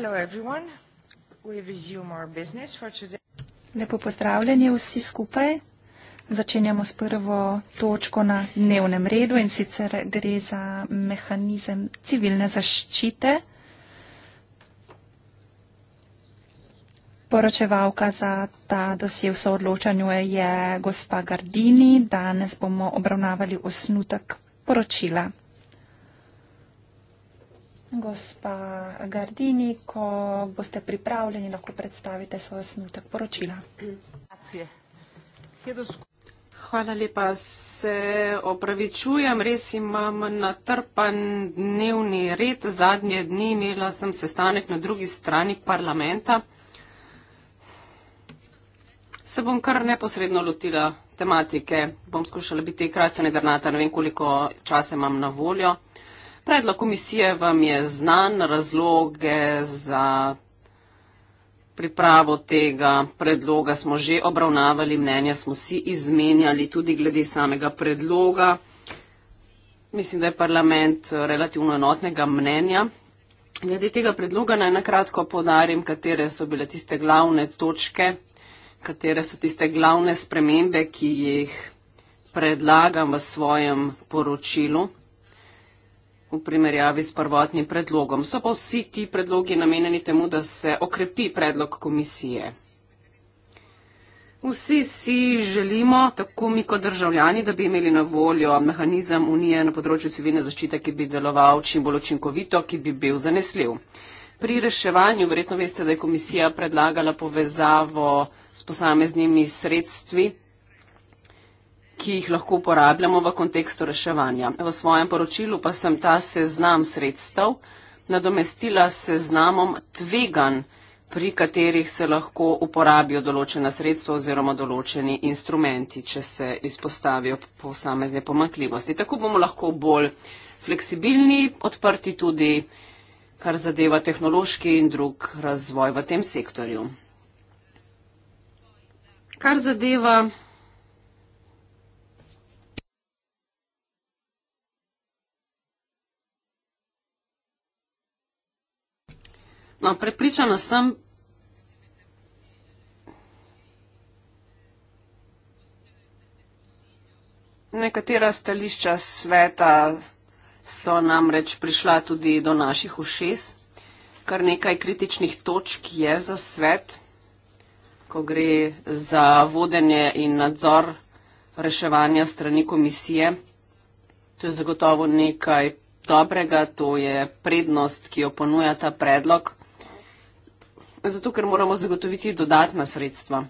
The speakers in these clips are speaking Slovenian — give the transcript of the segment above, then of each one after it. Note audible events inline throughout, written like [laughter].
Hello everyone. We resume our business for today. Lepo pozdravljeni vsi skupaj. Začenjamo s prvo točko na dnevnem redu in sicer gre za mehanizem civilne zaščite. Poročevalka za ta dosje v soodločanju je gospa Gardini. Danes bomo obravnavali osnutek poročila. Gospa Gardini, ko boste pripravljeni, lahko predstavite svoj osnutek poročila. Hvala lepa. Se opravičujem, res imam natrpan dnevni red. Zadnje dni imela sem sestanek na drugi strani parlamenta. Se bom kar neposredno lotila tematike. Bom skušala biti kratka, nedrnata, ne vem, koliko časa imam na voljo predlog komisije vam je znan, razloge za pripravo tega predloga smo že obravnavali, mnenja smo si izmenjali tudi glede samega predloga. Mislim, da je parlament eh, relativno enotnega mnenja. Glede tega predloga naj nakratko podarim, katere so bile tiste glavne točke, katere so tiste glavne spremembe, ki jih predlagam v svojem poročilu v primerjavi s prvotnim predlogom. So pa vsi ti predlogi namenjeni temu, da se okrepi predlog komisije. Vsi si želimo, tako mi kot državljani, da bi imeli na voljo mehanizem Unije na področju civilne zaščite, ki bi deloval čim bolj učinkovito, ki bi bil zanesljiv. Pri reševanju, verjetno veste, da je komisija predlagala povezavo s posameznimi sredstvi, ki jih lahko uporabljamo v kontekstu reševanja. V svojem poročilu pa sem ta seznam sredstev nadomestila seznamom tvegan, pri katerih se lahko uporabijo določena sredstva oziroma določeni instrumenti, če se izpostavijo posamezne pomakljivosti. Tako bomo lahko bolj fleksibilni, odprti tudi, kar zadeva tehnološki in drug razvoj v tem sektorju. Kar zadeva No, prepričana sem, nekatera stališča sveta so namreč prišla tudi do naših ušes. Kar nekaj kritičnih točk je za svet, ko gre za vodenje in nadzor reševanja strani komisije. To je zagotovo nekaj dobrega, to je prednost, ki jo ponuja ta predlog zato ker moramo zagotoviti dodatna sredstva.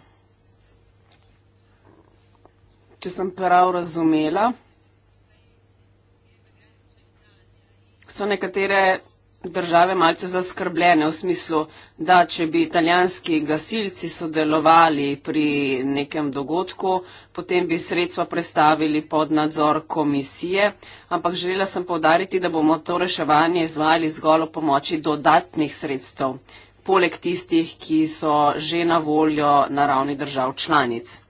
Če sem prav razumela, so nekatere države malce zaskrbljene v smislu, da če bi italijanski gasilci sodelovali pri nekem dogodku, potem bi sredstva prestavili pod nadzor komisije, ampak želela sem povdariti, da bomo to reševanje izvajali zgolj v pomoči dodatnih sredstev poleg tistih, ki so že na voljo na ravni držav članic.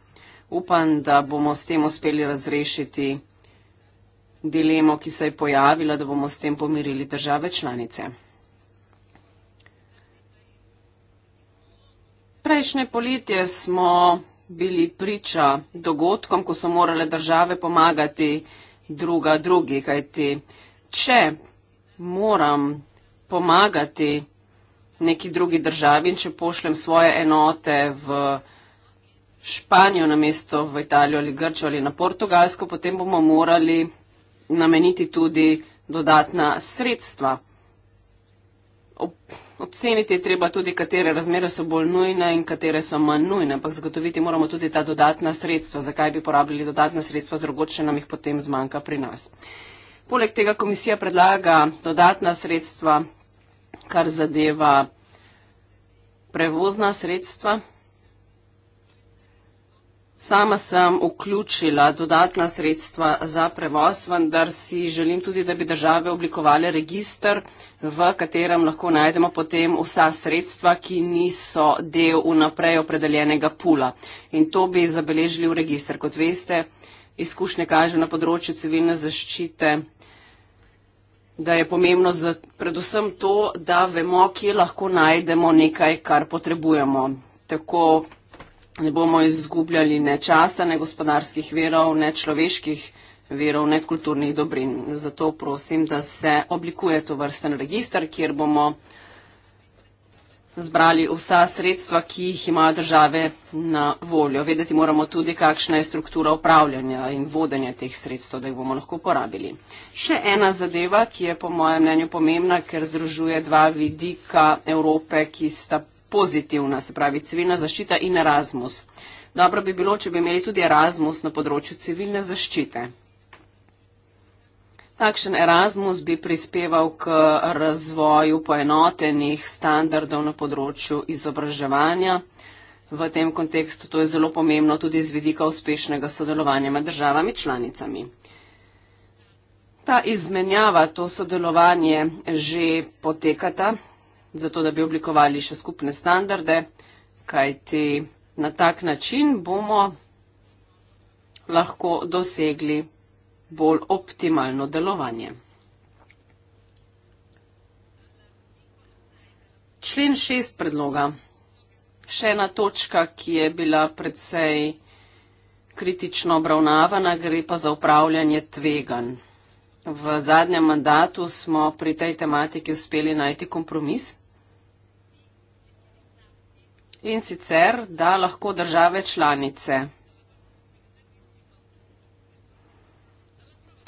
Upam, da bomo s tem uspeli razrešiti dilemo, ki se je pojavila, da bomo s tem pomirili države članice. Prejšnje poletje smo bili priča dogodkom, ko so morale države pomagati druga drugi, kajti če moram pomagati neki drugi državi in če pošljem svoje enote v Španijo na mesto v Italijo ali Grčo ali na Portugalsko, potem bomo morali nameniti tudi dodatna sredstva. Ob, oceniti je treba tudi, katere razmere so bolj nujne in katere so manj nujne, ampak zagotoviti moramo tudi ta dodatna sredstva, zakaj bi porabili dodatna sredstva, drugoče nam jih potem zmanjka pri nas. Poleg tega komisija predlaga dodatna sredstva kar zadeva prevozna sredstva. Sama sem vključila dodatna sredstva za prevoz, vendar si želim tudi, da bi države oblikovali registr, v katerem lahko najdemo potem vsa sredstva, ki niso del unaprej opredeljenega pula. In to bi zabeležili v registr. Kot veste, izkušnje kažejo na področju civilne zaščite da je pomembno za, predvsem to, da vemo, kje lahko najdemo nekaj, kar potrebujemo. Tako ne bomo izgubljali ne časa, ne gospodarskih verov, ne človeških verov, ne kulturnih dobrin. Zato prosim, da se oblikuje to vrsten registr, kjer bomo zbrali vsa sredstva, ki jih imajo države na voljo. Vedeti moramo tudi, kakšna je struktura upravljanja in vodenja teh sredstev, da jih bomo lahko porabili. Še ena zadeva, ki je po mojem mnenju pomembna, ker združuje dva vidika Evrope, ki sta pozitivna, se pravi civilna zaščita in Erasmus. Dobro bi bilo, če bi imeli tudi Erasmus na področju civilne zaščite. Takšen Erasmus bi prispeval k razvoju poenotenih standardov na področju izobraževanja. V tem kontekstu to je zelo pomembno tudi z vidika uspešnega sodelovanja med državami članicami. Ta izmenjava, to sodelovanje že potekata, zato da bi oblikovali še skupne standarde, kajti na tak način bomo lahko dosegli bolj optimalno delovanje. Člen šest predloga. Še ena točka, ki je bila predvsej kritično obravnavana, gre pa za upravljanje tvegan. V zadnjem mandatu smo pri tej tematiki uspeli najti kompromis. In sicer, da lahko države članice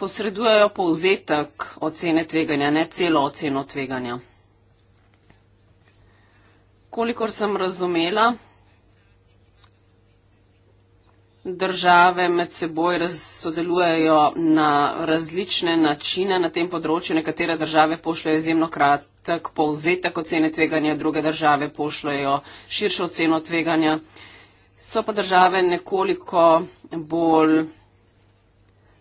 posredujejo povzetek ocene tveganja, ne celo oceno tveganja. Kolikor sem razumela, države med seboj sodelujejo na različne načine na tem področju. Nekatere države pošljajo izjemno kratek povzetek ocene tveganja, druge države pošljajo širšo oceno tveganja. So pa države nekoliko bolj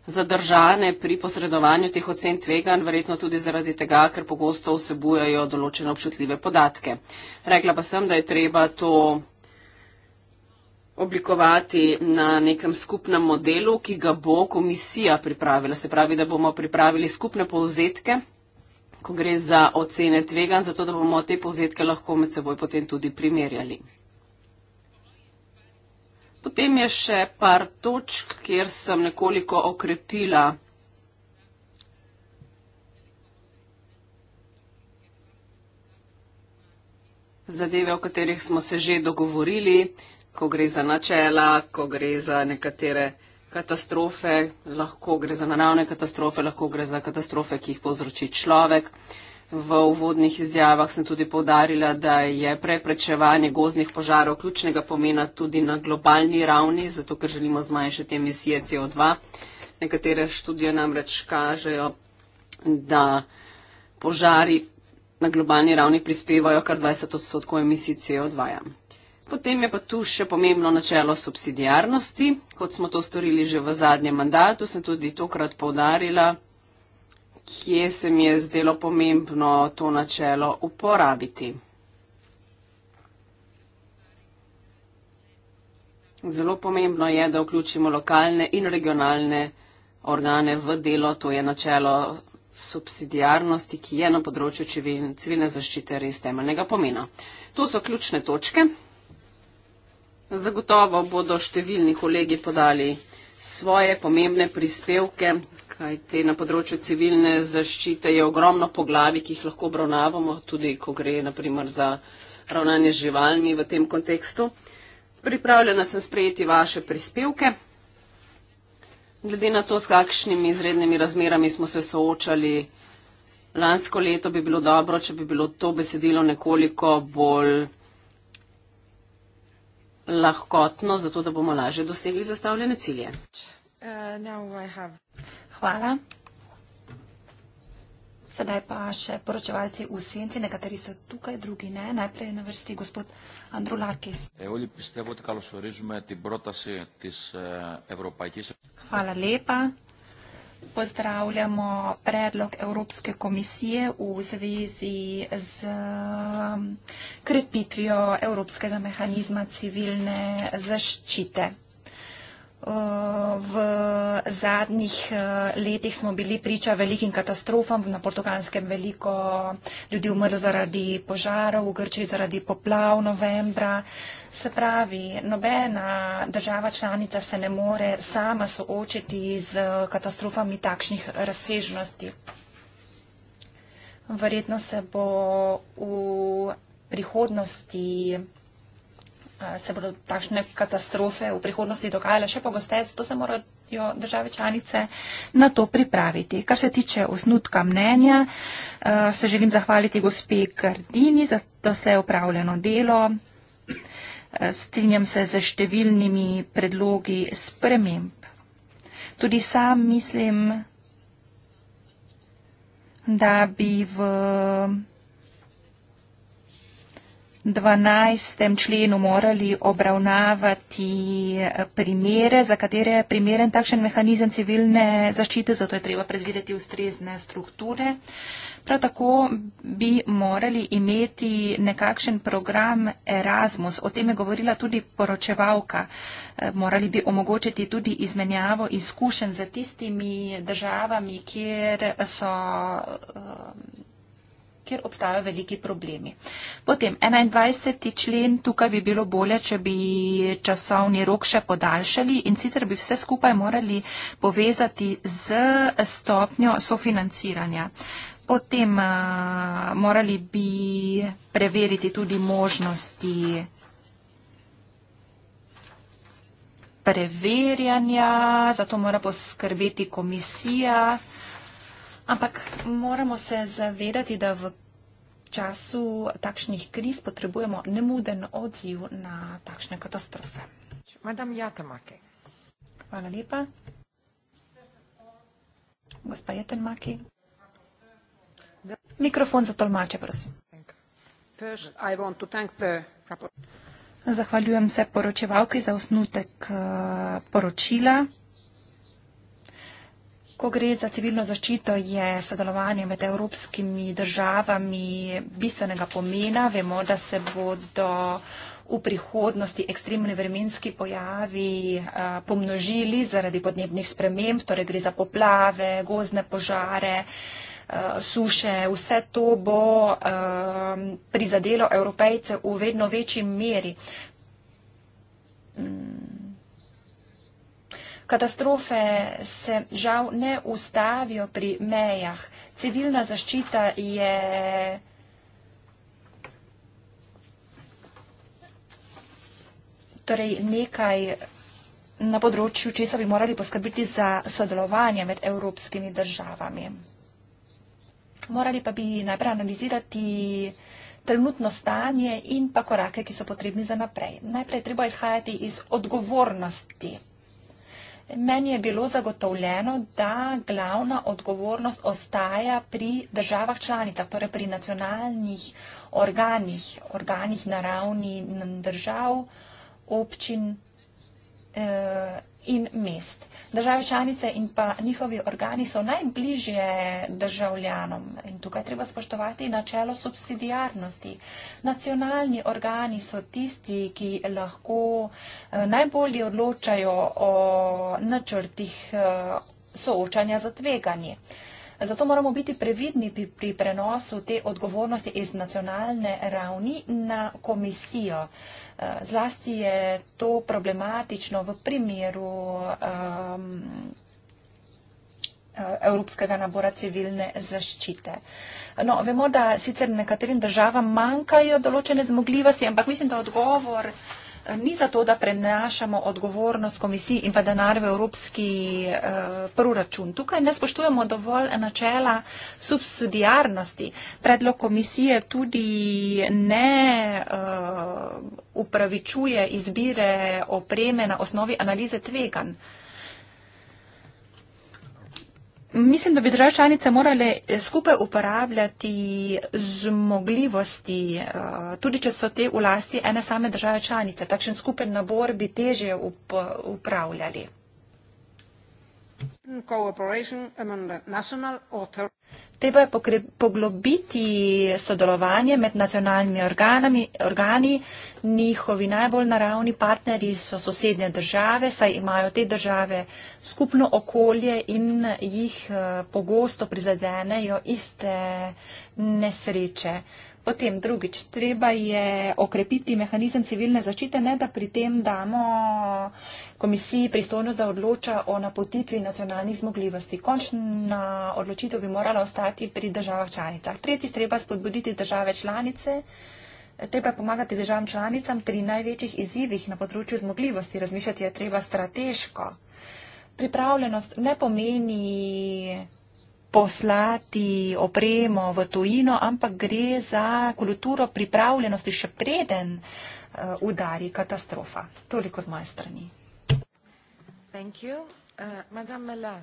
zadržane pri posredovanju teh ocen tveganj, verjetno tudi zaradi tega, ker pogosto vsebujajo določene občutljive podatke. Rekla pa sem, da je treba to oblikovati na nekem skupnem modelu, ki ga bo komisija pripravila. Se pravi, da bomo pripravili skupne povzetke, ko gre za ocene tveganj, zato da bomo te povzetke lahko med seboj potem tudi primerjali. Potem je še par točk, kjer sem nekoliko okrepila zadeve, o katerih smo se že dogovorili, ko gre za načela, ko gre za nekatere katastrofe, lahko gre za naravne katastrofe, lahko gre za katastrofe, ki jih povzroči človek. Uh, V uvodnih izjavah sem tudi povdarila, da je preprečevanje gozdnih požarov ključnega pomena tudi na globalni ravni, zato ker želimo zmanjšati emisije CO2. Nekatere študije namreč kažejo, da požari na globalni ravni prispevajo kar 20 odstotkov emisij CO2. Potem je pa tu še pomembno načelo subsidijarnosti. Kot smo to storili že v zadnjem mandatu, sem tudi tokrat povdarila, kje se mi je zdelo pomembno to načelo uporabiti. Zelo pomembno je, da vključimo lokalne in regionalne organe v delo, to je načelo subsidijarnosti, ki je na področju civilne zaščite res temeljnega pomena. To so ključne točke. Zagotovo bodo številni kolegi podali svoje pomembne prispevke kaj te na področju civilne zaščite je ogromno poglavi, ki jih lahko obravnavamo, tudi ko gre naprimer za ravnanje živalmi v tem kontekstu. Pripravljena sem sprejeti vaše prispevke. Glede na to, s kakšnimi izrednimi razmerami smo se soočali lansko leto, bi bilo dobro, če bi bilo to besedilo nekoliko bolj lahkotno, zato da bomo lažje dosegli zastavljene cilje. Uh, Hvala. Sedaj pa še poročevalci v senci, nekateri so tukaj, drugi ne. Najprej na vrsti gospod Andrulakis. Hvala lepa. Pozdravljamo predlog Evropske komisije v zvezi z krepitvijo Evropskega mehanizma civilne zaščite. Eh, v zadnjih eh, letih smo bili priča velikim katastrofam, na portugalskem veliko ljudi umrlo zaradi požarov, v Grčiji zaradi poplav novembra. Se pravi, nobena država članica se ne more sama soočiti z eh, katastrofami takšnih razsežnosti. Verjetno se bo v prihodnosti se bodo takšne katastrofe v prihodnosti dogajale še pogosteje, zato se morajo države članice na to pripraviti. Kar se tiče osnutka mnenja, se želim zahvaliti gospe Gardini za to vse upravljeno delo. Strinjam se z številnimi predlogi sprememb. Tudi sam mislim, da bi v 12. členu morali obravnavati eh, primere, za katere je primeren takšen mehanizem civilne zaščite, zato je treba predvideti ustrezne strukture. Prav tako bi morali imeti nekakšen program Erasmus, o tem je govorila tudi poročevalka. Eh, morali bi omogočiti tudi izmenjavo izkušenj za tistimi državami, kjer so eh, kjer obstajajo veliki problemi. Potem 21. člen, tukaj bi bilo bolje, če bi časovni rok še podaljšali in sicer bi vse skupaj morali povezati z stopnjo sofinanciranja. Potem uh, morali bi preveriti tudi možnosti preverjanja, zato mora poskrbeti komisija. Ampak moramo se zavedati, da v času takšnih kriz potrebujemo nemuden odziv na takšne katastrofe. Hvala lepa. Gospa Jatenmaki. Mikrofon za tolmače, prosim. Zahvaljujem se poročevalki za osnutek eh, poročila. Ko gre za civilno zaščito, je sodelovanje med evropskimi državami bistvenega pomena. Vemo, da se bodo v prihodnosti ekstremni vremenski pojavi eh, pomnožili zaradi podnebnih sprememb, torej gre za poplave, gozne požare, eh, suše. Vse to bo eh, prizadelo evropejce v vedno večji meri. Mm. Katastrofe se žal ne ustavijo pri mejah. Civilna zaščita je torej nekaj na področju, česa bi morali poskrbiti za sodelovanje med evropskimi državami. Morali pa bi najprej analizirati trenutno stanje in pa korake, ki so potrebni za naprej. Najprej treba izhajati iz odgovornosti. Meni je bilo zagotovljeno, da glavna odgovornost ostaja pri državah članicah, torej pri nacionalnih organih, organih na ravni držav, občin eh, in mest. Države članice in pa njihovi organi so najbližje državljanom in tukaj treba spoštovati načelo subsidijarnosti. Nacionalni organi so tisti, ki lahko eh, najbolje odločajo o načrtih eh, soočanja za tveganje. Zato moramo biti previdni pri, pri prenosu te odgovornosti iz nacionalne ravni na komisijo. Eh, zlasti je to problematično v primeru um, Evropskega nabora civilne zaščite. No, vemo, da sicer nekaterim državam manjkajo določene zmogljivosti, ampak mislim, da odgovor uh, Mi za to, da prenašamo odgovornost komisiji in pa denar v evropski eh, proračun. Tukaj ne spoštujemo dovolj načela subsidijarnosti. Predlog komisije tudi ne eh, upravičuje izbire opreme na osnovi analize tveganj. Mislim, da bi države članice morale eh, skupaj uporabljati zmogljivosti, eh, tudi če so te v lasti ene same države članice. Takšen skupen nabor bi teže upravljali. Treba je poglobiti sodelovanje med nacionalnimi organami, organi, njihovi najbolj naravni partnerji so sosednje države, saj imajo te države skupno okolje in jih eh, pogosto prizadenejo iste nesreče. Potem drugič, treba je okrepiti mehanizem civilne zaščite, ne da pri tem damo komisiji pristojnost, da odloča o napotitvi nacionalnih zmogljivosti. Končna odločitev bi morala ostati pri državah članicah. Tretjič, treba spodbuditi države članice. Treba je pomagati državam članicam pri največjih izzivih na področju zmogljivosti. Razmišljati je treba strateško. Pripravljenost ne pomeni poslati opremo v tujino, ampak gre za kulturo pripravljenosti še preden uh, udari katastrofa. Toliko z moje strani. Eh,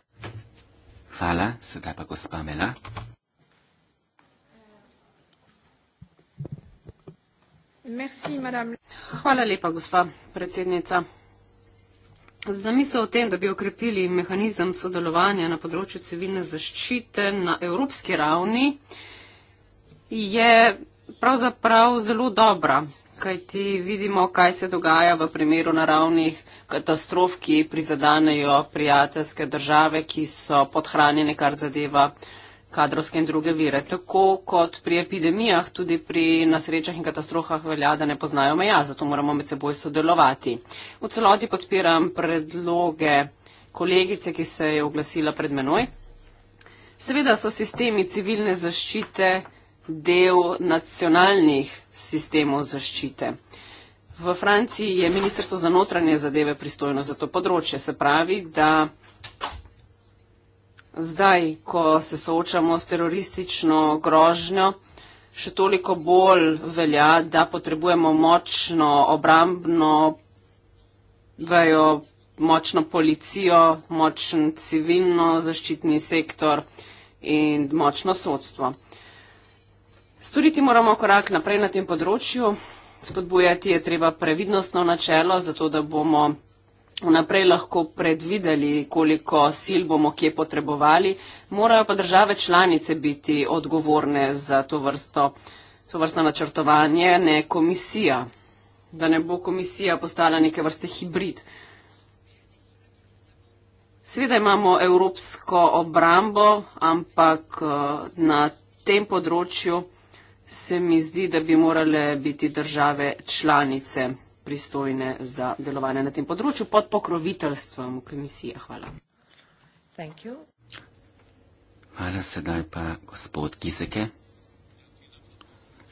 Hvala, sedaj pa gospa Mela. Merci, Hvala lepa, gospa predsednica. Zamisel o tem, da bi okrepili mehanizem sodelovanja na področju civilne zaščite na evropski ravni, je pravzaprav zelo dobra, kajti vidimo, kaj se dogaja v primeru naravnih katastrof, ki prizadanejo prijateljske države, ki so podhranjene, kar zadeva kadrovske in druge vire. Tako kot pri epidemijah, tudi pri nasrečah in katastrofah velja, da ne poznajo meja, zato moramo med seboj sodelovati. V celoti podpiram predloge kolegice, ki se je oglasila pred menoj. Seveda so sistemi civilne zaščite del nacionalnih sistemov zaščite. V Franciji je Ministrstvo za notranje zadeve pristojno za to področje, se pravi, da zdaj, ko se soočamo s teroristično grožnjo, še toliko bolj velja, da potrebujemo močno obrambno vejo, močno policijo, močen civilno zaščitni sektor in močno sodstvo. Storiti moramo korak naprej na tem področju. Spodbujati je treba previdnostno načelo, zato da bomo vnaprej lahko predvideli, koliko sil bomo kje potrebovali, morajo pa države članice biti odgovorne za to vrsto, to vrsto načrtovanje, ne komisija, da ne bo komisija postala neke vrste hibrid. Sveda imamo evropsko obrambo, ampak na tem področju se mi zdi, da bi morale biti države članice pristojne za delovanje na tem področju pod pokroviteljstvom komisije. Hvala. Hvala sedaj pa gospod Gizeke.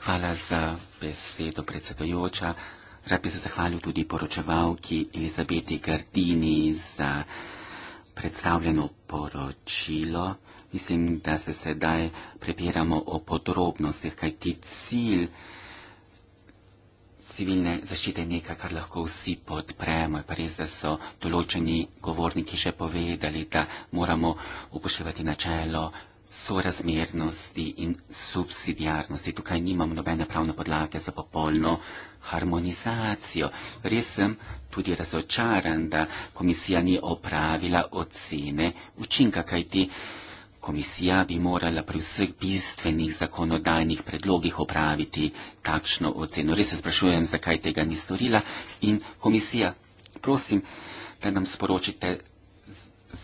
Hvala za besedo predsedojoča. Rad bi se zahvalil tudi poročevalki Elizabeti Gardini za predstavljeno poročilo. Mislim, da se sedaj prepiramo o podrobnostih, kaj ti cilj civilne zaščite nekaj, kar lahko vsi podpremo. Pa res, da so določeni govorniki že povedali, da moramo upoštevati načelo sorazmernosti in subsidijarnosti. Tukaj nimamo nobene pravne podlage za popolno harmonizacijo. Res sem tudi razočaran, da komisija ni opravila ocene učinka, kajti komisija bi morala pri vseh bistvenih zakonodajnih predlogih opraviti takšno oceno. Res se sprašujem, zakaj tega ni storila. In komisija, prosim, da nam sporočite,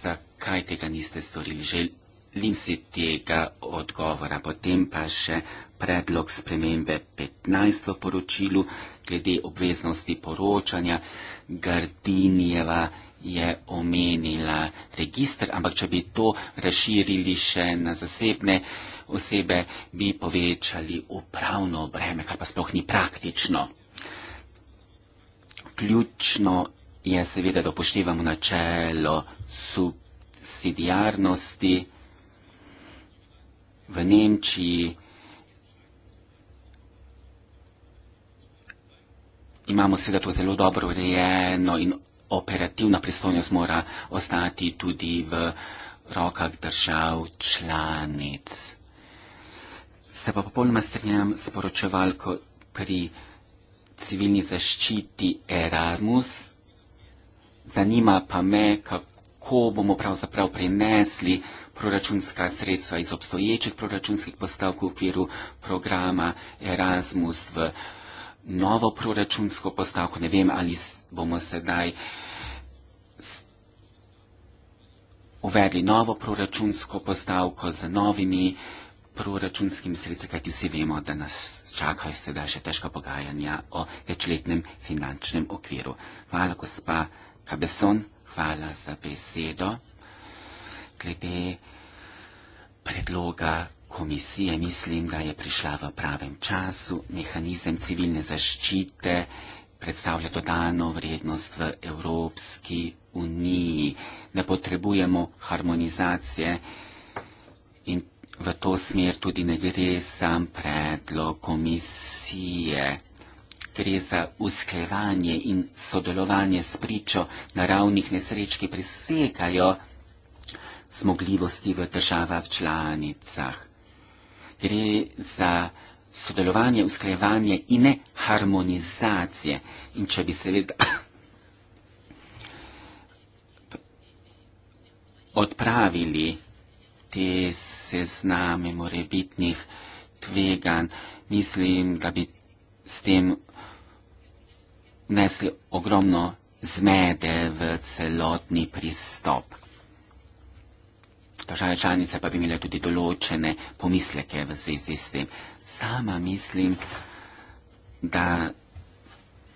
zakaj tega niste storili. Želim si tega odgovora. Potem pa še predlog spremembe 15 v poročilu glede obveznosti poročanja Gardinijeva je omenila registr, ampak če bi to razširili še na zasebne osebe, bi povečali upravno breme, kar pa sploh ni praktično. Ključno je seveda, da upoštevamo načelo subsidijarnosti. V Nemčiji imamo seveda to zelo dobro urejeno in operativna pristojnost mora ostati tudi v rokah držav članic. Se pa popolnoma strinjam s poročevalko pri civilni zaščiti Erasmus. Zanima pa me, kako bomo pravzaprav prenesli proračunska sredstva iz obstoječih proračunskih postavk v okviru programa Erasmus v novo proračunsko postavko. Ne vem, ali bomo sedaj uh, uvedli novo proračunsko postavko z novimi proračunskimi sredstvi, kajti vsi vemo, da nas čakajo sedaj še težka pogajanja o večletnem finančnem okviru. Hvala, gospa Kabeson, hvala za besedo. Glede predloga komisije mislim, da je prišla v pravem času. Mehanizem civilne zaščite predstavlja dodano vrednost v Evropski uniji ne potrebujemo harmonizacije in v to smer tudi ne gre sam predlog komisije. Gre za usklevanje in sodelovanje s pričo naravnih nesreč, ki presekajo zmogljivosti v državah članicah. Gre za sodelovanje, usklevanje in ne harmonizacije. In če bi seveda odpravili te sezname morebitnih tveganj. Mislim, da bi s tem nesli ogromno zmede v celotni pristop. Države članice pa bi imele tudi določene pomisleke v zvezi s tem. Sama mislim, da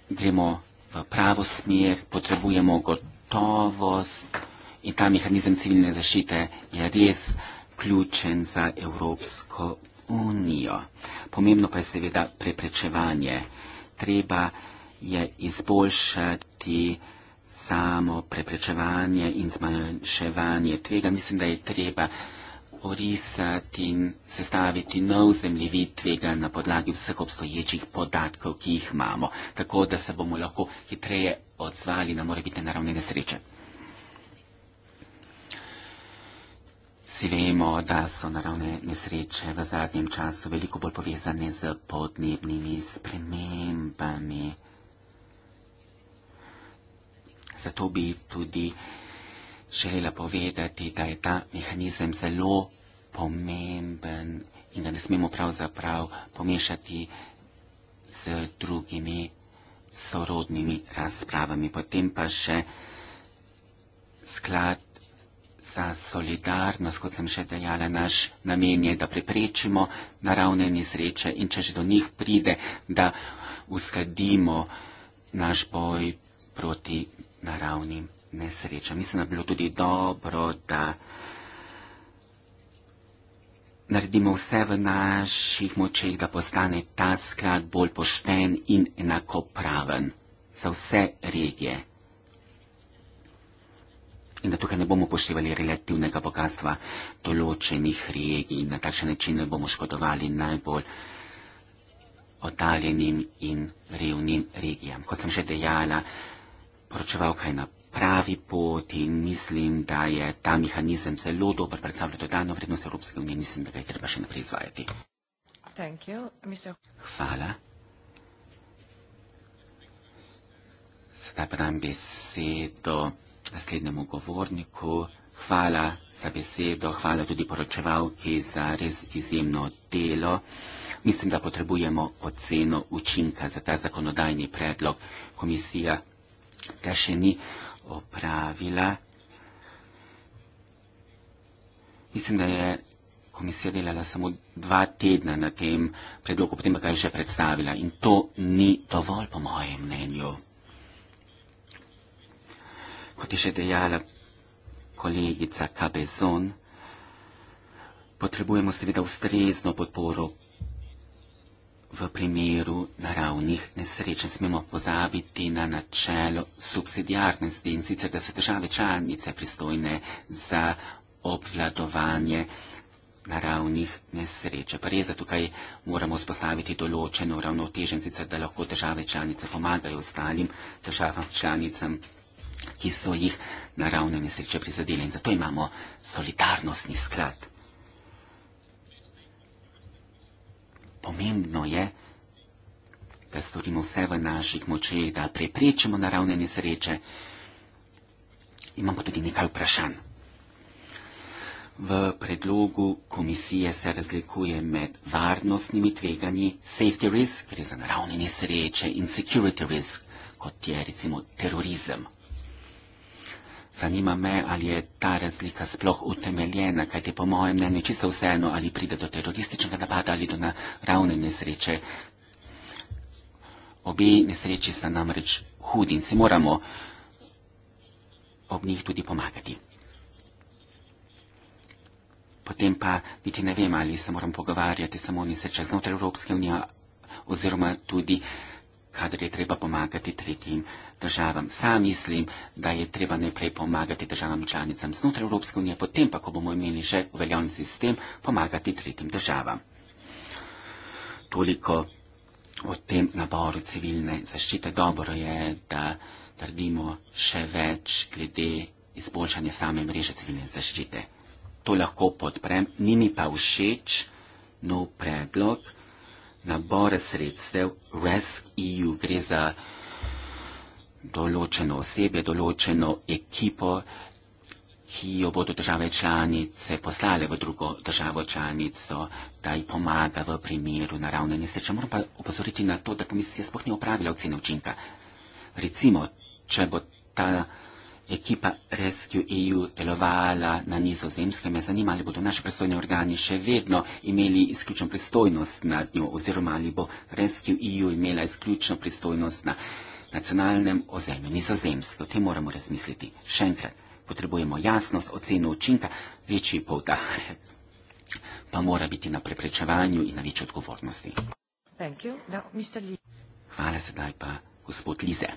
gremo v pravo smer, potrebujemo gotovost. In ta mehanizem civilne zaščite je res ključen za Evropsko unijo. Pomembno pa je seveda preprečevanje. Treba je izboljšati samo preprečevanje in zmanjševanje tvega. Mislim, da je treba orisati in sestaviti nov zemljevi tvega na podlagi vseh obstoječih podatkov, ki jih imamo, tako da se bomo lahko hitreje odzvali na morebitne naravne nesreče. Vsi vemo, da so naravne nesreče v zadnjem času veliko bolj povezane z podnebnimi spremembami. Zato bi tudi želela povedati, da je ta mehanizem zelo pomemben in da ne smemo pravzaprav pomešati z drugimi sorodnimi razpravami. Potem pa še sklad za solidarnost, kot sem še dejala, naš namen je, da preprečimo naravne nesreče in če že do njih pride, da uskladimo naš boj proti naravnim nesrečam. Mislim, da bi bilo tudi dobro, da naredimo vse v naših močeh, da postane ta sklad bolj pošten in enakopraven za vse regije in da tukaj ne bomo upoštevali relativnega bogatstva določenih regij in na takšen način ne bomo škodovali najbolj oddaljenim in revnim regijam. Kot sem že dejala, poročevalka je na pravi poti in mislim, da je ta mehanizem zelo dober, predstavlja dodano vrednost Evropske unije in mislim, da ga je treba še naprej izvajati. Hvala. Sedaj pa dam besedo naslednjemu govorniku. Hvala za besedo, hvala tudi poročevalki za res izjemno delo. Mislim, da potrebujemo oceno učinka za ta zakonodajni predlog. Komisija ga še ni opravila. Mislim, da je komisija delala samo dva tedna na tem predlogu, potem pa ga je že predstavila in to ni dovolj po mojem mnenju kot je še dejala kolegica Kabezon, potrebujemo seveda ustrezno podporo v primeru naravnih nesreč. Ne smemo pozabiti na načelo subsidiarnosti in sicer, da so države članice pristojne za obvladovanje naravnih nesreč. Pa res, da tukaj moramo spostaviti določeno ravnotežen, sicer da lahko države članice pomagajo ostalim državam članicam ki so jih naravne nesreče prizadele in zato imamo solidarnostni sklad. Pomembno je, da storimo vse v naših močeh, da preprečimo naravne nesreče. Imamo tudi nekaj vprašanj. V predlogu komisije se razlikuje med varnostnimi tveganji, safety risk, gre za naravne nesreče, in security risk, kot je recimo terorizem. Zanima me, ali je ta razlika sploh utemeljena, kajti po mojem mnenju čisto vseeno, ali pride do terorističnega napada ali do naravne nesreče. Obe nesreči sta namreč hudi in si moramo ob njih tudi pomagati. Potem pa niti ne vem, ali se moram pogovarjati samo o nesreče znotraj Evropske unije oziroma tudi, kadar je treba pomagati tretjim državam državam. Sam mislim, da je treba najprej pomagati državam članicam znotraj Evropske unije, potem pa, ko bomo imeli že uveljavljen sistem, pomagati tretjim državam. Toliko o tem naboru civilne zaščite. Dobro je, da naredimo še več glede izboljšanja same mreže civilne zaščite. To lahko podprem, ni mi pa všeč nov predlog nabora sredstev RESC EU. Gre za določeno osebje, določeno ekipo, ki jo bodo države članice poslale v drugo državo članico, da ji pomaga v primeru naravne nesreče. Moram pa upozoriti na to, da komisija sploh ni opravila ocene učinka. Recimo, če bo ta ekipa Rescue EU delovala na nizozemske, me zanima, ali bodo naši pristojni organi še vedno imeli izključno pristojnost nad njo oziroma ali bo Rescue EU imela izključno pristojnost nad njo nacionalnem ozemlju nizozemske. O tem moramo razmisliti. Še enkrat, potrebujemo jasnost, oceno učinka, večji povdare. Pa mora biti na preprečevanju in na večji odgovornosti. Hvala sedaj pa, gospod Lize.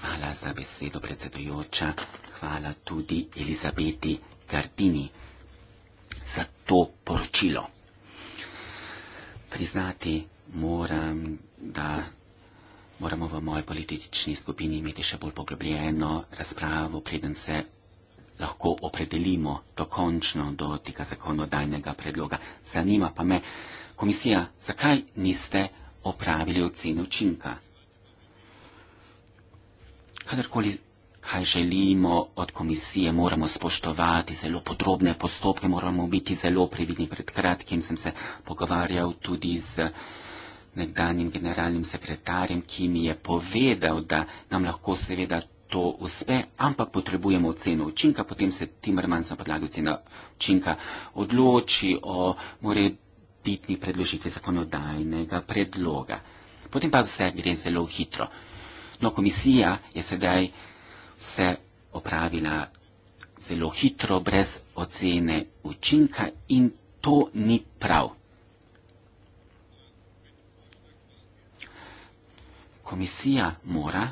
Hvala za besedo, predsedojoča. Hvala tudi Elizabeti Gardini za to poročilo. Priznati moram, da moramo v moji politični skupini imeti še bolj poglobljeno razpravo, preden se lahko opredelimo dokončno do tega zakonodajnega predloga. Zanima pa me, komisija, zakaj niste opravili ocene učinka? Kadarkoli, kaj želimo od komisije, moramo spoštovati zelo podrobne postopke, moramo biti zelo previdni. Pred kratkim sem se pogovarjal tudi z. Uh, nekdanjim generalnim sekretarjem, ki mi je povedal, da nam lahko seveda to uspe, ampak potrebujemo oceno učinka, potem se Timmermans na podlagi ocena učinka odloči o morebitni predložitvi zakonodajnega predloga. Potem pa vse gre zelo hitro. No, komisija je sedaj vse opravila zelo hitro, brez ocene učinka in to ni prav. Komisija mora,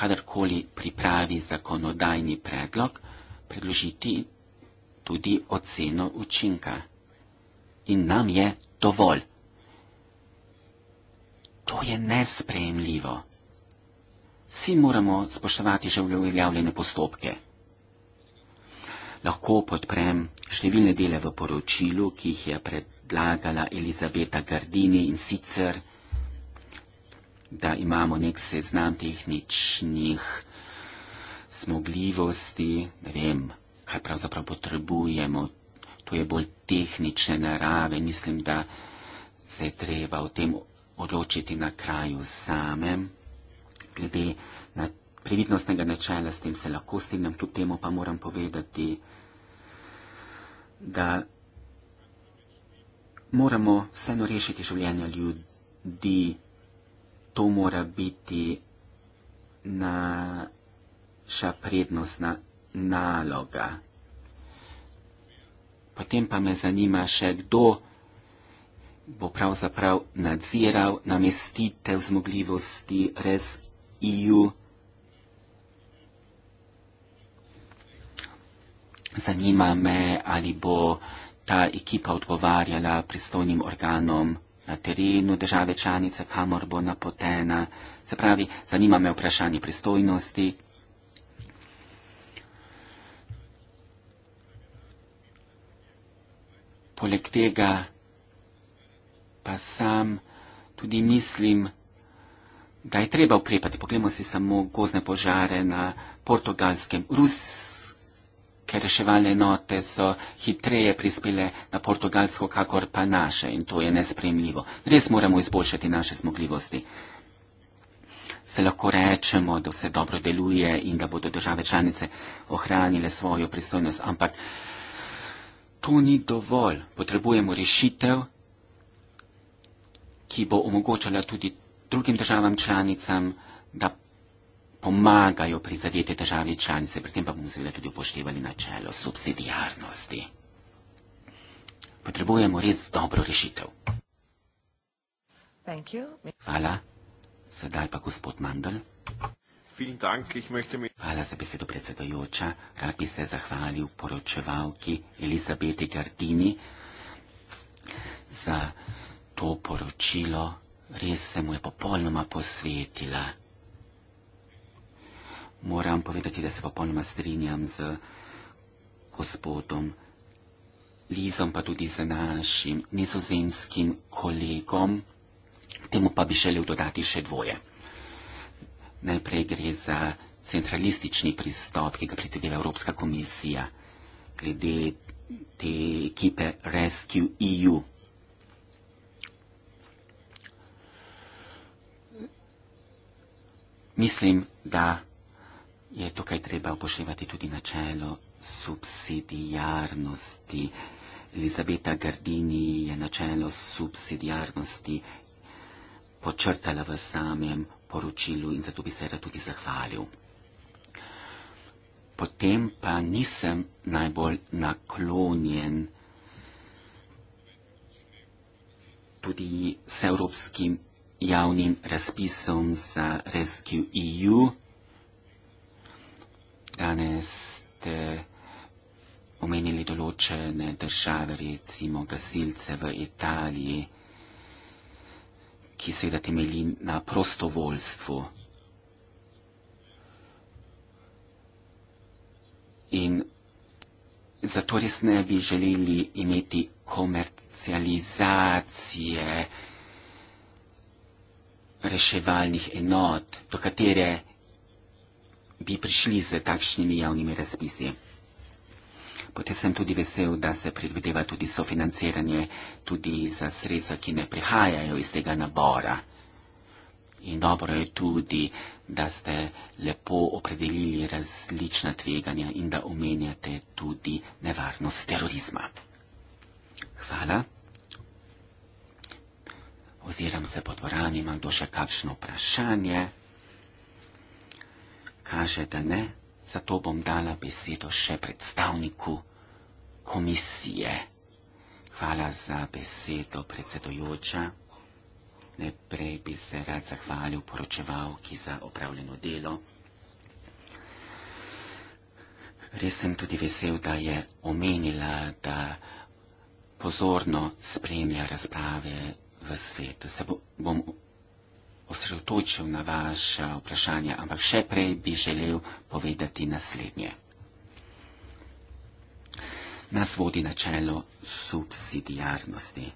kadarkoli pripravi zakonodajni predlog, predložiti tudi oceno učinka. In nam je dovolj. To je nespremljivo. Vsi moramo spoštovati že uveljavljene postopke. Lahko podprem številne dele v poročilu, ki jih je predlagala Elizabeta Gardini in sicer da imamo nek seznam tehničnih zmogljivosti, ne vem, kaj pravzaprav potrebujemo. To je bolj tehnične narave. Mislim, da se je treba o tem odločiti na kraju samem. Glede na previdnostnega načela s tem se lahko strinjam, tudi temu pa moram povedati, da moramo vseeno rešiti življenja ljudi to mora biti naša prednostna naloga. Potem pa me zanima še, kdo bo pravzaprav nadziral namestitev zmogljivosti res EU. Zanima me, ali bo ta ekipa odgovarjala pristojnim organom na terenu države članice, kamor bo napotena. Se pravi, zanima me vprašanje pristojnosti. Poleg tega pa sam tudi mislim, da je treba ukrepati. Poglejmo si samo gozne požare na portugalskem, ruskem ker reševalne enote so hitreje prispele na Portugalsko, kakor pa naše in to je nespremljivo. Res moramo izboljšati naše zmogljivosti. Se lahko rečemo, da vse dobro deluje in da bodo države članice ohranile svojo pristojnost, ampak to ni dovolj. Potrebujemo rešitev, ki bo omogočala tudi drugim državam članicam, da pomagajo prizadete države članice, pri tem pa bomo seveda tudi upoštevali načelo subsidijarnosti. Potrebujemo res dobro rešitev. Hvala. Sedaj pa gospod Mandl. Hvala za besedo predsedojoča. Rad bi se zahvalil poročevalki Elizabeti Gardini za to poročilo. Res se mu je popolnoma posvetila moram povedati, da se popolnoma strinjam z gospodom Lizom, pa tudi z našim nizozemskim kolegom. Temu pa bi želel dodati še dvoje. Najprej gre za centralistični pristop, ki ga pritegne Evropska komisija glede te ekipe Rescue EU. Mislim, da je tukaj treba upoštevati tudi načelo subsidijarnosti. Elizabeta Gardini je načelo subsidijarnosti počrtala v samem poročilu in zato bi se rad tudi zahvalil. Potem pa nisem najbolj naklonjen tudi vseevropskim javnim razpisom za Rescue EU danes ste omenili določene države, recimo gasilce v Italiji, ki seveda temelji na prostovoljstvu. In zato res ne bi želeli imeti komercializacije reševalnih enot, do katere bi prišli z takšnimi javnimi razpisi. Potem sem tudi vesel, da se predvideva tudi sofinanciranje tudi za sredstva, ki ne prihajajo iz tega nabora. In dobro je tudi, da ste lepo opredelili različna tveganja in da omenjate tudi nevarnost terorizma. Hvala. Oziram se po dvorani, ima kdo še kakšno vprašanje? kaže, da ne, zato bom dala besedo še predstavniku komisije. Hvala za besedo, predsedojoča. Najprej bi se rad zahvalil poročevalki za opravljeno delo. Res sem tudi vesel, da je omenila, da pozorno spremlja razprave v svetu. Se bo, bom osredotočil na vaše vprašanje, ampak še prej bi želel povedati naslednje. Nas vodi načelo subsidijarnosti,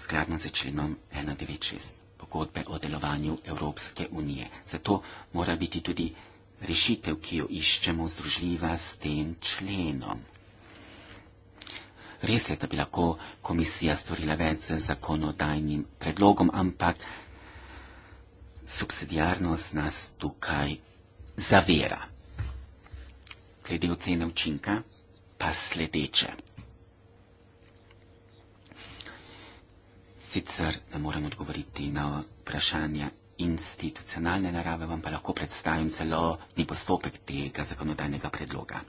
skladno z členom 196 pogodbe o delovanju Evropske unije. Zato mora biti tudi rešitev, ki jo iščemo, združljiva s tem členom. Res je, da bi lahko komisija storila več z zakonodajnim predlogom, ampak subsidiarnost nas tukaj zavira. Glede ocene učinka pa sledeče. Sicer ne morem odgovoriti na vprašanja institucionalne narave, vam pa lahko predstavim celo ni postopek tega zakonodajnega predloga.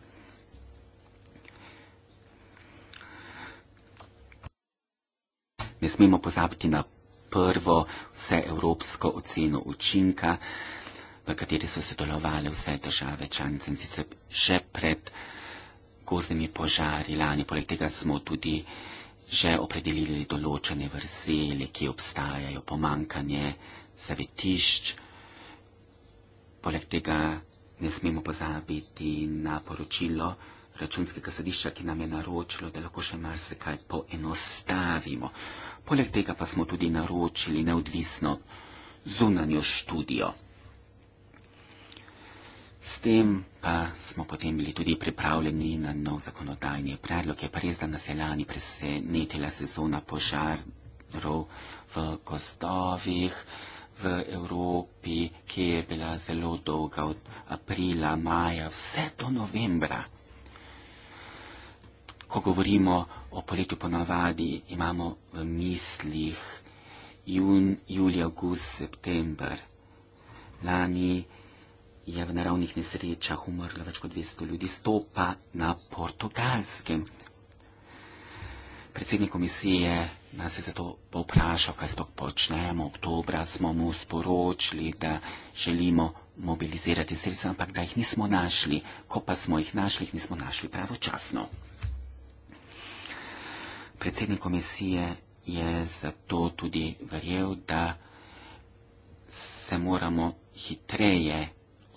Ne smemo pozabiti na prvo vseevropsko oceno učinka, v kateri so sodelovali vse države članice in sicer že pred gozdnimi požari lani. Poleg tega smo tudi že opredelili določene vrzeli, ki obstajajo, pomankanje zavetišč. Poleg tega ne smemo pozabiti na poročilo računskega sodišča, ki nam je naročilo, da lahko še marsikaj poenostavimo poleg tega pa smo tudi naročili neodvisno zunanjo študijo. S tem pa smo potem bili tudi pripravljeni na nov zakonodajni predlog. Je pa res, da nas je lani presenetila sezona požarov v gozdovih v Evropi, ki je bila zelo dolga od aprila, maja, vse do novembra ko govorimo o poletju ponavadi, imamo v mislih jun, julij, august, september. Lani je v naravnih nesrečah umrlo več kot 200 ljudi, stopa na portugalskem. Predsednik komisije nas je zato povprašal, kaj sploh počnemo. Oktobra smo mu sporočili, da želimo mobilizirati sredstva, ampak da jih nismo našli. Ko pa smo jih našli, jih nismo našli pravočasno. Predsednik komisije je zato tudi verjel, da se moramo hitreje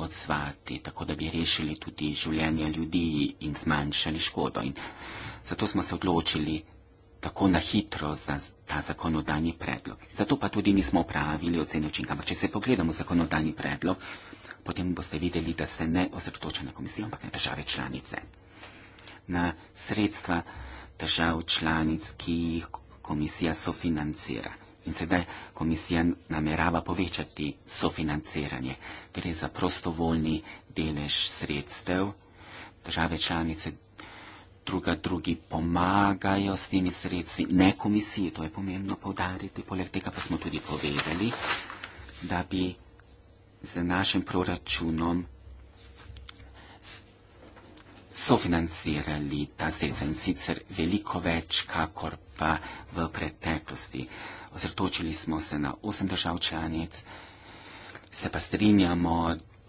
odzvati, tako da bi rešili tudi življenje ljudi in zmanjšali škodo. In zato smo se odločili tako na hitro za ta zakonodajni predlog. Zato pa tudi nismo pravili ocene učinka. Ampak če se pogledamo zakonodajni predlog, potem boste videli, da se ne osredotoča na komisijo, ampak na države članice. Na sredstva držav članic, ki jih komisija sofinancira. In sedaj komisija namerava povečati sofinanciranje, gre za prostovoljni delež sredstev. Države članice druga drugi pomagajo s temi sredstvi, ne komisiji, to je pomembno povdariti, poleg tega pa smo tudi povedali, da bi z našim proračunom sofinancirali ta sredstva in sicer veliko več, kakor pa v preteklosti. Ozrtočili smo se na osem držav članic, se pa strinjamo,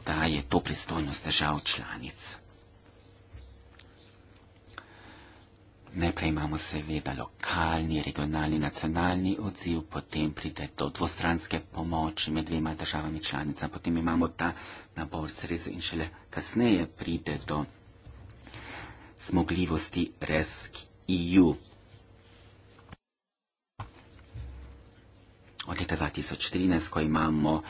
da je to pristojnost držav članic. Najprej imamo seveda lokalni, regionalni, nacionalni odziv, potem pride do dvostranske pomoči med dvema državami članicam, potem imamo ta nabor sredstev in šele kasneje pride do zmogljivosti RESC-EU. Od leta 2013, ko imamo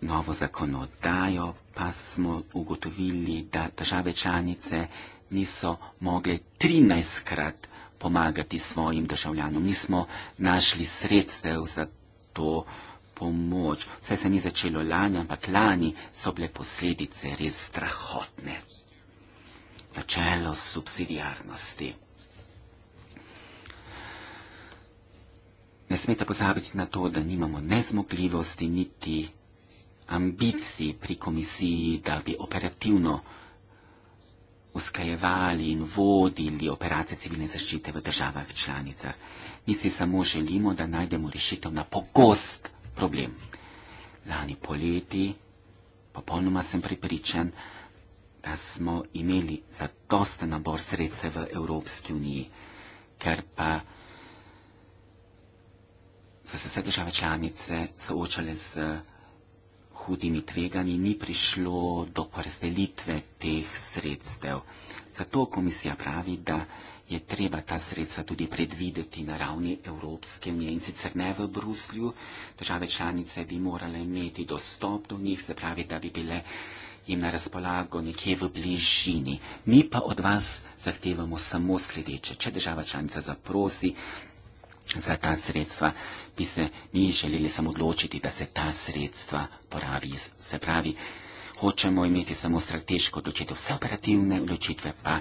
novo zakonodajo, pa smo ugotovili, da države članice niso mogle 13-krat pomagati svojim državljanom. Nismo našli sredstev za to pomoč. Vse se ni začelo lani, ampak lani so bile posledice res strahotne načelo subsidiarnosti. Ne smete pozabiti na to, da nimamo nezmogljivosti niti ambicij pri komisiji, da bi operativno usklajevali in vodili operacije civilne zaščite v državah članicah. Mi si samo želimo, da najdemo rešitev na pogost problem. Lani poleti, popolnoma sem pripričan, da da smo imeli zadosten nabor sredstev v Evropski uniji, ker pa so se vse države članice soočale z hudimi tveganji, ni prišlo do porazdelitve teh sredstev. Zato komisija pravi, da je treba ta sredstva tudi predvideti na ravni Evropske unije in sicer ne v Bruslju. Države članice bi morale imeti dostop do njih, se pravi, da bi bile jim na razpolago nekje v bližini. Mi pa od vas zahtevamo samo sledeče. Če država članica zaprosi za ta sredstva, bi se mi želeli samo odločiti, da se ta sredstva porabi. Se pravi, hočemo imeti samo strateško odločitev. Vse operativne odločitve pa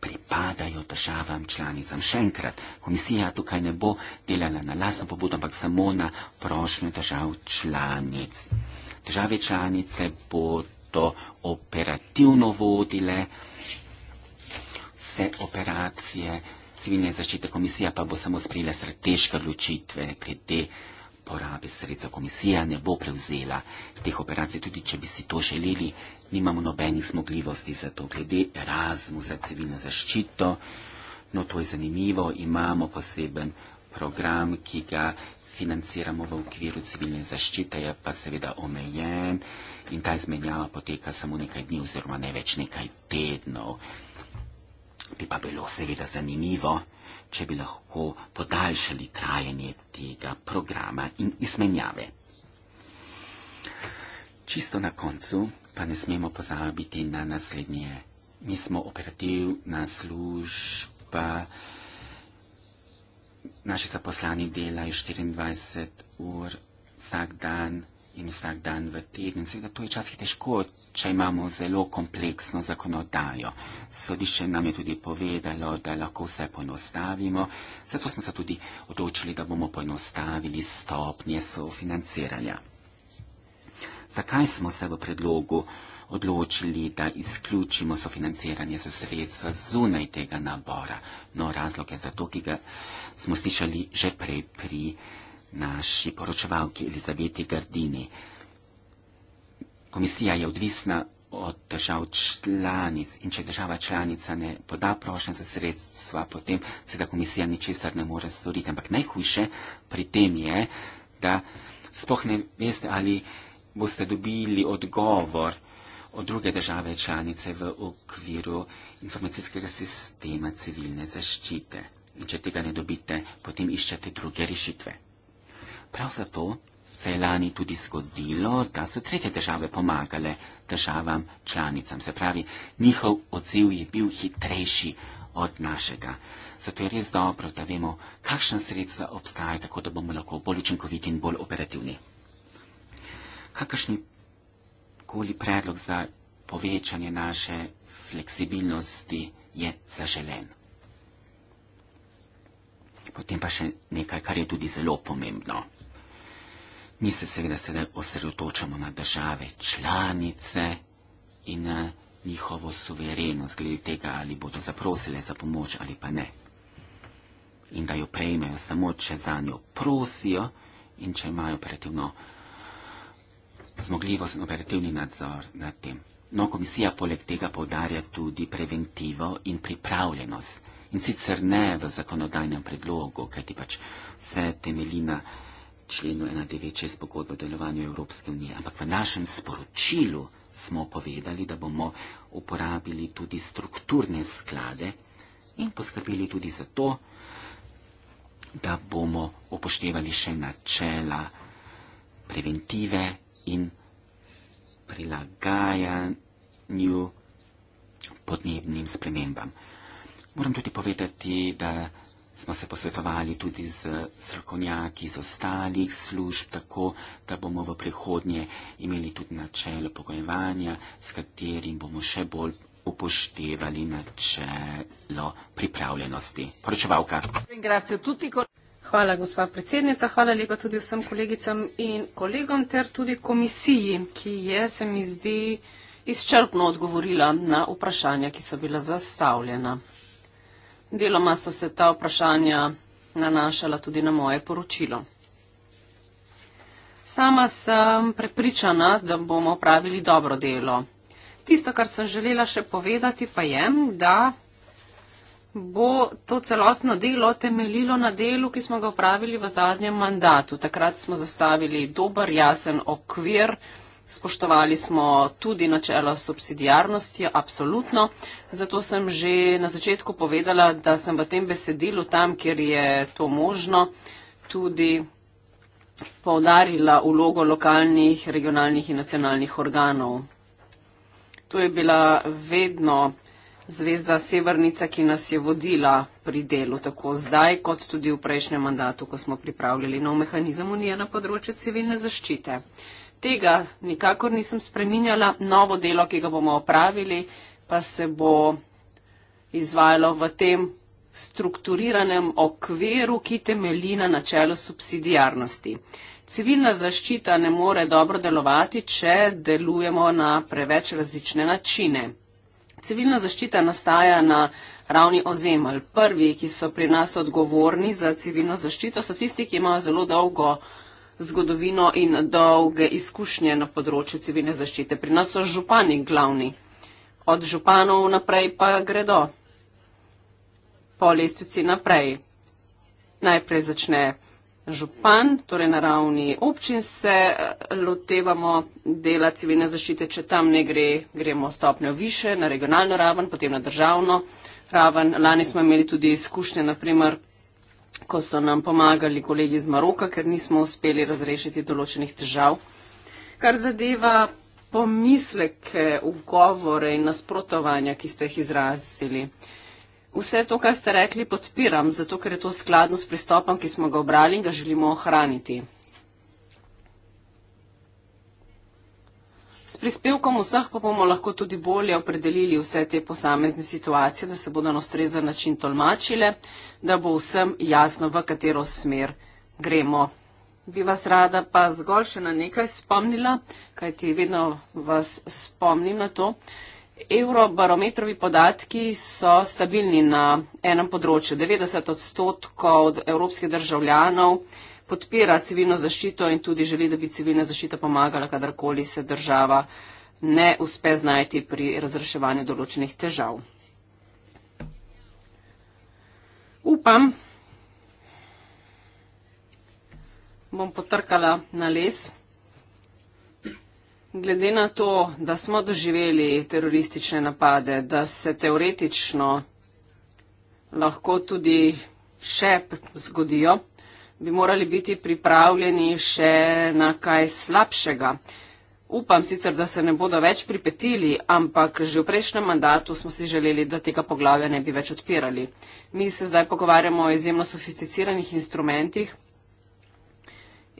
pripadajo državam članicam. Še enkrat, komisija tukaj ne bo delala na lasno pobudo, ampak samo na prošnjo držav članic države članice bo to operativno vodile, vse operacije civilne zaščite komisija pa bo samo sprejela strateške odločitve, glede porabe sredstev. Komisija ne bo prevzela teh operacij, tudi če bi si to želeli, nimamo nobenih zmogljivosti za to, glede Erasmus za civilno zaščito. No, to je zanimivo, imamo poseben program, ki ga financiramo v okviru civilne zaščite, je pa seveda omejen in ta izmenjava poteka samo nekaj dni oziroma ne več nekaj tednov. Bi pa bilo seveda zanimivo, če bi lahko podaljšali trajanje tega programa in izmenjave. Čisto na koncu pa ne smemo pozabiti na naslednje. Mi smo operativna služba naši zaposlani delajo 24 ur vsak dan in vsak dan v tednu. Seveda to je časih težko, če imamo zelo kompleksno zakonodajo. Sodišče nam je tudi povedalo, da lahko vse poenostavimo, zato smo se tudi odločili, da bomo poenostavili stopnje sofinanciranja. Zakaj smo se v predlogu odločili, da izključimo sofinanciranje za sredstva zunaj tega nabora? No, razlog je zato, ki ga smo slišali že prej pri naši poročevalki Elizabeti Gardini. Komisija je odvisna od držav članic in če država članica ne poda prošen za sredstva, potem seveda komisija ničesar ne more storiti. Ampak najhujše pri tem je, da spoh ne veste, ali boste dobili odgovor od druge države članice v okviru informacijskega sistema civilne zaščite. In če tega ne dobite, potem iščete druge rešitve. Prav zato se je lani tudi zgodilo, da so tretje države pomagale državam članicam. Se pravi, njihov odziv je bil hitrejši od našega. Zato je res dobro, da vemo, kakšna sredstva obstajajo, tako da bomo lahko bolj učinkoviti in bolj operativni. Kakršni koli predlog za povečanje naše fleksibilnosti je zaželeno. Potem pa še nekaj, kar je tudi zelo pomembno. Mi se seveda sedaj osredotočamo na države članice in na njihovo suverenost, glede tega, ali bodo zaprosile za pomoč ali pa ne. In da jo prejmejo samo, če za njo prosijo in če imajo operativno zmogljivost in operativni nadzor nad tem. No, komisija poleg tega povdarja tudi preventivo in pripravljenost in sicer ne v zakonodajnem predlogu, kajti pač vse temelji na členu 196 pogodbe o delovanju Evropske unije, ampak v našem sporočilu smo povedali, da bomo uporabili tudi strukturne sklade in poskrbeli tudi za to, da bomo upoštevali še načela preventive in prilagajanju podnebnim spremembam. Moram tudi povedati, da smo se posvetovali tudi z strokovnjaki iz ostalih služb, tako da bomo v prihodnje imeli tudi načelo pogojevanja, s katerim bomo še bolj upoštevali načelo pripravljenosti. Poročevalka. Hvala, gospa predsednica, hvala lepa tudi vsem kolegicam in kolegom ter tudi komisiji, ki je, se mi zdi, izčrpno odgovorila na vprašanja, ki so bila zastavljena. Deloma so se ta vprašanja nanašala tudi na moje poročilo. Sama sem prepričana, da bomo opravili dobro delo. Tisto, kar sem želela še povedati, pa je, da bo to celotno delo temeljilo na delu, ki smo ga opravili v zadnjem mandatu. Takrat smo zastavili dober, jasen okvir Spoštovali smo tudi načelo subsidijarnosti, apsolutno. Zato sem že na začetku povedala, da sem v tem besedilu tam, kjer je to možno, tudi povdarila vlogo lokalnih, regionalnih in nacionalnih organov. To je bila vedno zvezda Severnica, ki nas je vodila pri delu, tako zdaj kot tudi v prejšnjem mandatu, ko smo pripravljali nov mehanizem unije na področju civilne zaščite tega nikakor nisem spreminjala. Novo delo, ki ga bomo opravili, pa se bo izvajalo v tem strukturiranem okviru, ki temelji na načelu subsidijarnosti. Civilna zaščita ne more dobro delovati, če delujemo na preveč različne načine. Civilna zaščita nastaja na ravni ozemelj. Prvi, ki so pri nas odgovorni za civilno zaščito, so tisti, ki imajo zelo dolgo zgodovino in dolge izkušnje na področju civilne zaščite. Pri nas so župani glavni. Od županov naprej pa gredo po lestvici naprej. Najprej začne župan, torej na ravni občin se eh, lotevamo dela civilne zaščite, če tam ne gre, gremo stopnjo više na regionalno raven, potem na državno raven. Lani smo imeli tudi izkušnje, naprimer, ko so nam pomagali kolegi iz Maroka, ker nismo uspeli razrešiti določenih težav. Kar zadeva pomisleke, ugovore in nasprotovanja, ki ste jih izrazili. Vse to, kar ste rekli, podpiram, zato ker je to skladno s pristopom, ki smo ga obrali in ga želimo ohraniti. S prispevkom vseh pa bomo lahko tudi bolje opredelili vse te posamezne situacije, da se bodo na ustrezen način tolmačile, da bo vsem jasno, v katero smer gremo. Bi vas rada pa zgolj še na nekaj spomnila, kajti vedno vas spomnim na to. Eurobarometrovi podatki so stabilni na enem področju. 90 odstotkov od evropskih državljanov podpira civilno zaščito in tudi želi, da bi civilna zaščita pomagala, kadarkoli se država ne uspe znajti pri razreševanju določenih težav. Upam, bom potrkala na les. Glede na to, da smo doživeli teroristične napade, da se teoretično lahko tudi še zgodijo, bi morali biti pripravljeni še na kaj slabšega. Upam sicer, da se ne bodo več pripetili, ampak že v prejšnjem mandatu smo si želeli, da tega poglavja ne bi več odpirali. Mi se zdaj pogovarjamo o izjemno sofisticiranih instrumentih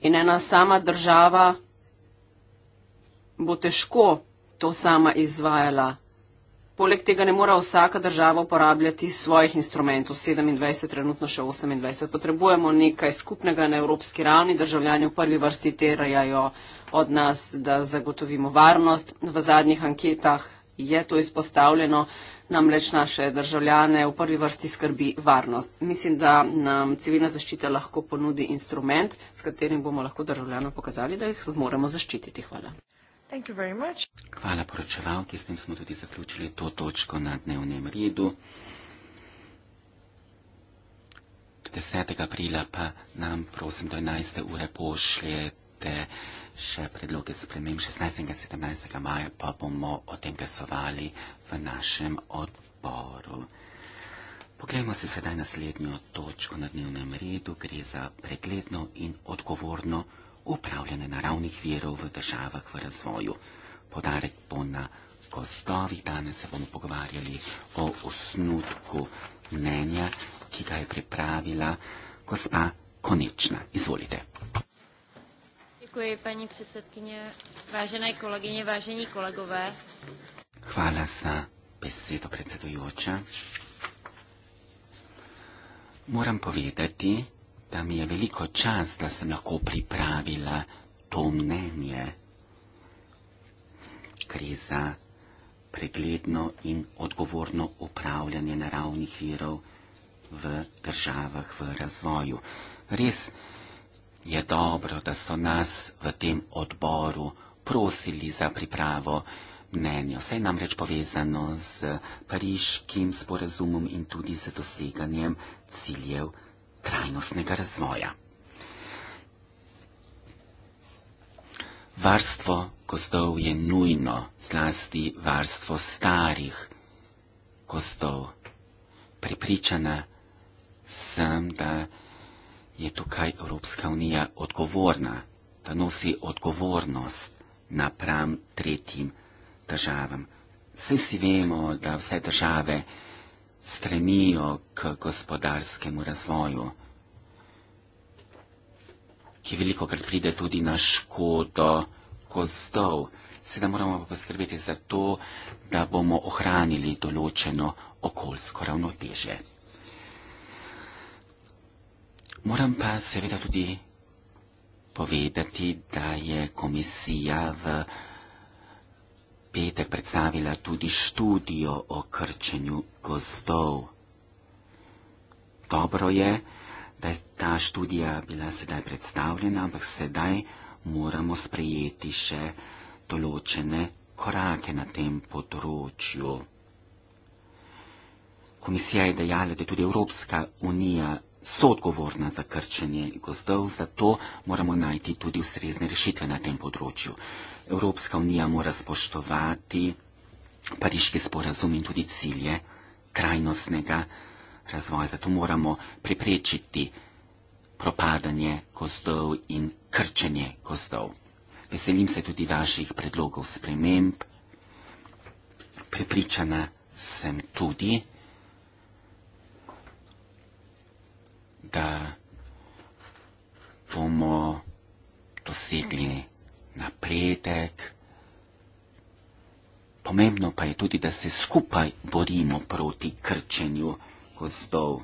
in ena sama država bo težko to sama izvajala Poleg tega ne mora vsaka država uporabljati svojih instrumentov, 27, trenutno še 28. Potrebujemo nekaj skupnega na evropski ravni, državljani v prvi vrsti terajajo od nas, da zagotovimo varnost. V zadnjih anketah je to izpostavljeno, namreč naše državljane v prvi vrsti skrbi varnost. Mislim, da nam civilna zaščita lahko ponudi instrument, s katerim bomo lahko državljanom pokazali, da jih zmoremo zaščititi. Hvala. Hvala poročevalki, s tem smo tudi zaključili to točko na dnevnem redu. 10. aprila pa nam prosim do 11. ure pošljete še predloge sprememb 16. in 17. maja, pa bomo o tem glasovali v našem odboru. Poglejmo se sedaj naslednjo točko na dnevnem redu, gre za pregledno in odgovorno upravljanje naravnih virov v državah v razvoju. Podarek bo na gozdovi. Danes se bomo pogovarjali o osnutku mnenja, ki ga je pripravila gospa Konečna. Izvolite. Děkuji, paní předsedkyně, vážené kolegyně, vážení kolegové. Hvala za besedo predsedujoča. Moram povedati, da mi je veliko čas, da sem lahko pripravila to mnenje. Gre za pregledno in odgovorno upravljanje naravnih virov v državah v razvoju. Res je dobro, da so nas v tem odboru prosili za pripravo mnenja. Vse je namreč povezano z pariškim sporazumom in tudi z doseganjem ciljev trajnostnega razvoja. Varstvo gozdov je nujno, zlasti varstvo starih gozdov. Pripričana sem, da je tukaj Evropska unija odgovorna, da nosi odgovornost napram tretjim državam. Vsi si vemo, da vse države stremijo k gospodarskemu razvoju, ki veliko krat pride tudi na škodo gozdov. Sedaj moramo pa poskrbeti za to, da bomo ohranili določeno okoljsko ravnoteže. Moram pa seveda tudi povedati, da je komisija v petek predstavila tudi študijo o krčenju gozdov. Dobro je, da je ta študija bila sedaj predstavljena, ampak sedaj moramo sprejeti še določene korake na tem področju. Komisija je dejala, da je tudi Evropska unija soodgovorna za krčenje gozdov, zato moramo najti tudi ustrezne rešitve na tem področju. Evropska unija mora spoštovati pariški sporazum in tudi cilje trajnostnega razvoja. Zato moramo preprečiti propadanje gozdov in krčenje gozdov. Veselim se tudi vaših predlogov sprememb. Prepričana sem tudi, da bomo dosegli mm -hmm napredek. Pomembno pa je tudi, da se skupaj borimo proti krčenju gozdov.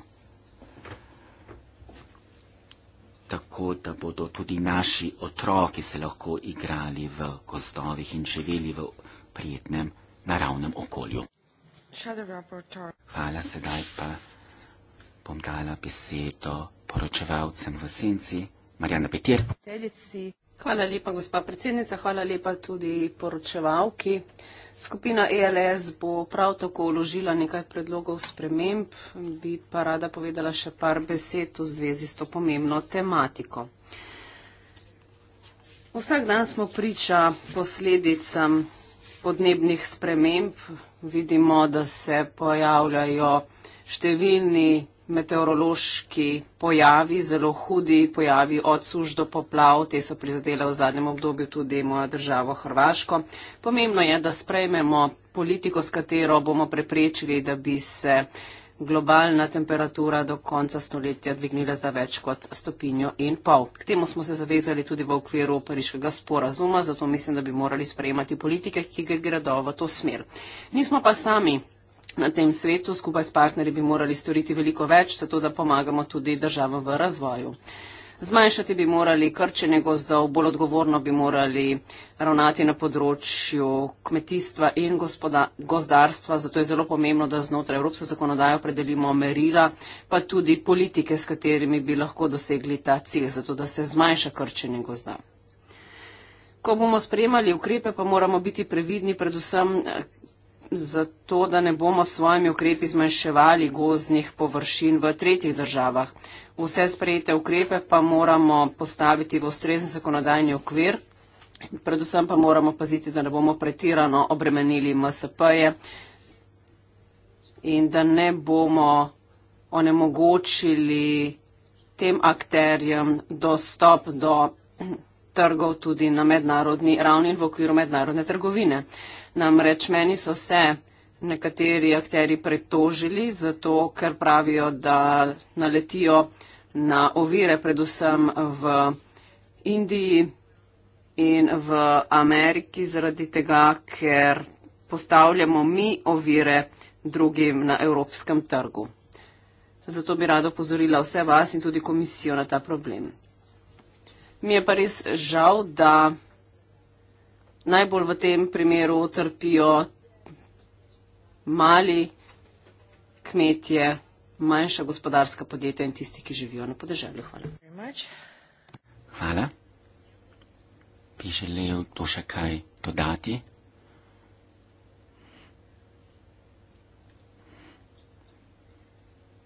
Tako da bodo tudi naši otroki se lahko igrali v gozdovih in živeli v prijetnem naravnem okolju. Hvala sedaj pa bom dala besedo poročevalcem v senci. Marjana Petir. Hvala lepa, gospa predsednica. Hvala lepa tudi poročevalki. Skupina ELS bo prav tako uložila nekaj predlogov sprememb, bi pa rada povedala še par besed v zvezi s to pomembno tematiko. Vsak dan smo priča posledicam podnebnih sprememb. Vidimo, da se pojavljajo številni meteorološki pojavi, zelo hudi pojavi od suž do poplav. Te so prizadele v zadnjem obdobju tudi mojo državo Hrvaško. Pomembno je, da sprejmemo politiko, s katero bomo preprečili, da bi se globalna temperatura do konca stoletja dvignila za več kot stopinjo in pol. K temu smo se zavezali tudi v okviru pariškega sporazuma, zato mislim, da bi morali sprejemati politike, ki gredo v to smer. Nismo pa sami na tem svetu. Skupaj s partnerji bi morali storiti veliko več, zato da pomagamo tudi državam v razvoju. Zmanjšati bi morali krčenje gozdov, bolj odgovorno bi morali ravnati na področju kmetijstva in gozdarstva, zato je zelo pomembno, da znotraj Evropske zakonodaje opredelimo merila, pa tudi politike, s katerimi bi lahko dosegli ta cilj, zato da se zmanjša krčenje gozda. Ko bomo spremali ukrepe, pa moramo biti previdni predvsem, zato, da ne bomo s svojimi ukrepi zmanjševali gozdnih površin v tretjih državah. Vse sprejete ukrepe pa moramo postaviti v ustrezen zakonodajni okvir, predvsem pa moramo paziti, da ne bomo pretirano obremenili MSP-je in da ne bomo onemogočili tem akterjem dostop do trgov tudi na mednarodni ravni in v okviru mednarodne trgovine. Namreč meni so se nekateri akteri pretožili, zato ker pravijo, da naletijo na ovire predvsem v Indiji in v Ameriki zaradi tega, ker postavljamo mi ovire drugim na evropskem trgu. Zato bi rada opozorila vse vas in tudi komisijo na ta problem. Mi je pa res žal, da najbolj v tem primeru trpijo mali kmetje, manjša gospodarska podjetja in tisti, ki živijo na podeželju. Hvala. Hvala. Bi želel to še kaj dodati?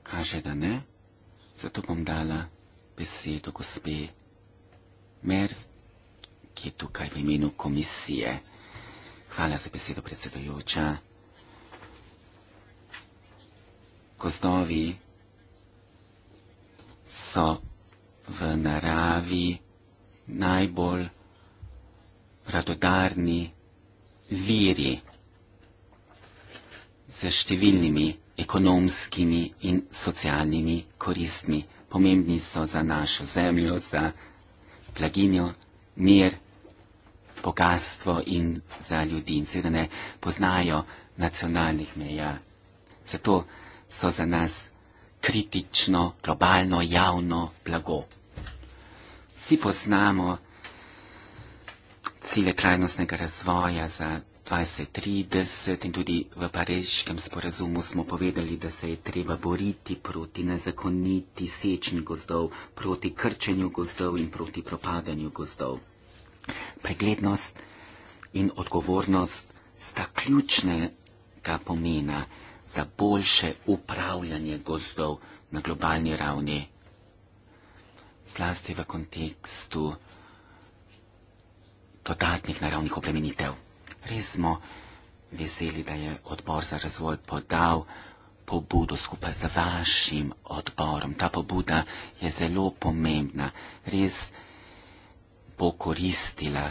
Kaže, da ne, zato bom dala besedo gospe Mers, ki je tukaj v imenu komisije. Hvala za besedo, predsedojoča. Gozdovi so v naravi najbolj radodarni viri z številnimi ekonomskimi in socialnimi koristmi. Pomembni so za našo zemljo, za blaginjo, mir, bogatstvo in za ljudi. In seveda ne poznajo nacionalnih meja. Zato so za nas kritično, globalno, javno blago. Vsi poznamo cilje trajnostnega razvoja za 2030 in tudi v pariškem sporazumu smo povedali, da se je treba boriti proti nezakoniti sečni gozdov, proti krčenju gozdov in proti propadanju gozdov. Preglednost in odgovornost sta ključnega pomena za boljše upravljanje gozdov na globalni ravni, zlasti v kontekstu dodatnih naravnih oplemenitev. Res smo veseli, da je odbor za razvoj podal pobudo skupaj z vašim odborom. Ta pobuda je zelo pomembna. Res bo koristila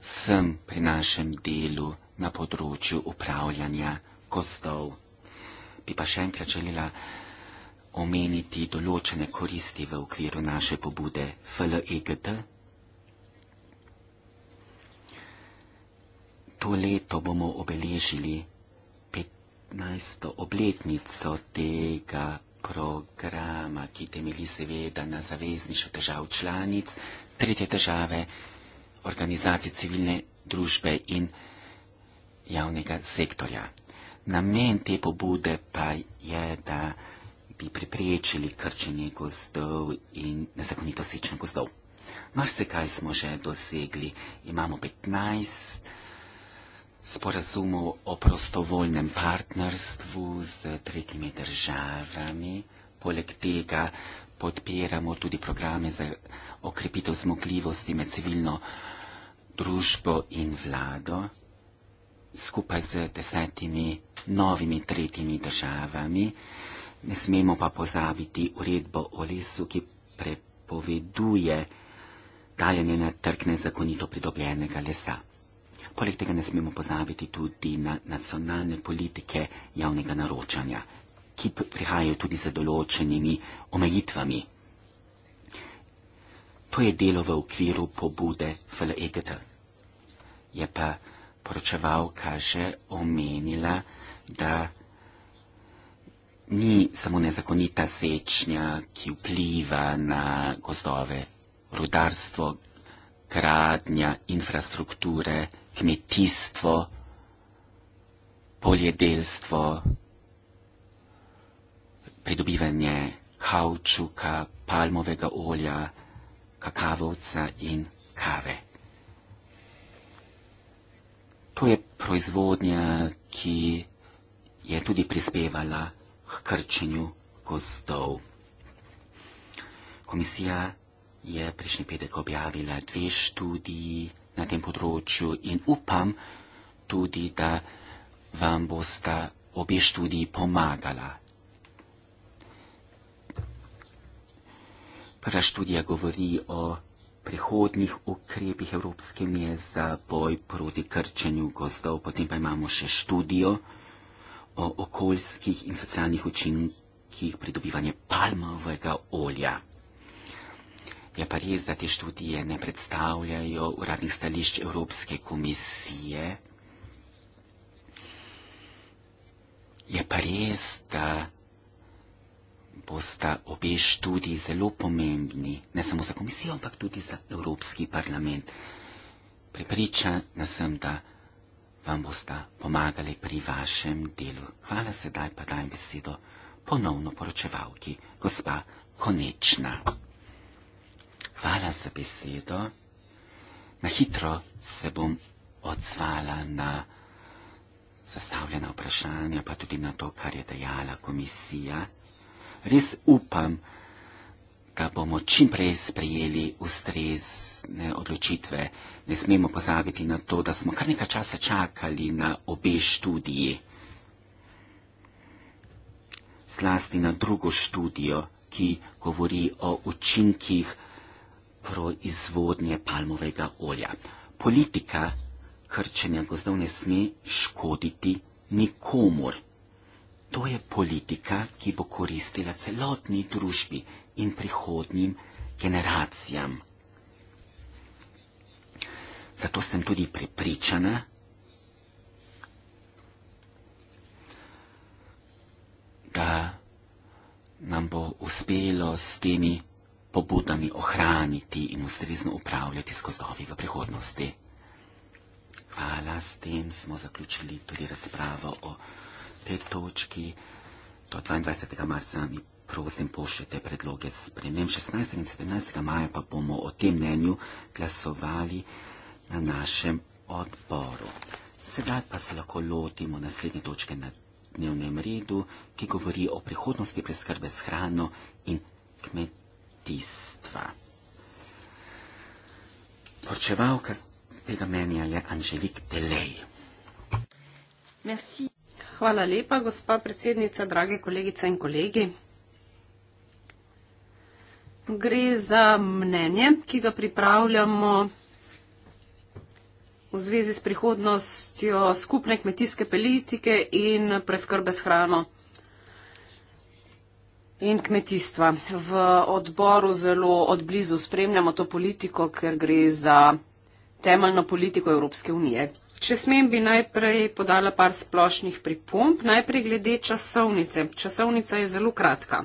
vsem pri našem delu na področju upravljanja gozdov. Bi pa še enkrat želela omeniti določene koristi v okviru naše pobude FLEGD. to leto bomo obeležili 15. obletnico tega programa, ki temeli seveda na zavezništvu držav članic, tretje države, organizacije civilne družbe in javnega sektorja. Namen te pobude pa je, da bi preprečili krčenje gozdov in nezakonito sečenje gozdov. Mar se kaj smo že dosegli, imamo 15 sporazumu o prostovoljnem partnerstvu z tretjimi državami. Poleg tega podpiramo tudi programe za okrepitev zmogljivosti med civilno družbo in vlado skupaj z desetimi novimi tretjimi državami. Ne smemo pa pozabiti uredbo o lesu, ki prepoveduje dajanje na trg nezakonito pridobljenega lesa. Poleg tega ne smemo pozabiti tudi na nacionalne politike javnega naročanja, ki prihajajo tudi za določenimi omejitvami. To je delo v okviru pobude FLEGT. Je pa poročevalka že omenila, da ni samo nezakonita sečnja, ki vpliva na gozdove, rudarstvo, gradnja, infrastrukture, kmetijstvo, poljedelstvo, pridobivanje kaučuka, palmovega olja, kakavovca in kave. To je proizvodnja, ki je tudi prispevala k krčenju gozdov. Komisija je prejšnji petek objavila dve študiji, na tem področju in upam tudi, da vam bosta obe študiji pomagala. Prva študija govori o prihodnih ukrepih Evropske unije za boj proti krčenju gozdov, potem pa imamo še študijo o okoljskih in socialnih učinkih pridobivanja palmovega olja. Je pa res, da te študije ne predstavljajo uradnih stališč Evropske komisije. Je pa res, da bosta obe študiji zelo pomembni, ne samo za komisijo, ampak tudi za Evropski parlament. Pripričan sem, da vam bosta pomagali pri vašem delu. Hvala sedaj pa dajem besedo ponovno poročevalki, gospa Konečna. Hvala za besedo. Na hitro se bom odzvala na zastavljena vprašanja, pa tudi na to, kar je dejala komisija. Res upam, da bomo čim prej sprejeli ustrezne odločitve. Ne smemo pozabiti na to, da smo kar nekaj časa čakali na obe študiji, zlasti na drugo študijo, ki govori o učinkih proizvodnje palmovega olja. Politika krčenja gozdov ne sme škoditi nikomor. To je politika, ki bo koristila celotni družbi in prihodnim generacijam. Zato sem tudi prepričana, da nam bo uspelo s temi pobudami ohraniti in ustrezno upravljati z gozdovi v prihodnosti. Hvala, s tem smo zaključili tudi razpravo o tej točki. Do 22. marca mi prosim pošljete predloge s premem. 16. in 17. maja pa bomo o tem mnenju glasovali na našem odboru. Sedaj pa se lahko lotimo naslednje točke na dnevnem redu, ki govori o prihodnosti preskrbe s hrano in kmetijstvom kmetijstva. Porčevalka tega menja je Anželik Delej. Merci. Hvala lepa, gospa predsednica, drage kolegice in kolegi. Gre za mnenje, ki ga pripravljamo v zvezi s prihodnostjo skupne kmetijske politike in preskrbe s hrano in kmetijstva. V odboru zelo odblizu spremljamo to politiko, ker gre za temeljno politiko Evropske unije. Če smem, bi najprej podala par splošnih pripomp. Najprej glede časovnice. Časovnica je zelo kratka.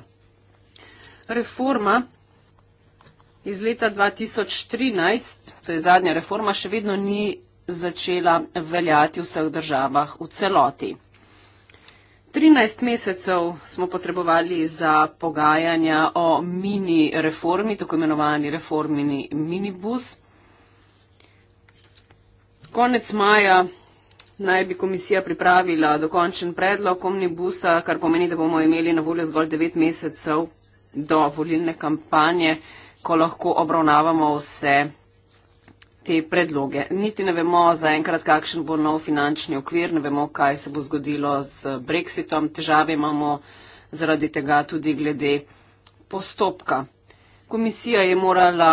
Reforma iz leta 2013, to je zadnja reforma, še vedno ni začela veljati v vseh državah v celoti. 13 mesecev smo potrebovali za pogajanja o mini reformi, tako imenovani reformini minibus. Konec maja naj bi komisija pripravila dokončen predlog omnibusa, kar pomeni, da bomo imeli na voljo zgolj 9 mesecev do volilne kampanje, ko lahko obravnavamo vse te predloge. Niti ne vemo zaenkrat, kakšen bo nov finančni okvir, ne vemo, kaj se bo zgodilo z brexitom. Težave imamo zaradi tega tudi glede postopka. Komisija je morala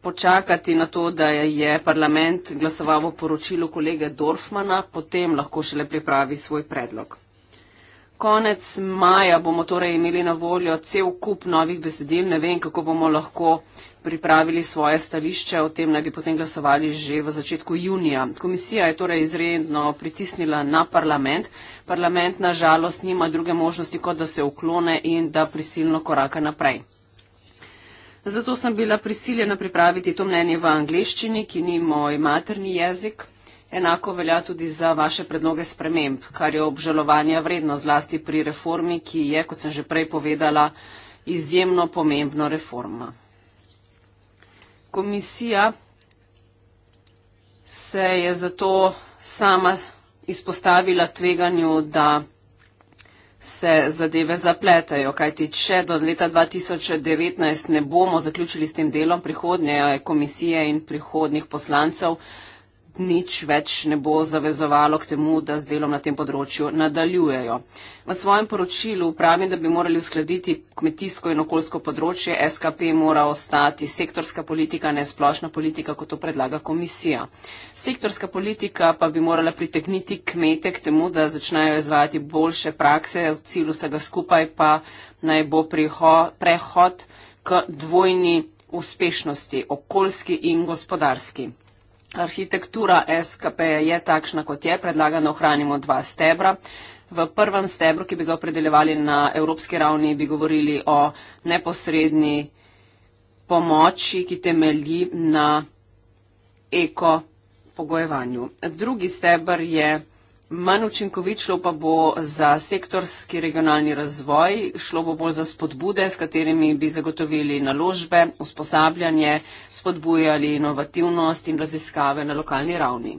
počakati na to, da je parlament glasoval o poročilu kolege Dorfmana, potem lahko šele pripravi svoj predlog. Konec maja bomo torej imeli na voljo cel kup novih besedil. Ne vem, kako bomo lahko pripravili svoje stališče, o tem naj bi potem glasovali že v začetku junija. Komisija je torej izredno pritisnila na parlament. Parlament na žalost nima druge možnosti, kot da se uklone in da prisilno koraka naprej. Zato sem bila prisiljena pripraviti to mnenje v angleščini, ki ni moj materni jezik. Enako velja tudi za vaše predloge sprememb, kar je obžalovanja vredno zlasti pri reformi, ki je, kot sem že prej povedala, izjemno pomembna reforma komisija se je zato sama izpostavila tveganju, da se zadeve zapletajo, kajti če do leta 2019 ne bomo zaključili s tem delom prihodnje komisije in prihodnih poslancev, nič več ne bo zavezovalo k temu, da z delom na tem področju nadaljujejo. V svojem poročilu pravim, da bi morali uskladiti kmetijsko in okoljsko področje. SKP mora ostati sektorska politika, ne splošna politika, kot to predlaga komisija. Sektorska politika pa bi morala pritegniti kmete k temu, da začnejo izvajati boljše prakse, v cilju vsega skupaj pa naj bo prehod k dvojni uspešnosti, okoljski in gospodarski. Arhitektura SKP je takšna, kot je, predlagano ohranimo dva stebra. V prvem stebru, ki bi ga opredeljevali na evropski ravni, bi govorili o neposredni pomoči, ki temelji na eko pogojevanju. Drugi stebr je manj učinkovit, šlo pa bo za sektorski regionalni razvoj, šlo bo bolj za spodbude, s katerimi bi zagotovili naložbe, usposabljanje, spodbujali inovativnost in raziskave na lokalni ravni.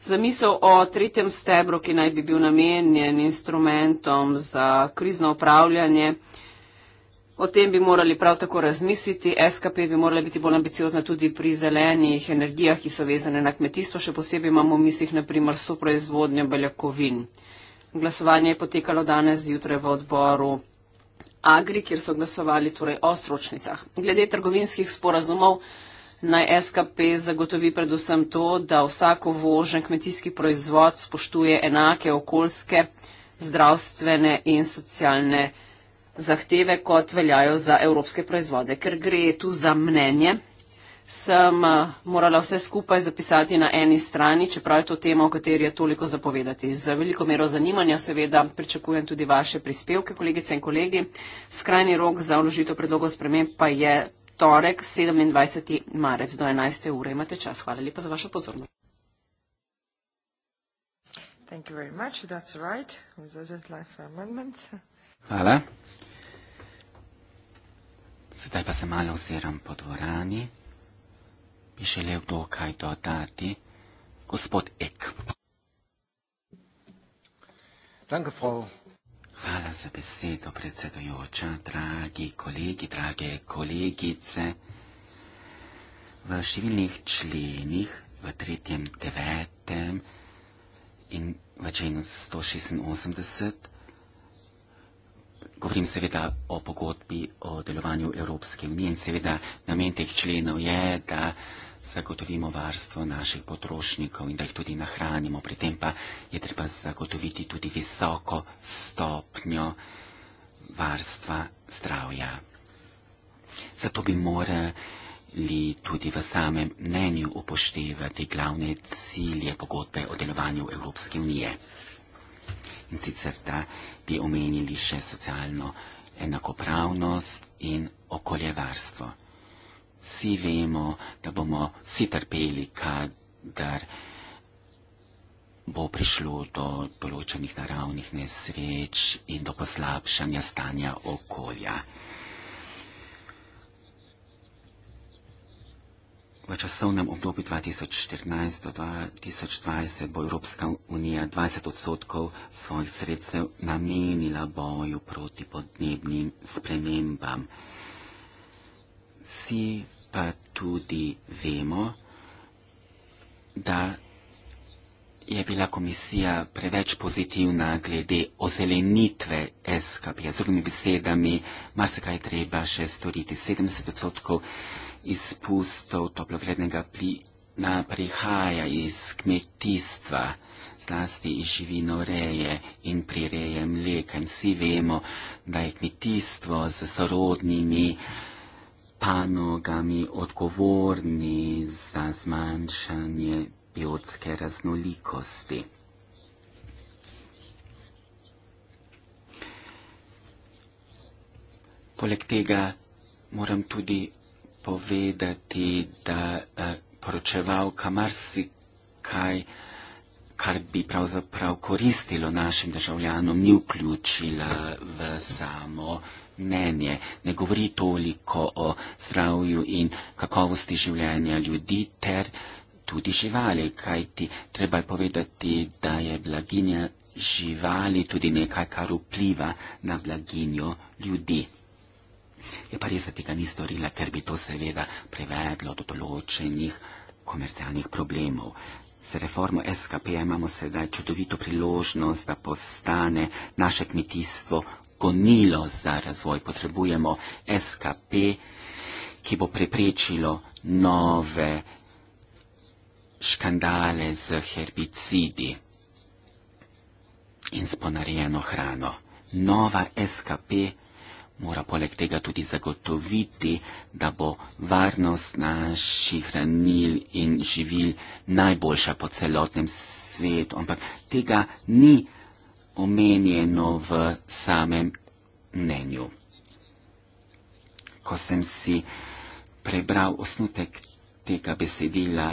Zamisel o tretjem stebru, ki naj bi bil namenjen instrumentom za krizno upravljanje, O tem bi morali prav tako razmisliti. SKP bi morala biti bolj ambiciozna tudi pri zelenih energijah, ki so vezane na kmetijstvo. Še posebej imamo v mislih naprimer soproizvodnjo beljakovin. Glasovanje je potekalo danes zjutraj v odboru. Agri, kjer so glasovali torej o stročnicah. Glede trgovinskih sporazumov naj SKP zagotovi predvsem to, da vsako vožen kmetijski proizvod spoštuje enake okoljske, zdravstvene in socialne zahteve, kot veljajo za evropske proizvode, ker gre tu za mnenje. Sem eh, morala vse skupaj zapisati na eni strani, čeprav je to tema, o kateri je toliko zapovedati. Z veliko mero zanimanja seveda pričakujem tudi vaše prispevke, kolegice in kolegi. Skrajni rok za vložitev predlogov sprememb pa je torek 27. marec do 11. ure. Imate čas. Hvala lepa za vašo pozornost. Thank you very much. That's right. Those are just life amendments. Hvala. Sedaj pa se malo oziram po dvorani. Bi želel to kaj dodati. Gospod Ek. Danke, frau. Hvala za besedo, predsedujoča, dragi kolegi, drage kolegice. V številnih členih, v tretjem, devetem in v členu 186, Govorim seveda o pogodbi o delovanju Evropske unije in seveda namen teh členov je, da zagotovimo varstvo naših potrošnikov in da jih tudi nahranimo. Pri tem pa je treba zagotoviti tudi visoko stopnjo varstva zdravja. Zato bi morali tudi v samem mnenju upoštevati glavne cilje pogodbe o delovanju Evropske unije in sicer da bi omenili še socialno enakopravnost in okoljevarstvo. Vsi vemo, da bomo vsi trpeli, kadar bo prišlo do določenih naravnih nesreč in do poslabšanja stanja okolja. časovnem obdobju 2014 do 2020 bo Evropska unija 20 odstotkov svojih sredstev namenila boju proti podnebnim spremembam. Vsi pa tudi vemo, da je bila komisija preveč pozitivna glede ozelenitve SKP. Z drugimi besedami, marsikaj treba še storiti 70 odstotkov izpustov toplogrednega plina prihaja iz kmetijstva, zlasti iz živinoreje in prireje mleka. In vsi vemo, da je kmetijstvo z sorodnimi panogami odgovorni za zmanjšanje biotske raznolikosti. Poleg tega moram tudi povedati, da eh, poročevalka marsi kaj, kar bi pravzaprav koristilo našim državljanom, ni vključila v samo mnenje. Ne govori toliko o zdravju in kakovosti življenja ljudi ter tudi živali, kajti treba je povedati, da je blaginja živali tudi nekaj, kar vpliva na blaginjo ljudi je Pariza tega ni storila, ker bi to seveda prevedlo do določenih komercialnih problemov. S reformo SKP imamo sedaj čudovito priložnost, da postane naše kmetijstvo gonilo za razvoj. Potrebujemo SKP, ki bo preprečilo nove škandale z herbicidi in s ponarejeno hrano. Nova SKP mora poleg tega tudi zagotoviti, da bo varnost naših hranil in živil najboljša po celotnem svetu. Ampak tega ni omenjeno v samem mnenju. Ko sem si prebral osnutek tega besedila,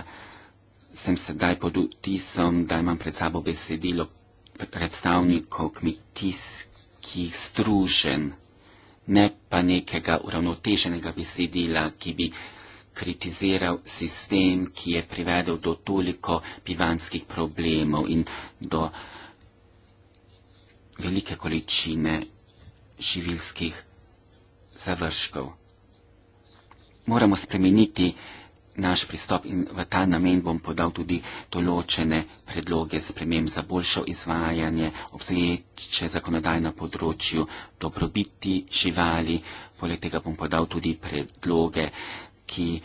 sem sedaj pod vtisom, da imam pred sabo besedilo predstavnikov kmetijskih združenj ne pa nekega uravnoteženega besedila, ki bi kritiziral sistem, ki je privedel do toliko bivanskih problemov in do velike količine živilskih završkov. Moramo spremeniti naš pristop in v ta namen bom podal tudi določene predloge spremem za boljšo izvajanje obstoječe zakonodaje na področju dobrobiti živali. Poleg tega bom podal tudi predloge, ki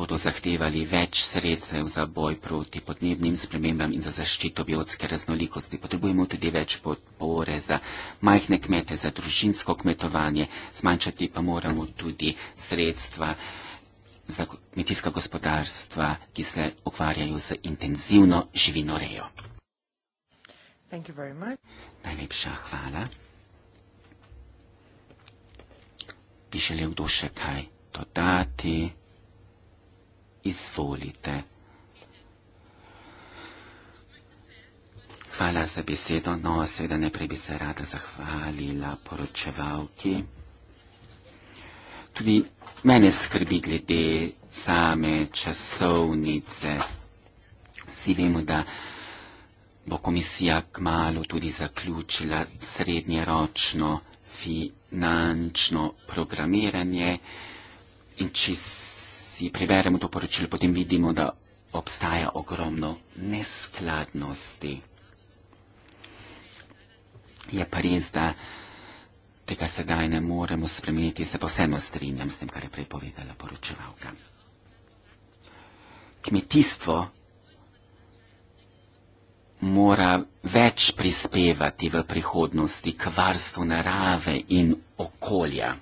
bodo zahtevali več sredstev za boj proti podnebnim spremembam in za zaščito biotske raznolikosti. Potrebujemo tudi več podpore za majhne kmete, za družinsko kmetovanje, zmanjšati pa moramo tudi sredstva za kmetijska gospodarstva, ki se ukvarjajo z intenzivno živinorejo. Najlepša hvala. Bi želel kdo še kaj dodati? Izvolite. Hvala za besedo. No, seveda ne prej bi se rada zahvalila poročevalki tudi mene skrbi glede same časovnice. Vsi vemo, da bo komisija kmalo tudi zaključila srednjeročno finančno programiranje. In če si preveremo to poročilo, potem vidimo, da obstaja ogromno neskladnosti. Je pa res, da tega sedaj ne moremo spremeniti, se posebno strinjam s tem, kar je prej povedala poročevalka. Kmetijstvo mora več prispevati v prihodnosti k varstvu narave in okolja.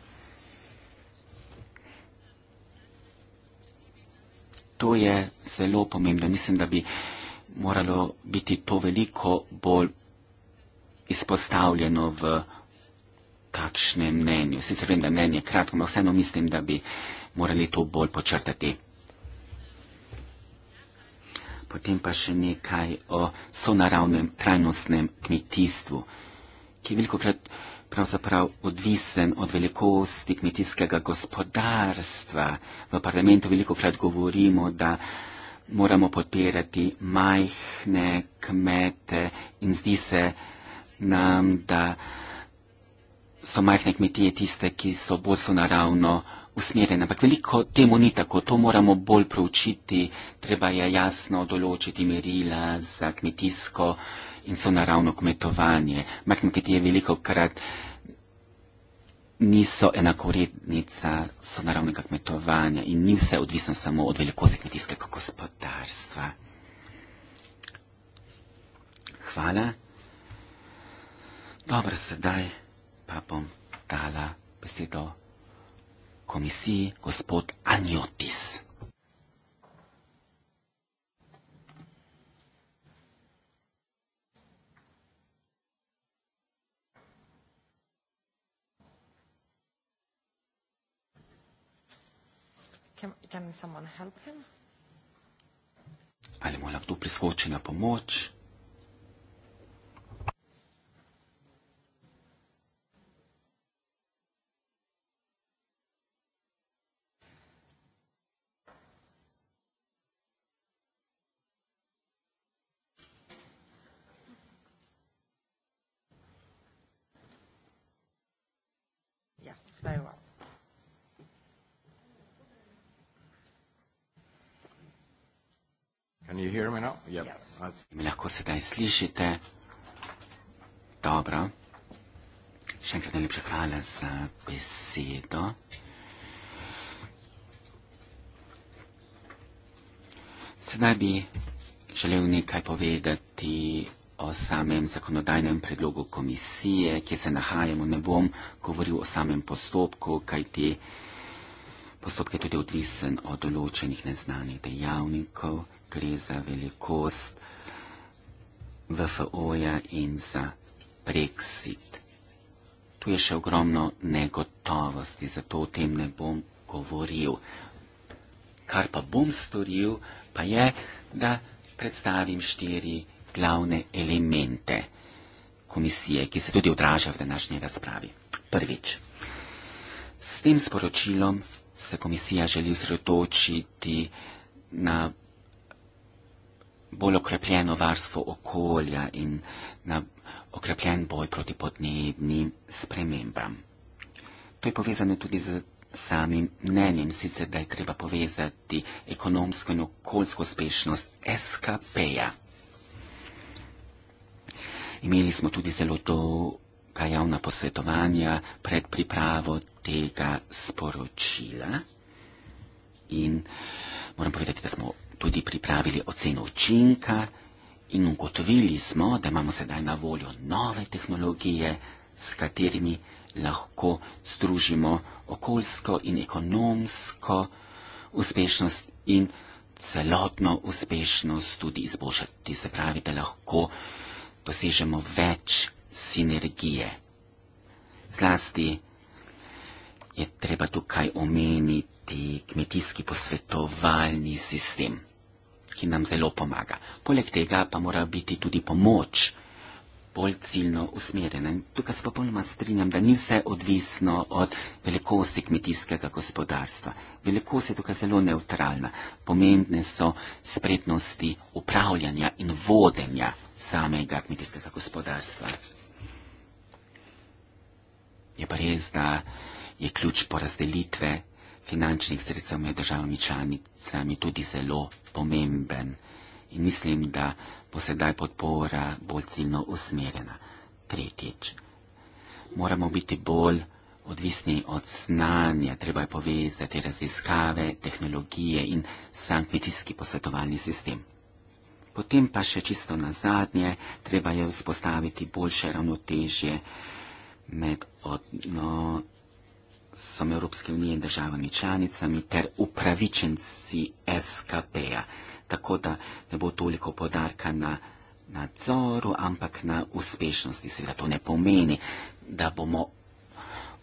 To je zelo pomembno. Mislim, da bi moralo biti to veliko bolj izpostavljeno v prihodnosti kakšnem mnenju. Sicer vem, da mnenje kratko, ampak vseeno mislim, da bi morali to bolj počrtati. Potem pa še nekaj o sonaravnem trajnostnem kmetijstvu, ki je veliko krat pravzaprav odvisen od velikosti kmetijskega gospodarstva. V parlamentu veliko krat govorimo, da moramo podpirati majhne kmete in zdi se nam, da so majhne kmetije tiste, ki so bolj so naravno usmerjene. Ampak veliko temu ni tako, to moramo bolj proučiti, treba je jasno določiti merila za kmetijsko in so naravno kmetovanje. Majhne kmetije veliko krat niso enakorednica so naravnega kmetovanja in ni vse odvisno samo od velikosti kmetijskega gospodarstva. Hvala. Dobro, sedaj pa bom dala besedo komisiji gospod Anjotis. Can, can someone help him? Ali mu lahko priskoči na pomoč? works very well. Can you hear me now? Yes. Mi lahko sedaj slišite? Dobro. Še enkrat najlepša hvala za besedo. Sedaj bi želel nekaj povedati o samem zakonodajnem predlogu komisije, kje se nahajamo, ne bom govoril o samem postopku, kajti postopek je tudi odvisen od določenih neznanih dejavnikov, gre za velikost VFO-ja in za Brexit. Tu je še ogromno negotovosti, zato o tem ne bom govoril. Kar pa bom storil, pa je, da predstavim štiri glavne elemente komisije, ki se tudi odraža v današnji razpravi. Prvič, s tem sporočilom se komisija želi usredotočiti na bolj okrepljeno varstvo okolja in na okrepljen boj proti podnebnim spremembam. To je povezano tudi z samim mnenjem, sicer da je treba povezati ekonomsko in okoljsko uspešnost SKP-ja. Imeli smo tudi zelo dolga javna posvetovanja pred pripravo tega sporočila. In moram povedati, da smo tudi pripravili oceno učinka in ugotovili smo, da imamo sedaj na voljo nove tehnologije, s katerimi lahko združimo okoljsko in ekonomsko uspešnost in celotno uspešnost tudi izboljšati. Se pravi, da lahko dosežemo več sinergije. Zlasti je treba tukaj omeniti kmetijski posvetovalni sistem, ki nam zelo pomaga. Poleg tega pa mora biti tudi pomoč bolj ciljno usmerjena. Tukaj se popolnoma strinjam, da ni vse odvisno od velikosti kmetijskega gospodarstva. Velikost je tukaj zelo neutralna. Pomembne so spretnosti upravljanja in vodenja samega kmetijskega gospodarstva. Je pa res, da je ključ porazdelitve finančnih sredstev med državami članicami tudi zelo pomemben in mislim, da bo sedaj podpora bolj ciljno usmerjena. Tretjič, moramo biti bolj odvisni od znanja, treba je povezati raziskave, tehnologije in sam kmetijski posvetovalni sistem potem pa še čisto na zadnje, treba je vzpostaviti boljše ravnotežje med odnosom Evropske unije in državami članicami ter upravičenci SKP-ja. Tako da ne bo toliko podarka na nadzoru, ampak na uspešnosti. Seveda to ne pomeni, da bomo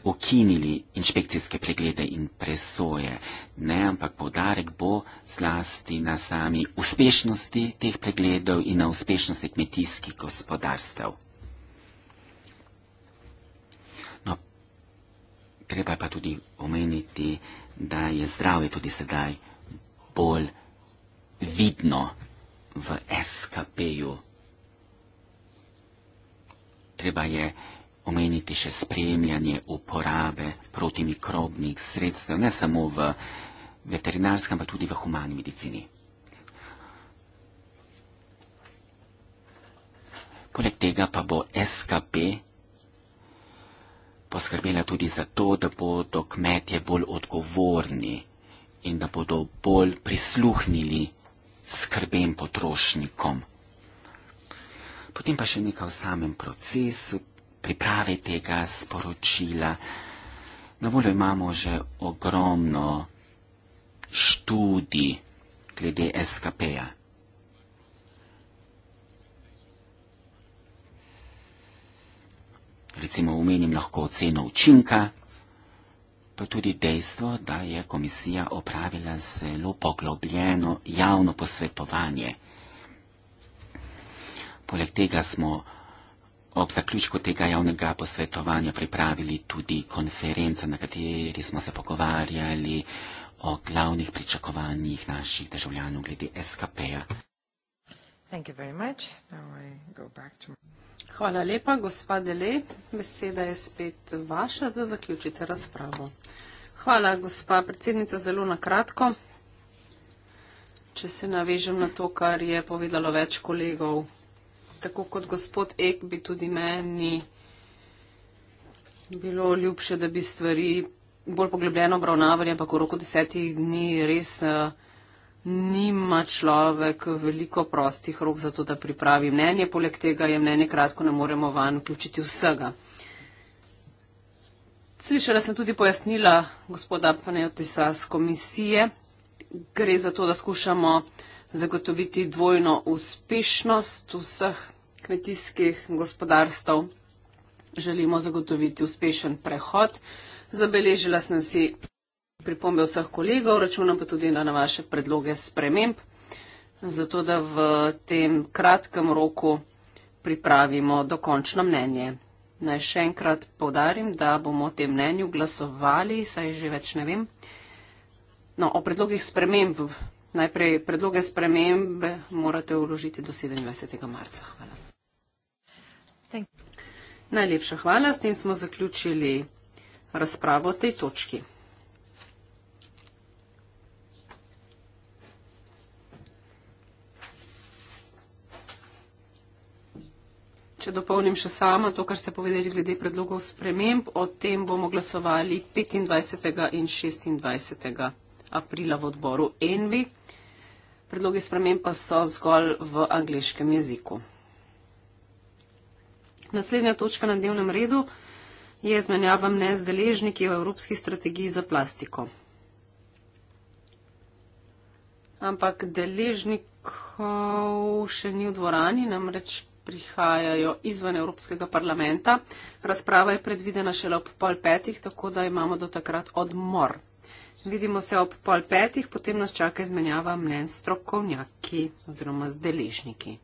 ukinili inšpekcijske preglede in presoje, ne, ampak povdarek bo zlasti na sami uspešnosti teh pregledov in na uspešnosti kmetijskih gospodarstev. No, treba pa tudi omeniti, da je zdravje tudi sedaj bolj vidno v SKP-ju. Treba je omeniti še spremljanje uporabe protimikrobnih sredstev, ne samo v veterinarskem, pa tudi v humani medicini. Poleg tega pa bo SKP poskrbela tudi za to, da bodo kmetje bolj odgovorni in da bodo bolj prisluhnili skrbem potrošnikom. Potem pa še nekaj o samem procesu, priprave tega sporočila. Na voljo imamo že ogromno študij glede SKP-ja. Recimo umenim lahko oceno učinka, pa tudi dejstvo, da je komisija opravila zelo poglobljeno javno posvetovanje. Poleg tega smo ob zaključku tega javnega posvetovanja pripravili tudi konferenco, na kateri smo se pogovarjali o glavnih pričakovanjih naših državljanov glede SKP-ja. Hvala lepa, gospa Dele. Beseda je spet vaša, da zaključite razpravo. Hvala, gospa predsednica, zelo na kratko. Če se navežem na to, kar je povedalo več kolegov tako kot gospod Ek, bi tudi meni bilo ljubše, da bi stvari bolj poglobljeno obravnavali, ampak v roku desetih dni res eh, nima človek veliko prostih rok za to, da pripravi mnenje. Poleg tega je mnenje kratko, ne moremo van vključiti vsega. Slišala sem tudi pojasnila gospoda Panejotisa z komisije. Gre za to, da skušamo zagotoviti dvojno uspešnost vseh kmetijskih gospodarstv želimo zagotoviti uspešen prehod. Zabeležila sem si pripombe vseh kolegov, računam pa tudi na vaše predloge sprememb, zato da v tem kratkem roku pripravimo dokončno mnenje. Naj še enkrat povdarim, da bomo o tem mnenju glasovali, saj že več ne vem. No, o predlogih sprememb. Najprej predloge sprememb morate uložiti do 27. marca. Hvala. Najlepša hvala, s tem smo zaključili razpravo o tej točki. Če dopolnim še samo to, kar ste povedali glede predlogov sprememb, o tem bomo glasovali 25. in 26. aprila v odboru Envi. Predlogi sprememb pa so zgolj v angliškem jeziku. Naslednja točka na dnevnem redu je izmenjava mnenj z deležniki v evropski strategiji za plastiko. Ampak deležnikov še ni v dvorani, namreč prihajajo izven Evropskega parlamenta. Razprava je predvidena šele ob pol petih, tako da imamo do takrat odmor. Vidimo se ob pol petih, potem nas čaka izmenjava mnenj s strokovnjaki oziroma z deležniki.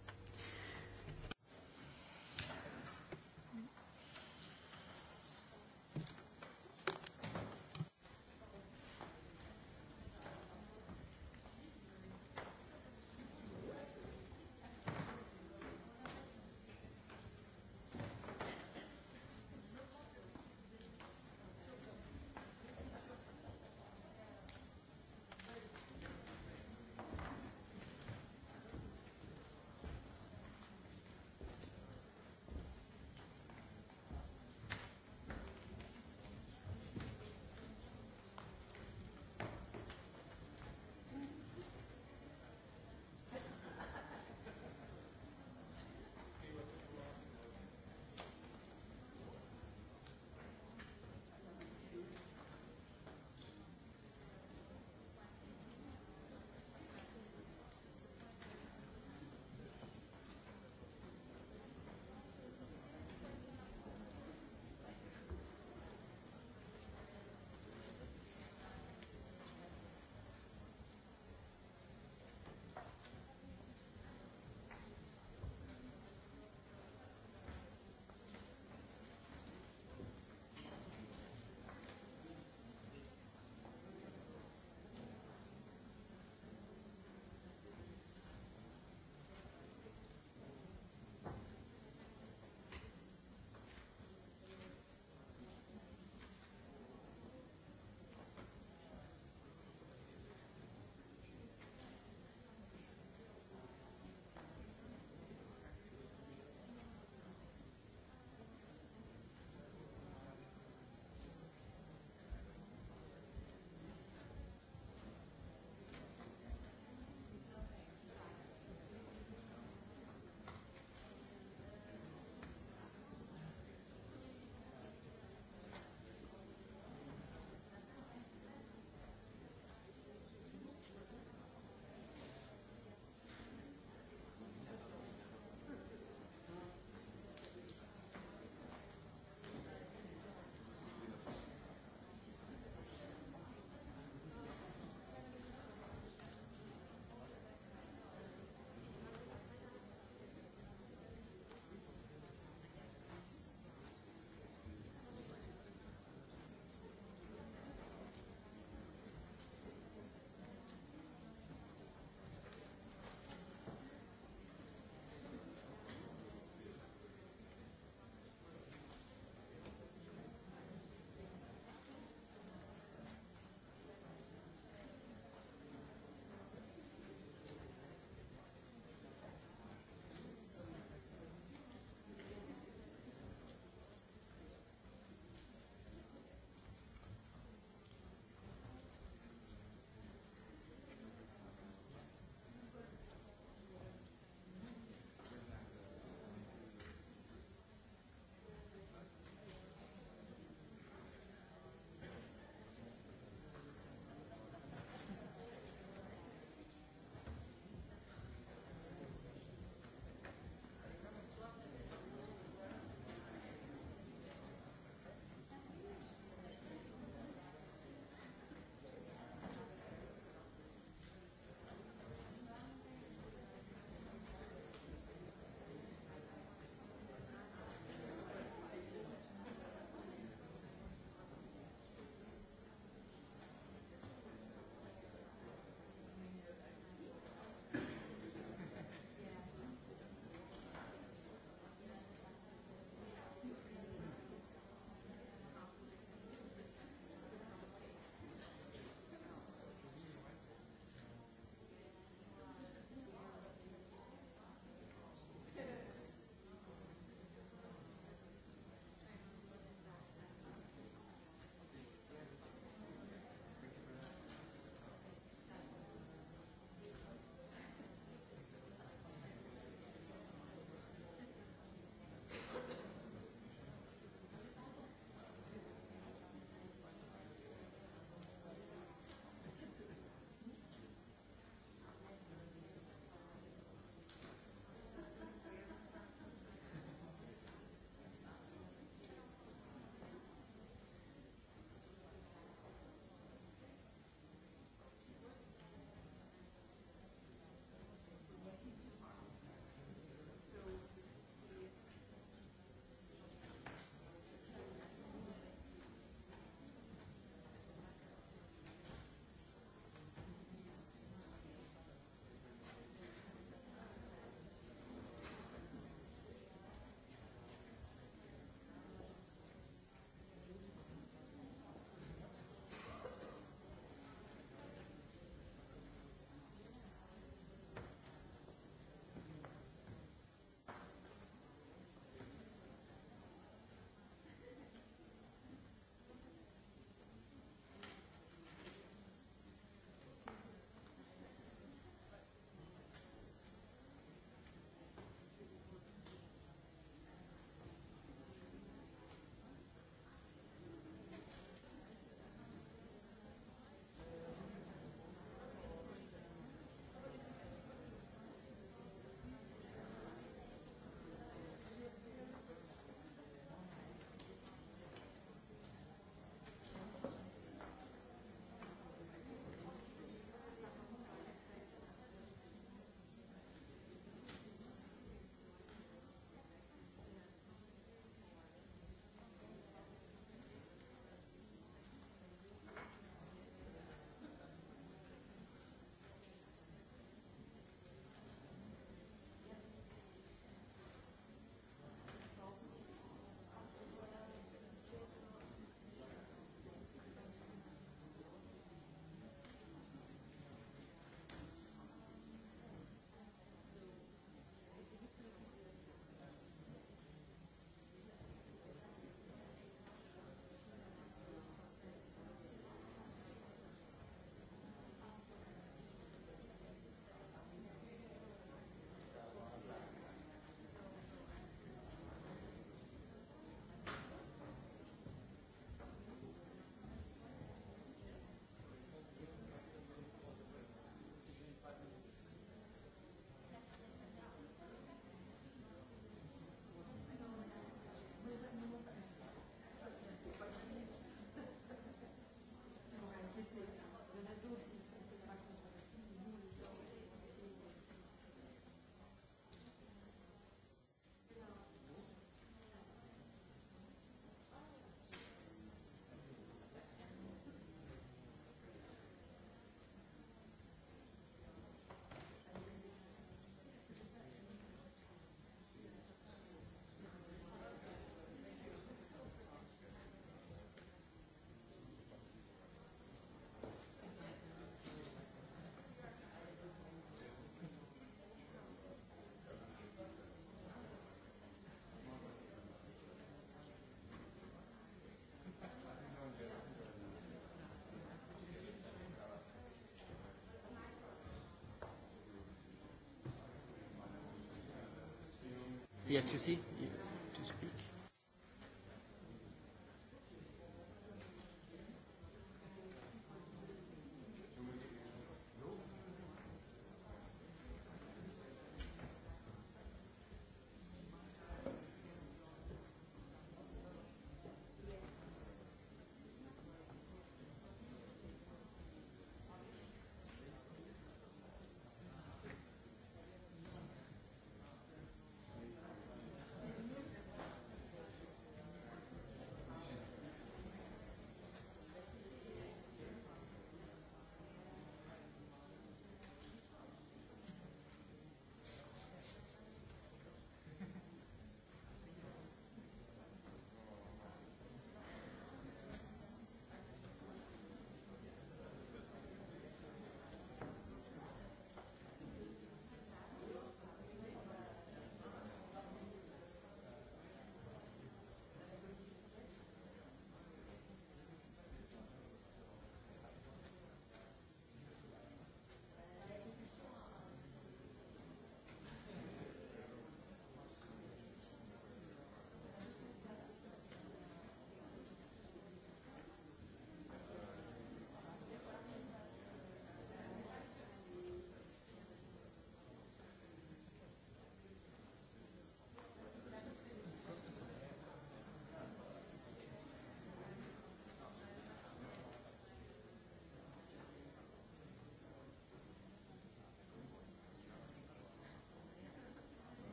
Yes, you see?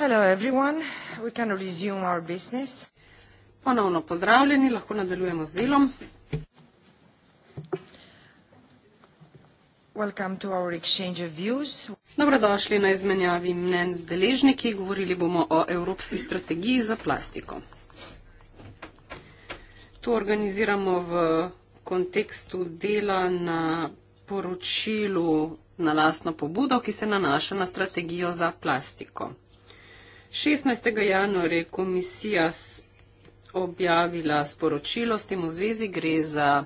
Hello everyone. We can resume our business. Ponovno pozdravljeni, lahko nadaljujemo z delom. Welcome to our exchange of views. Dobrodošli na izmenjavi mnen z deležniki. Govorili bomo o evropski strategiji za plastiko. To organiziramo v kontekstu dela na poročilu na lastno pobudo, ki se nanaša na strategijo za plastiko. 16. januar je komisija objavila sporočilo s tem v zvezi gre za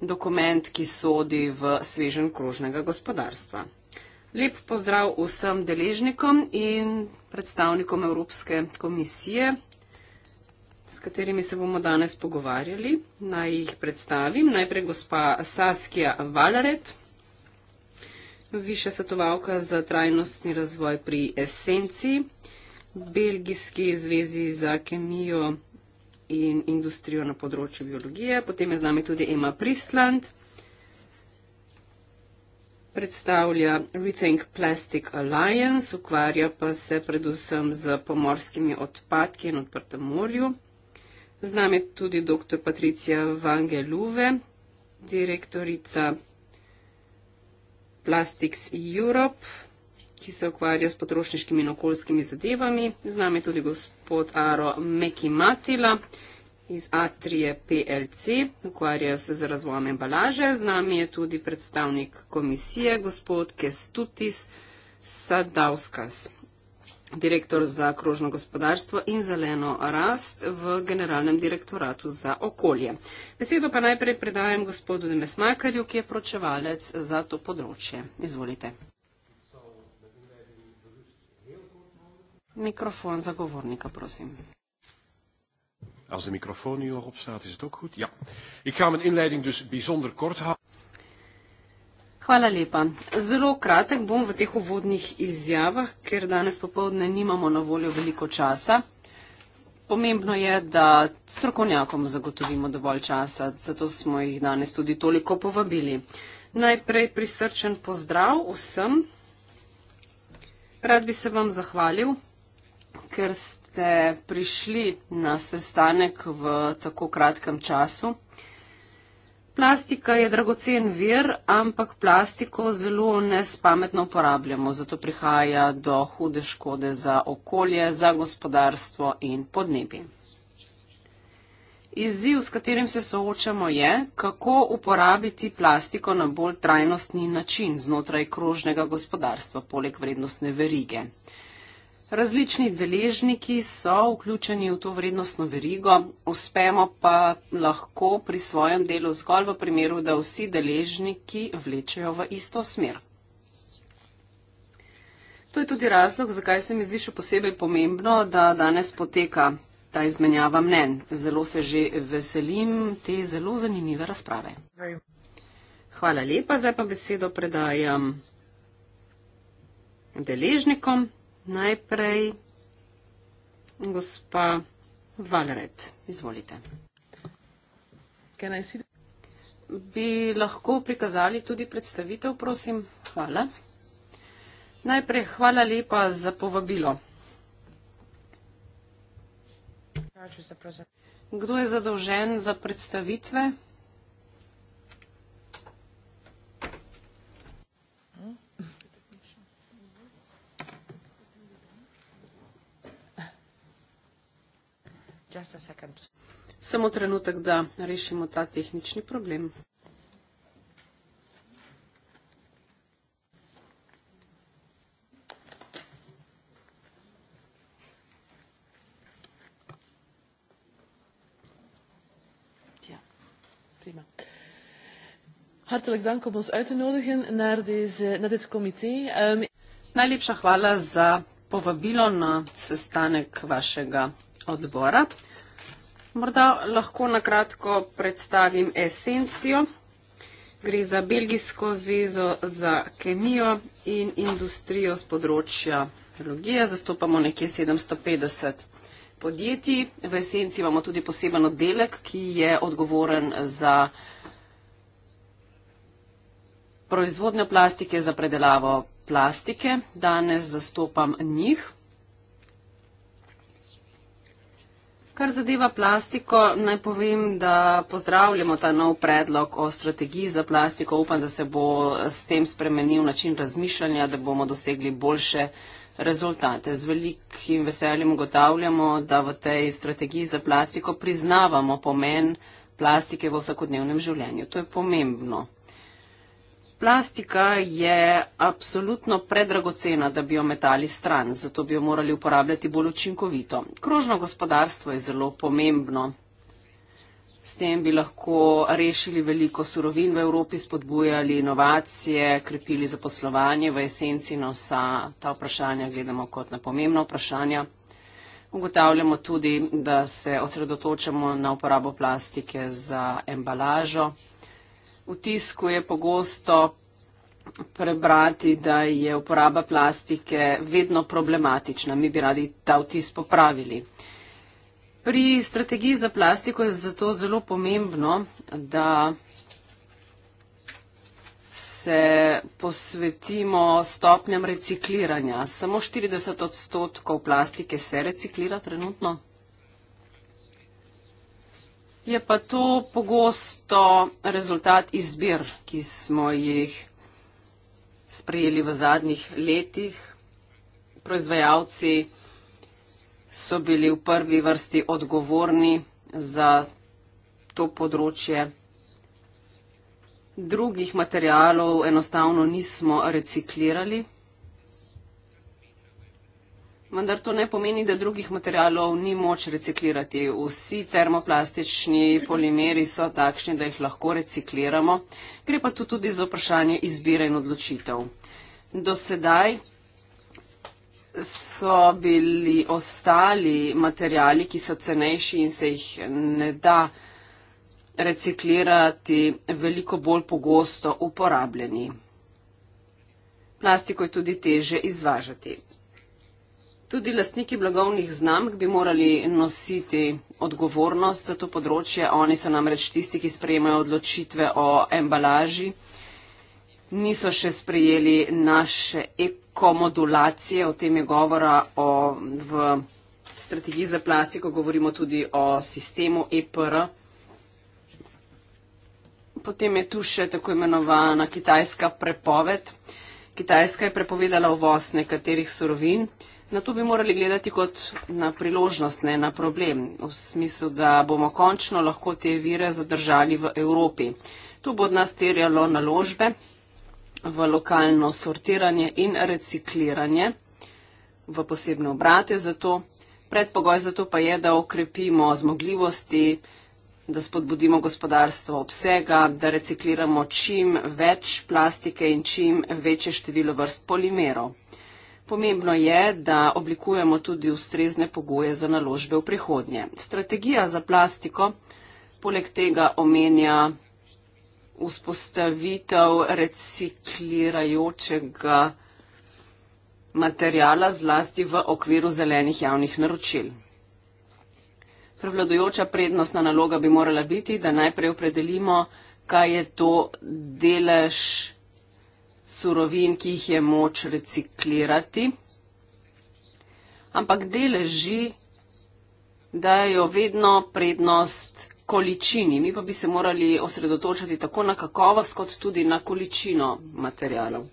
dokument, ki sodi v svežen krožnega gospodarstva. Lep pozdrav vsem deležnikom in predstavnikom Evropske komisije, s katerimi se bomo danes pogovarjali. Naj jih predstavim. Najprej gospa Saskia Valaret, višja svetovalka za trajnostni razvoj pri esenci, Belgijski zvezi za kemijo in industrijo na področju biologije. Potem je z nami tudi Ema Prisland, predstavlja Rethink Plastic Alliance, ukvarja pa se predvsem z pomorskimi odpadki in odprtem morju. Z nami je tudi dr. Patricija Vangeluve, direktorica Plastics Europe, ki se ukvarja s potrošniškimi in okoljskimi zadevami. Z nami je tudi gospod Aro Mekimatila iz A3 PLC, ukvarja se z razvojem embalaže. Z nami je tudi predstavnik komisije, gospod Kestutis Sadauskas direktor za krožno gospodarstvo in zeleno rast v Generalnem direktoratu za okolje. Besedo pa najprej predajem gospodu Nemesmakarju, ki je pročevalec za to področje. Izvolite. Mikrofon zagovornika, prosim. Als de microfoon nu al op staat, is het ook goed. Ja, ik ga mijn inleiding dus bijzonder kort houden. Hvala lepa. Zelo kratek bom v teh uvodnih izjavah, ker danes popovdne nimamo na voljo veliko časa. Pomembno je, da strokovnjakom zagotovimo dovolj časa, zato smo jih danes tudi toliko povabili. Najprej prisrčen pozdrav vsem. Rad bi se vam zahvalil, ker ste prišli na sestanek v tako kratkem času. Plastika je dragocen vir, ampak plastiko zelo nespametno uporabljamo, zato prihaja do hude škode za okolje, za gospodarstvo in podnebje. Izziv, s katerim se soočamo, je, kako uporabiti plastiko na bolj trajnostni način znotraj krožnega gospodarstva, poleg vrednostne verige. Različni deležniki so vključeni v to vrednostno verigo, uspemo pa lahko pri svojem delu zgolj v primeru, da vsi deležniki vlečejo v isto smer. To je tudi razlog, zakaj se mi zdi še posebej pomembno, da danes poteka ta izmenjava mnen. Zelo se že veselim te zelo zanimive razprave. Hvala lepa, zdaj pa besedo predajam deležnikom. Najprej gospa Valred, izvolite. Bi lahko prikazali tudi predstavitev, prosim? Hvala. Najprej hvala lepa za povabilo. Kdo je zadolžen za predstavitve? Just a second. Samo trenutek, da rešimo ta tehnični problem. Ja, Hartelijk dank om ons uit te nodigen naar, deze, naar dit comité. Um... Najlepša hvala za povabilo na sestanek vašega odbora. Morda lahko nakratko predstavim esencijo. Gre za Belgijsko zvezo za kemijo in industrijo z področja biologije. Zastopamo nekje 750 podjetij. V esenciji imamo tudi poseben oddelek, ki je odgovoren za proizvodnjo plastike, za predelavo plastike. Danes zastopam njih. Kar zadeva plastiko, naj povem, da pozdravljamo ta nov predlog o strategiji za plastiko. Upam, da se bo s tem spremenil način razmišljanja, da bomo dosegli boljše rezultate. Z velikim veseljem ugotavljamo, da v tej strategiji za plastiko priznavamo pomen plastike v vsakodnevnem življenju. To je pomembno. Plastika je absolutno predragocena, da bi jo metali stran, zato bi jo morali uporabljati bolj učinkovito. Krožno gospodarstvo je zelo pomembno. S tem bi lahko rešili veliko surovin v Evropi, spodbujali inovacije, krepili zaposlovanje v esenci na vsa ta vprašanja, gledamo kot na pomembna vprašanja. Ugotavljamo tudi, da se osredotočamo na uporabo plastike za embalažo vtisku je pogosto prebrati, da je uporaba plastike vedno problematična. Mi bi radi ta vtis popravili. Pri strategiji za plastiko je zato zelo pomembno, da se posvetimo stopnjam recikliranja. Samo 40 odstotkov plastike se reciklira trenutno. Je pa to pogosto rezultat izbir, ki smo jih sprejeli v zadnjih letih. Proizvajalci so bili v prvi vrsti odgovorni za to področje. Drugih materialov enostavno nismo reciklirali vendar to ne pomeni, da drugih materialov ni moč reciklirati. Vsi termoplastični polimeri so takšni, da jih lahko recikliramo. Gre pa tu tudi za vprašanje izbire in odločitev. Do sedaj so bili ostali materijali, ki so cenejši in se jih ne da reciklirati, veliko bolj pogosto uporabljeni. Plastiko je tudi teže izvažati. Tudi lastniki blagovnih znamk bi morali nositi odgovornost za to področje. Oni so namreč tisti, ki sprejemajo odločitve o embalaži. Niso še sprejeli naše ekomodulacije, o tem je govora o, v strategiji za plastiko, govorimo tudi o sistemu EPR. Potem je tu še tako imenovana kitajska prepoved. Kitajska je prepovedala uvoz nekaterih surovin na to bi morali gledati kot na priložnost, ne na problem, v smislu, da bomo končno lahko te vire zadržali v Evropi. To bo od nas terjalo naložbe v lokalno sortiranje in recikliranje, v posebne obrate za to. Predpogoj za to pa je, da okrepimo zmogljivosti, da spodbudimo gospodarstvo obsega, da recikliramo čim več plastike in čim večje število vrst polimerov. Pomembno je, da oblikujemo tudi ustrezne pogoje za naložbe v prihodnje. Strategija za plastiko poleg tega omenja vzpostavitev reciklirajočega materijala zlasti v okviru zelenih javnih naročil. Prevladojoča prednostna naloga bi morala biti, da najprej opredelimo, kaj je to delež surovin, ki jih je moč reciklirati, ampak deleži dajo vedno prednost količini. Mi pa bi se morali osredotočati tako na kakovost, kot tudi na količino materijalov.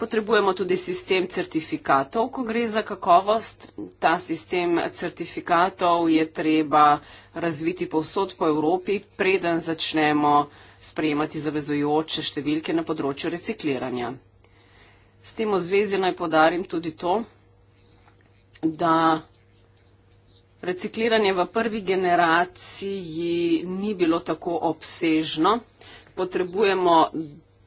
Potrebujemo tudi sistem certifikatov, ko gre za kakovost. Ta sistem certifikatov je treba razviti povsod po Evropi, preden začnemo uh, sprejemati zavezojoče številke na področju recikliranja. S tem v zvezi naj podarim tudi to, da recikliranje v prvi generaciji ni bilo tako obsežno. Potrebujemo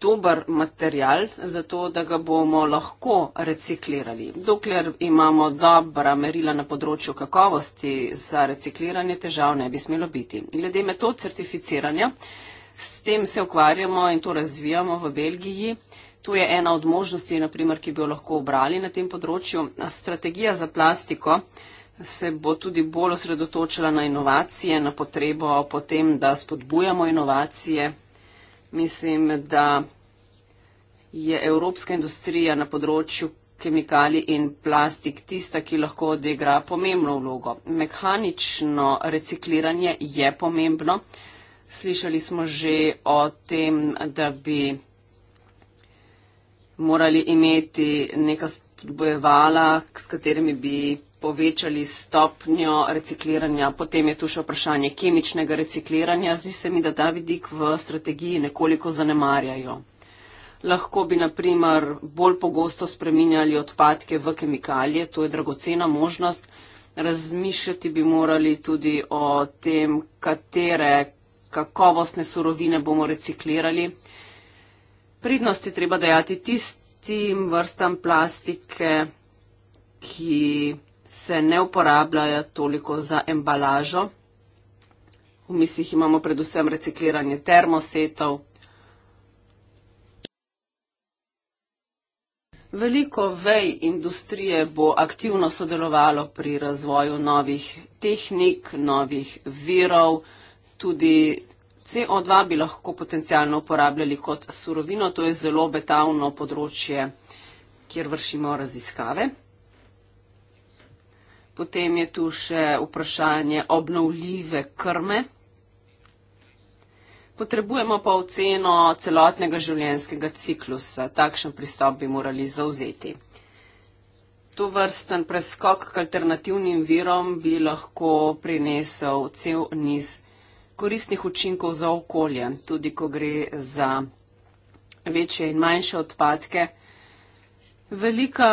dober material, zato da ga bomo lahko reciklirali. Dokler imamo dobra merila na področju kakovosti za recikliranje, težav ne bi smelo biti. Glede metod certificiranja, S tem se ukvarjamo in to razvijamo v Belgiji. To je ena od možnosti, naprimer, ki bi jo lahko obrali na tem področju. Strategija za plastiko se bo tudi bolj osredotočila na inovacije, na potrebo po tem, da spodbujamo inovacije. Mislim, da je evropska industrija na področju kemikali in plastik tista, ki lahko odigra pomembno vlogo. Mehanično recikliranje je pomembno. Slišali smo že o tem, da bi morali imeti neka spodbojevala, s katerimi bi povečali stopnjo recikliranja. Potem je tu še vprašanje kemičnega recikliranja. Zdi se mi, da ta vidik v strategiji nekoliko zanemarjajo. Lahko bi, na primer, bolj pogosto spreminjali odpadke v kemikalije, to je dragocena možnost. Razmišljati bi morali tudi o tem, katere kakovostne surovine bomo reciklirali. Pridnosti treba dajati tistim vrstam plastike, ki se ne uporabljajo toliko za embalažo. V mislih imamo predvsem recikliranje termosetov. Veliko vej industrije bo aktivno sodelovalo pri razvoju novih tehnik, novih virov tudi CO2 bi lahko potencialno uporabljali kot surovino. To je zelo betavno področje, kjer vršimo raziskave. Potem je tu še vprašanje obnovljive krme. Potrebujemo pa oceno celotnega življenjskega ciklusa. Takšen pristop bi morali zauzeti. To vrsten preskok k alternativnim virom bi lahko prinesel cel niz koristnih učinkov za okolje, tudi ko gre za večje in manjše odpadke. Velika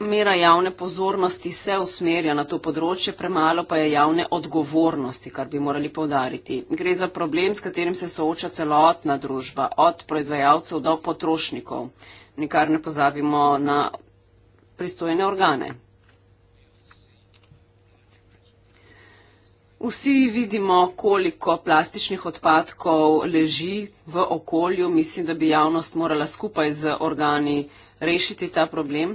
mera javne pozornosti se usmerja na to področje, premalo pa je javne odgovornosti, kar bi morali povdariti. Gre za problem, s katerim se sooča celotna družba, od proizvajalcev do potrošnikov. Nikar ne pozabimo na pristojne organe. Vsi vidimo, koliko plastičnih odpadkov leži v okolju. Mislim, da bi javnost morala skupaj z organi rešiti ta problem.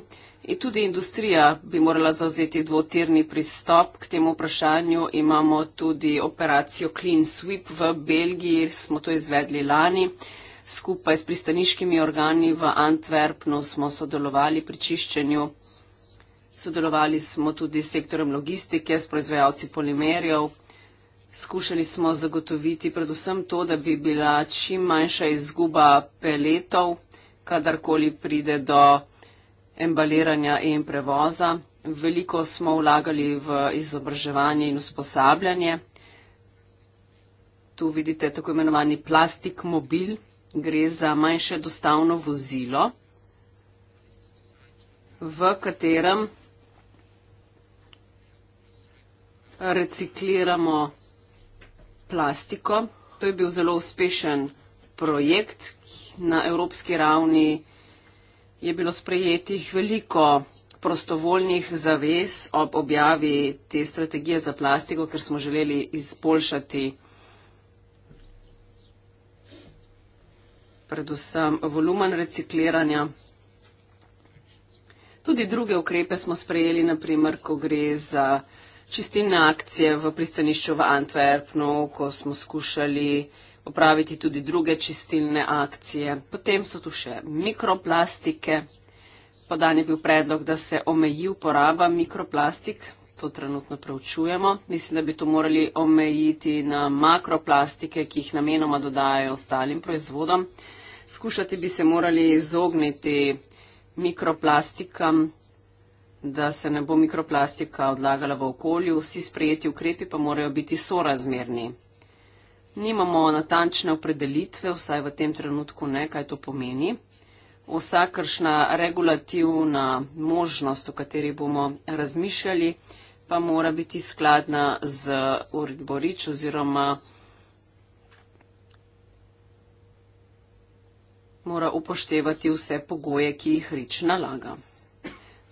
In tudi industrija bi morala zauzeti dvotirni pristop k temu vprašanju. Imamo tudi operacijo Clean Sweep v Belgiji, smo to izvedli lani. Skupaj s pristaniškimi organi v Antwerpnu smo sodelovali pri čiščenju Sodelovali smo tudi s sektorem logistike, s proizvajalci polimerjev. Skušali smo zagotoviti predvsem to, da bi bila čim manjša izguba peletov, kadarkoli pride do embaliranja in prevoza. Veliko smo vlagali v izobraževanje in usposabljanje. Tu vidite tako imenovani plastik mobil. Gre za manjše dostavno vozilo, v katerem recikliramo plastiko. To je bil zelo uspešen projekt. Na evropski ravni je bilo sprejetih veliko prostovoljnih zavez ob objavi te strategije za plastiko, ker smo želeli izboljšati predvsem volumen recikliranja. Tudi druge ukrepe smo sprejeli, naprimer, ko gre za čistilne akcije v pristanišču v Antwerpnu, ko smo skušali opraviti tudi druge čistilne akcije. Potem so tu še mikroplastike. Podan je bil predlog, da se omeji uporaba mikroplastik. To trenutno preučujemo. Mislim, da bi to morali omejiti na makroplastike, ki jih namenoma dodajajo ostalim proizvodom. Skušati bi se morali izogniti mikroplastikam, da se ne bo mikroplastika odlagala v okolju, vsi sprejeti ukrepi pa morajo biti sorazmerni. Nimamo natančne opredelitve, vsaj v tem trenutku ne, kaj to pomeni. Vsakršna regulativna možnost, o kateri bomo razmišljali, pa mora biti skladna z uredborič oziroma mora upoštevati vse pogoje, ki jih rič nalaga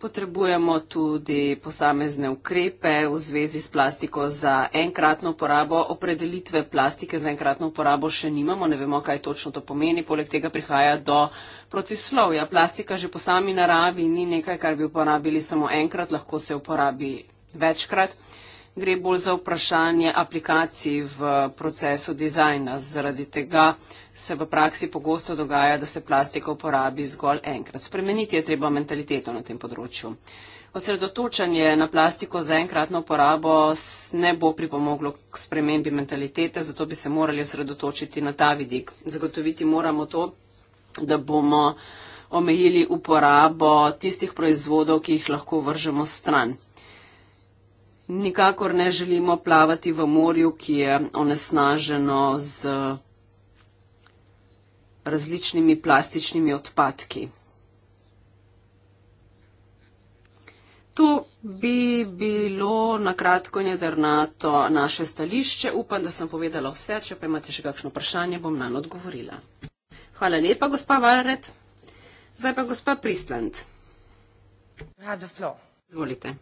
potrebujemo tudi posamezne ukrepe v zvezi s plastiko za enkratno uporabo. Opredelitve plastike za enkratno uporabo še nimamo, ne vemo, kaj točno to pomeni. Poleg tega prihaja do protislovja. Plastika že po sami naravi ni nekaj, kar bi uporabili samo enkrat, lahko se uporabi večkrat gre bolj za vprašanje aplikacij v procesu dizajna. Zaradi tega se v praksi pogosto dogaja, da se plastika uporabi zgolj enkrat. Spremeniti je treba mentaliteto na tem področju. Osredotočanje na plastiko za enkratno uporabo ne bo pripomoglo k spremembi mentalitete, zato bi se morali osredotočiti na ta vidik. Zagotoviti moramo to, da bomo omejili uporabo tistih proizvodov, ki jih lahko vržemo stran nikakor ne želimo plavati v morju, ki je onesnaženo z različnimi plastičnimi odpadki. To bi bilo na kratko in jedrnato naše stališče. Upam, da sem povedala vse. Če pa imate še kakšno vprašanje, bom nam odgovorila. Hvala lepa, gospa Valaret. Zdaj pa gospa Pristland. Izvolite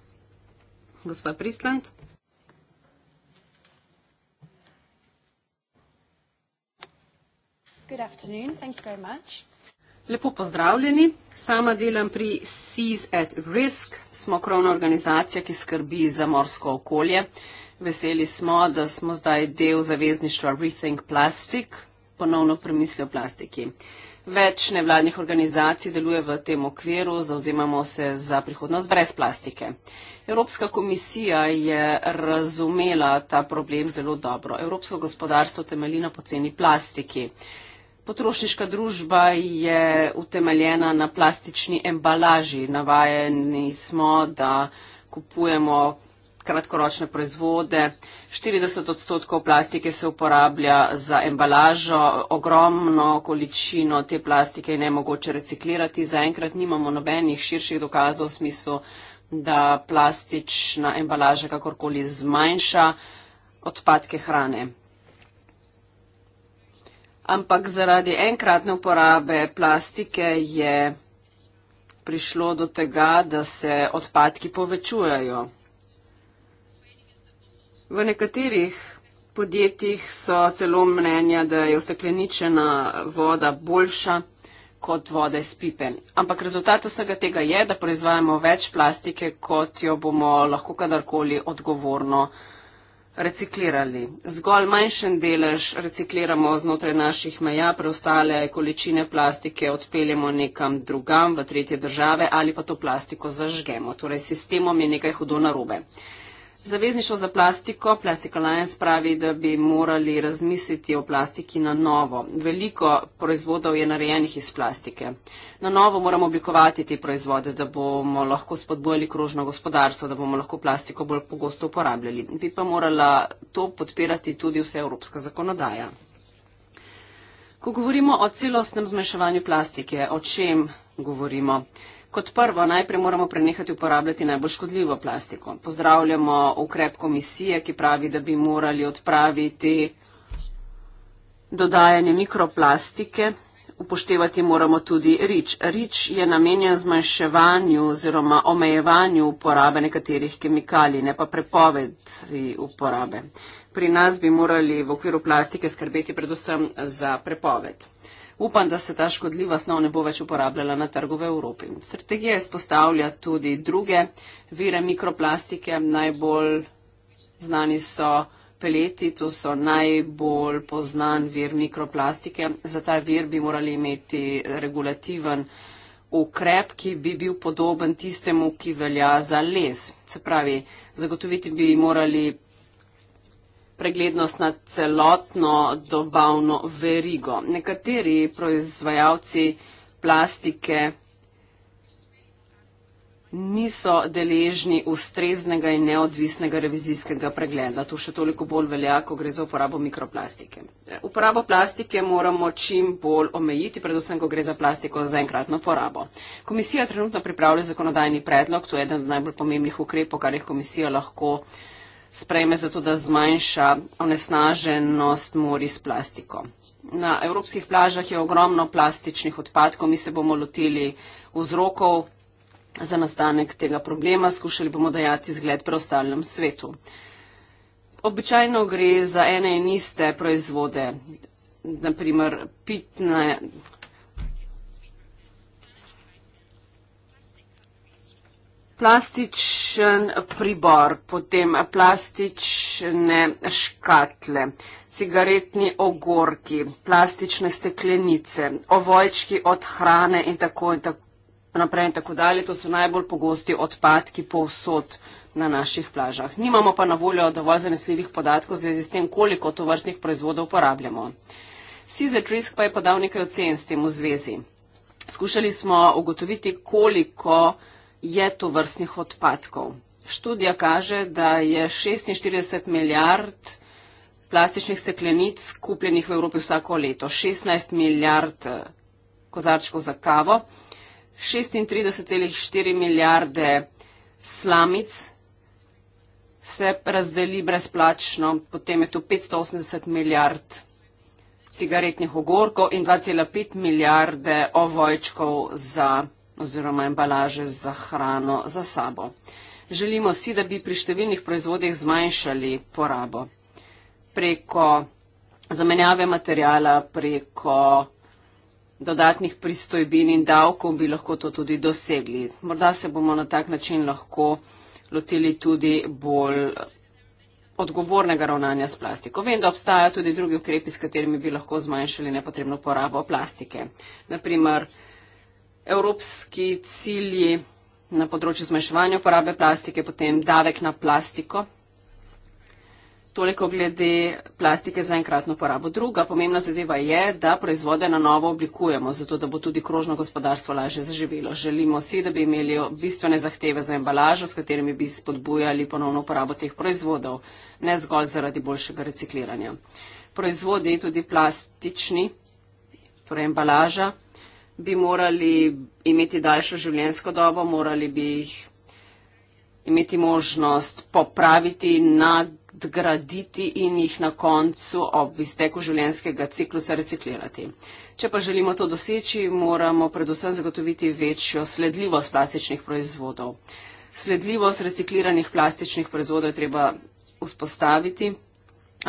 gospa Pristland. Good afternoon. Thank you very much. Lepo pozdravljeni. Sama delam pri Seas at Risk. Smo krovna organizacija, ki skrbi za morsko okolje. Veseli smo, da smo zdaj del zavezništva Rethink Plastic, ponovno premisli o plastiki. Uh, Več nevladnih organizacij deluje v tem okviru, zauzemamo se za prihodnost brez plastike. Evropska komisija je razumela ta problem zelo dobro. Evropsko gospodarstvo temelji na poceni plastiki. Potrošniška družba je utemeljena na plastični embalaži. Navajeni smo, da kupujemo kratkoročne proizvode. 40 odstotkov plastike se uporablja za embalažo, ogromno količino te plastike je ne mogoče reciklirati. Zaenkrat nimamo nobenih širših dokazov v smislu, da plastična embalaža kakorkoli zmanjša odpadke hrane. Ampak zaradi enkratne uporabe plastike je prišlo do tega, da se odpadki povečujajo. V nekaterih podjetjih so celo mnenja, da je ustekleničena voda boljša kot voda iz pipe. Ampak rezultat vsega tega je, da proizvajamo več plastike, kot jo bomo lahko kadarkoli odgovorno reciklirali. Zgolj manjšen delež recikliramo znotraj naših meja, preostale količine plastike odpeljemo nekam drugam v tretje države ali pa to plastiko zažgemo. Torej, sistemom je nekaj hudo narobe. Zavezništvo za plastiko, Plastic Alliance, pravi, da bi morali razmisliti o plastiki na novo. Veliko proizvodov je narejenih iz plastike. Na novo moramo oblikovati te proizvode, da bomo lahko spodbojali krožno gospodarstvo, da bomo lahko plastiko bolj pogosto uporabljali. Bi pa morala to podpirati tudi vse evropska zakonodaja. Ko govorimo o celostnem zmanjševanju plastike, o čem govorimo? Kot prvo, najprej moramo prenehati uporabljati najbolj škodljivo plastiko. Pozdravljamo ukrep komisije, ki pravi, da bi morali odpraviti dodajanje mikroplastike. Upoštevati moramo tudi rič. Rič je namenjen zmanjševanju oziroma omejevanju uporabe nekaterih kemikalij, ne pa prepovedi uporabe. Pri nas bi morali v okviru plastike skrbeti predvsem za prepoved. Upam, da se ta škodljiva snov ne bo več uporabljala na trgu v Evropi. Strategija izpostavlja tudi druge vire mikroplastike. Najbolj znani so peleti, to so najbolj poznan vir mikroplastike. Za ta vir bi morali imeti regulativen ukrep, ki bi bil podoben tistemu, ki velja za les. Se pravi, zagotoviti bi morali preglednost nad celotno dobavno verigo. Nekateri proizvajalci plastike niso deležni ustreznega in neodvisnega revizijskega pregleda. To še toliko bolj velja, ko gre za uporabo mikroplastike. Uporabo plastike moramo čim bolj omejiti, predvsem, ko gre za plastiko za enkratno porabo. Komisija trenutno pripravlja zakonodajni predlog, to je eden od najbolj pomembnih ukrepov, kar jih komisija lahko uh, sprejme zato, da zmanjša onesnaženost mori s plastiko. Na evropskih plažah je ogromno plastičnih odpadkov, mi se bomo lotili vzrokov za nastanek tega problema, skušali bomo dajati zgled preostalnem svetu. Običajno gre za ene in iste proizvode, naprimer pitne, plastičen pribor, potem plastične škatle, cigaretni ogorki, plastične steklenice, ovojčki od hrane in tako, in tako naprej in tako dalje. To so najbolj pogosti odpadki povsod na naših plažah. Nimamo pa na voljo dovolj zanesljivih podatkov v zvezi s tem, koliko tovrstnih proizvodov uporabljamo. Caesar Trisk pa je podal nekaj ocen s tem v zvezi. Skušali smo ugotoviti, koliko je to vrstnih odpadkov. Študija kaže, da je 46 milijard plastičnih steklenic kupljenih v Evropi vsako leto, 16 milijard eh, kozarčkov za kavo, 36,4 milijarde slamic se razdeli brezplačno, potem je tu 580 milijard cigaretnih ogorkov in 2,5 milijarde ovojčkov za kavo oziroma embalaže za hrano za sabo. Želimo si, da bi pri številnih proizvodih zmanjšali porabo preko zamenjave materijala, preko dodatnih pristojbin in davkov bi lahko to tudi dosegli. Morda se bomo na tak način lahko lotili tudi bolj odgovornega ravnanja s plastiko. Vem, da obstajajo tudi drugi ukrepi, s katerimi bi lahko zmanjšali nepotrebno porabo plastike. Naprimer, evropski cilji na področju zmanjševanja uporabe plastike, potem davek na plastiko. Toliko glede plastike za enkratno porabo. Druga pomembna zadeva je, da proizvode na novo oblikujemo, zato da bo tudi krožno gospodarstvo lažje zaživelo. Želimo si, da bi imeli bistvene zahteve za embalažo, s katerimi bi spodbujali ponovno uporabo teh proizvodov, ne zgolj zaradi boljšega recikliranja. Proizvodi, tudi plastični, torej embalaža, bi morali imeti daljšo življenjsko dobo, morali bi jih imeti možnost popraviti, nadgraditi in jih na koncu ob izteku življenjskega ciklusa reciklirati. Če pa želimo to doseči, moramo predvsem zagotoviti večjo sledljivost plastičnih proizvodov. Sledljivost recikliranih plastičnih proizvodov je treba vzpostaviti,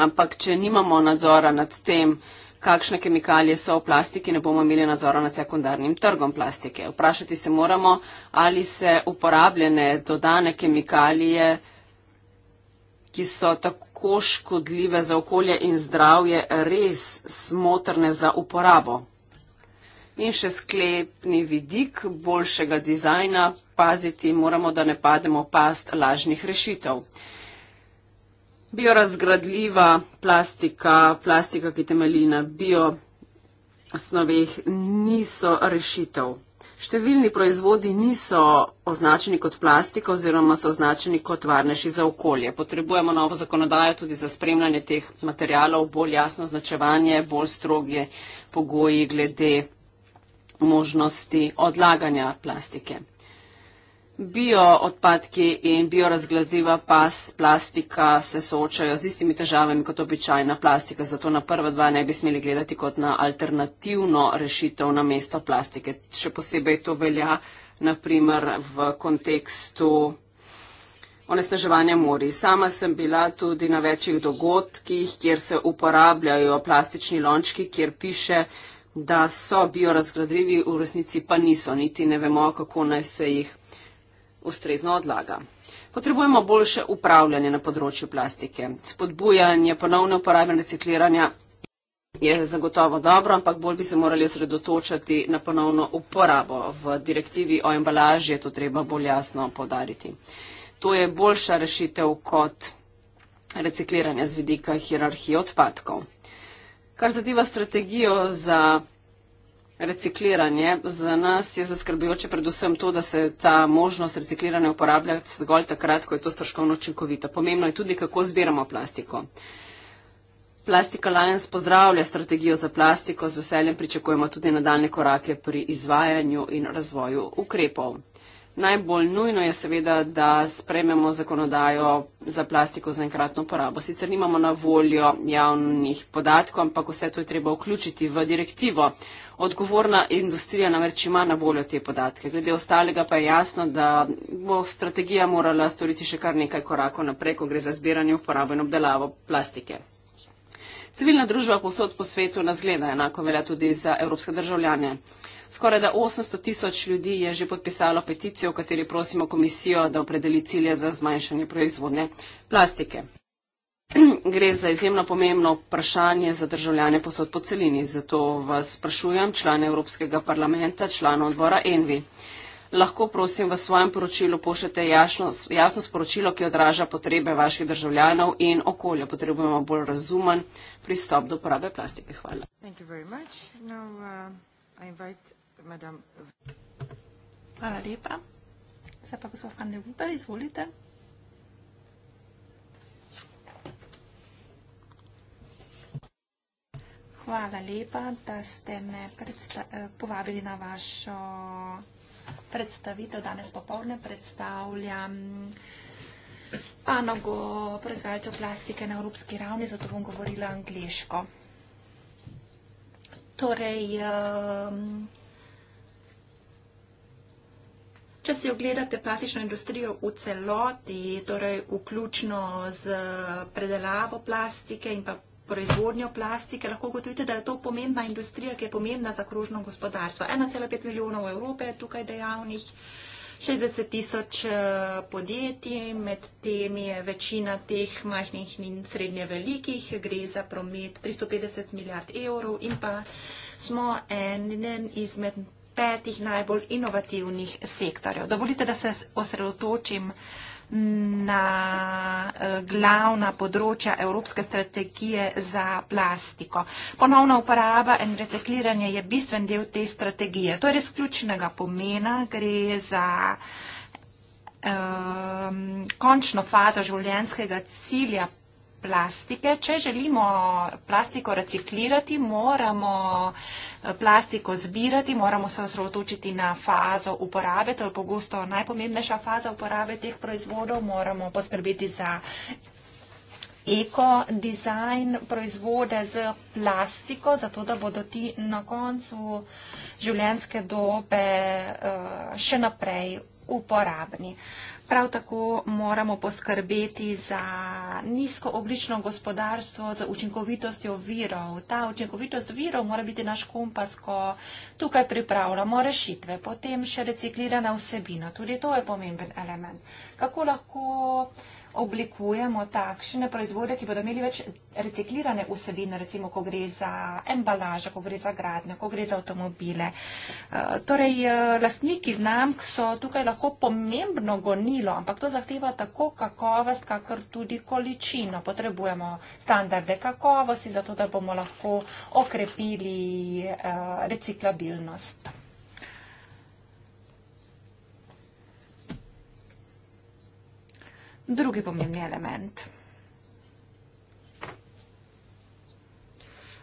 ampak če nimamo nadzora nad tem, kakšne kemikalije so v plastiki, ne bomo imeli nadzora nad sekundarnim trgom plastike. Vprašati se moramo, ali se uporabljene dodane kemikalije, ki so tako škodljive za okolje in zdravje, res smotrne za uporabo. In še sklepni vidik boljšega dizajna, paziti moramo, da ne pademo past lažnih rešitev biorazgradljiva plastika, plastika, ki temelji na biosnoveh, niso rešitev. Številni proizvodi niso označeni kot plastika oziroma so označeni kot varnejši za okolje. Potrebujemo novo zakonodajo tudi za spremljanje teh materijalov, bolj jasno značevanje, bolj stroge pogoji glede možnosti odlaganja plastike. Bioodpadki in biorazgladiva pas plastika se soočajo z istimi težavami kot običajna plastika, zato na prva dva ne bi smeli gledati kot na alternativno rešitev na mesto plastike. Še posebej to velja naprimer v kontekstu onesnaževanja morij. Sama sem bila tudi na večjih dogodkih, kjer se uporabljajo plastični lončki, kjer piše da so biorazgradljivi, v resnici pa niso, niti ne vemo, kako naj se jih ustrezno odlaga. Potrebujemo boljše upravljanje na področju plastike. Spodbujanje ponovne uporabe recikliranja je zagotovo dobro, ampak bolj bi se morali osredotočati na ponovno uporabo. V direktivi o embalaži je to treba bolj jasno podariti. To je boljša rešitev kot recikliranje z vidika hierarhije odpadkov. Kar zadeva strategijo za recikliranje. Za nas je zaskrbljujoče predvsem to, da se ta možnost recikliranja uporablja zgolj takrat, ko je to stroškovno učinkovito. Pomembno je tudi, kako zbiramo plastiko. Plastika Lions pozdravlja strategijo za plastiko, z veseljem pričakujemo tudi nadaljne korake pri izvajanju in razvoju ukrepov. Najbolj nujno je seveda, da sprememo zakonodajo za plastiko za enkratno porabo. Sicer nimamo na voljo javnih podatkov, ampak vse to je treba vključiti v direktivo. Odgovorna industrija namreč ima na voljo te podatke. Glede ostalega pa je jasno, da bo strategija morala storiti še kar nekaj korakov naprej, ko gre za zbiranje, uporabo in obdelavo plastike. Civilna družba posod po svetu nas gleda, enako velja tudi za evropske državljane. Skoraj da 800 tisoč ljudi je že podpisalo peticijo, v kateri prosimo komisijo, da opredeli cilje za zmanjšanje proizvodne plastike. [clears throat] Gre za izjemno pomembno vprašanje za državljane posod po celini, zato vas sprašujem, člane Evropskega parlamenta, člane odbora Envi. Lahko prosim v svojem poročilu pošljete jasno, jasno sporočilo, ki odraža potrebe vaših državljanov in okolja. Potrebujemo bolj razumen pristop do uporabe plastike. Hvala. Now, uh, invite... Hvala lepa. Zdaj pa gospod Fan Levuta, izvolite. Hvala lepa, da ste me eh, povabili na vašo predstavitev. Danes popolne predstavljam panogo proizvajalcev plastike na evropski ravni, zato bom govorila angliško. Torej, um, Če si ogledate plastično industrijo v celoti, torej vključno z predelavo plastike in pa proizvodnjo plastike, lahko gotovite, da je to pomembna industrija, ki je pomembna za kružno gospodarstvo. 1,5 milijonov Evrope je tukaj dejavnih, 60 tisoč eh, podjetij, med temi je večina teh majhnih in srednje velikih, gre za promet 350 milijard evrov in pa smo enen izmed petih najbolj inovativnih sektorjev. Dovolite, da se osredotočim na e, glavna področja Evropske strategije za plastiko. Ponovna uporaba in recikliranje je bistven del te strategije. To je res ključnega pomena, gre za um, končno fazo življenjskega cilja plastike. Če želimo plastiko reciklirati, moramo eh, plastiko zbirati, moramo se osredotočiti na fazo uporabe. To je pogosto najpomembnejša faza uporabe teh proizvodov. Moramo poskrbeti za ekodizajn proizvode z plastiko, zato da bodo ti na koncu življenjske dobe eh, še naprej uporabni. Prav tako moramo poskrbeti za nizko oblično gospodarstvo, za učinkovitostjo virov. Ta učinkovitost virov mora biti naš kompas, ko tukaj pripravljamo rešitve. Potem še reciklirana vsebina. Tudi to je pomemben element. Kako lahko oblikujemo takšne proizvode, ki bodo imeli več reciklirane vsebine, recimo, ko gre za embalažo, ko gre za gradnjo, ko gre za avtomobile. Eh, torej, eh, lastniki znamk so tukaj lahko pomembno gonilo, ampak to zahteva tako kakovost, kakor tudi količino. Potrebujemo standarde kakovosti, zato da bomo lahko okrepili eh, reciklabilnost. drugi pomembni element.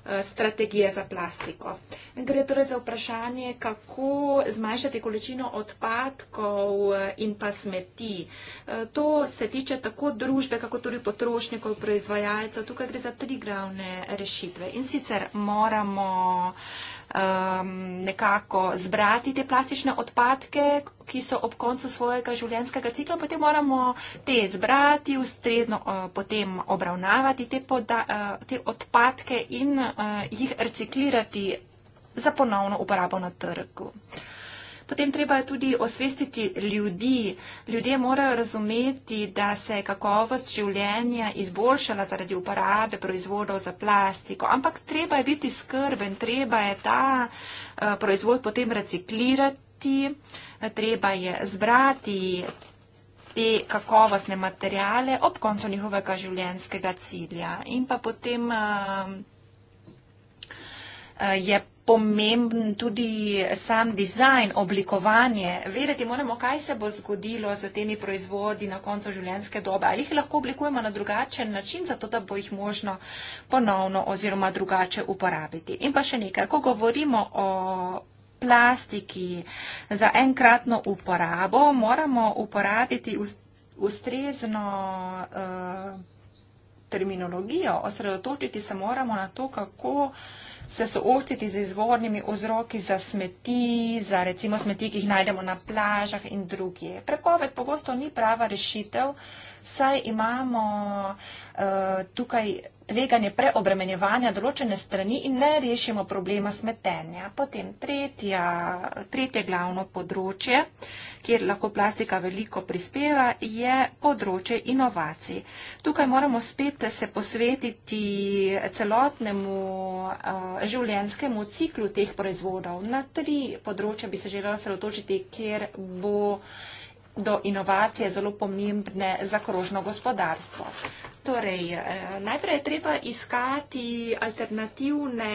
E, strategije za plastiko. Gre torej za vprašanje, kako zmanjšati količino odpadkov eh, in pa smeti. Eh, to se tiče tako družbe, kako tudi potrošnikov, proizvajalcev. Tukaj gre za tri glavne rešitve. In sicer moramo um, nekako zbrati te plastične odpadke, ki so ob koncu svojega življenjskega cikla, potem moramo te zbrati, ustrezno uh, potem obravnavati te, poda, uh, te odpadke in uh, jih reciklirati za ponovno uporabo na trgu. Potem treba je tudi osvestiti ljudi. Ljudje morajo razumeti, da se je kakovost življenja izboljšala zaradi uporabe proizvodov za plastiko, ampak treba je biti skrben, treba je ta eh, proizvod potem reciklirati, treba je zbrati te kakovostne materijale ob koncu njihovega življenjskega cilja. In pa potem eh, eh, je pomemben tudi sam dizajn, oblikovanje. Vedeti moramo, kaj se bo zgodilo z temi proizvodi na koncu življenjske dobe. Ali jih lahko oblikujemo na drugačen način, zato da bo jih možno ponovno oziroma drugače uporabiti. In pa še nekaj, ko govorimo o plastiki za enkratno uporabo, moramo uporabiti ustrezno uh, terminologijo, osredotočiti se moramo na to, kako uh, se soočiti z izvornimi vzroki za smeti, za recimo smeti, ki jih najdemo na plažah in drugje. Prepoved pogosto ni prava rešitev, saj imamo uh, tukaj tveganje preobremenjevanja določene strani in ne rešimo problema smetenja. Potem tretja, tretje glavno področje, kjer lahko plastika veliko prispeva, je področje inovacij. Tukaj moramo spet se posvetiti celotnemu eh, življenskemu ciklu teh proizvodov. Na tri področja bi se želela sredotočiti, kjer bo do inovacije zelo pomembne za krožno gospodarstvo. Torej, eh, najprej je treba iskati alternativne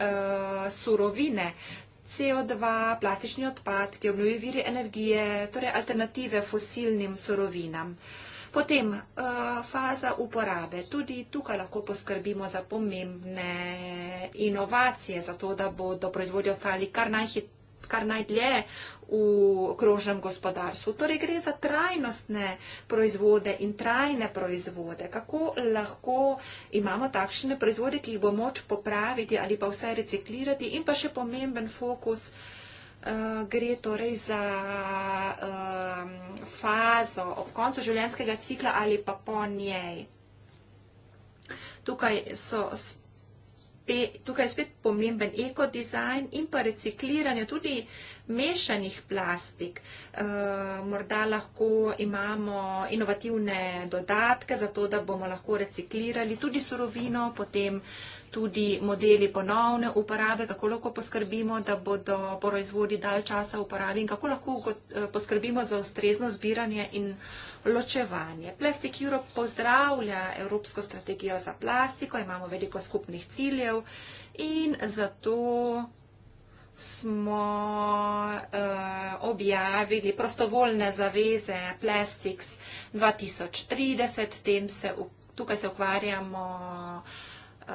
uh, surovine. CO2, plastični odpadki, obnovi viri energije, torej alternative fosilnim surovinam. Potem uh, faza uporabe. Tudi tukaj lahko poskrbimo za pomembne inovacije, zato da bodo proizvodi ostali kar najhitrejši kar najdlje v krožnem gospodarstvu. Torej gre za trajnostne proizvode in trajne proizvode. Kako lahko imamo takšne proizvode, ki jih bo moč popraviti ali pa vsaj reciklirati in pa še pomemben fokus. Uh, gre torej za uh, fazo ob koncu življenjskega cikla ali pa po njej. Tukaj so tukaj je spet pomemben ekodizajn in pa recikliranje tudi mešanih plastik. Eh, morda lahko imamo inovativne dodatke za to, da bomo lahko reciklirali tudi surovino, potem tudi modeli ponovne uporabe, kako lahko poskrbimo, da bodo proizvodi dalj časa uporabi in kako lahko eh, poskrbimo za ustrezno zbiranje in ločevanje. Plastic Europe pozdravlja Evropsko strategijo za plastiko, imamo veliko skupnih ciljev in zato smo uh, objavili prostovoljne zaveze Plastics 2030, se, tukaj se ukvarjamo uh,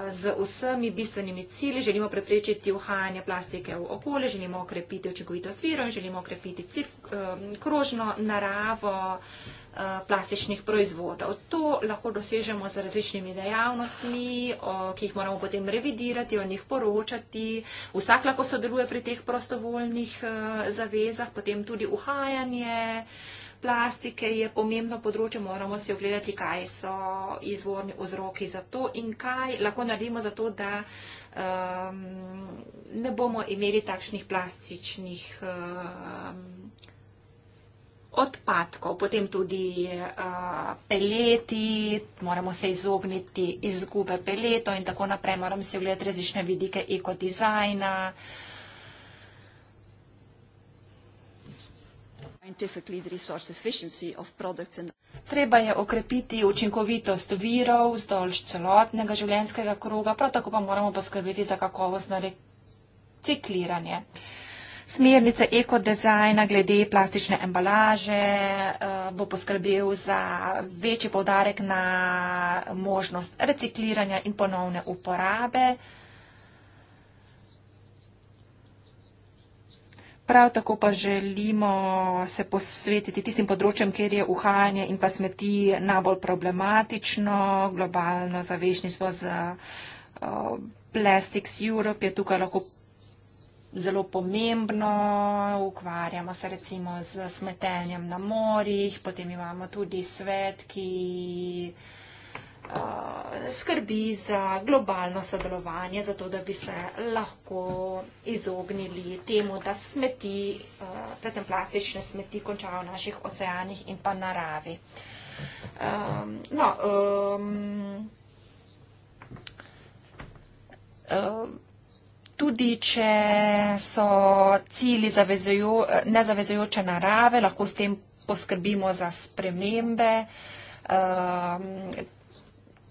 z vsemi bistvenimi cilji. Želimo preprečiti uhajanje plastike v okolje, želimo okrepiti očekovitost virov in želimo okrepiti cir, eh, krožno naravo eh, plastičnih proizvodov. To lahko dosežemo z različnimi dejavnostmi, ki jih moramo potem revidirati, o njih poročati. Vsak lahko sodeluje pri teh prostovoljnih eh, zavezah, potem tudi uhajanje plastike je pomembno področje, moramo si ogledati, kaj so izvorni vzroki za to in kaj lahko naredimo za to, da um, ne bomo imeli takšnih plastičnih um, odpadkov, potem tudi uh, peleti, moramo se izogniti izgube peleto in tako naprej, moramo si ogledati različne vidike ekodizajna. Uh, Treba je okrepiti učinkovitost virov zdolž celotnega življenjskega kroga, prav tako pa moramo poskrbeti za kakovostno recikliranje. Smernice ekodizajna glede plastične embalaže eh, bo poskrbel za večji povdarek na možnost recikliranja in ponovne uporabe. Prav tako pa želimo se posvetiti tistim področjem, kjer je uhajanje in pa smeti najbolj problematično, globalno zavešnjstvo z Plastics Europe je tukaj lahko zelo pomembno, ukvarjamo se recimo z smetenjem na morjih, potem imamo tudi svet, ki je Eh, skrbi za globalno sodelovanje, zato da bi se lahko izognili temu, da smeti, eh, predvsem plastične smeti, končajo v naših oceanih in pa naravi. Um, no, um, Tudi, če so cilji zavezujo, nezavezujoče narave, lahko s tem poskrbimo za spremembe.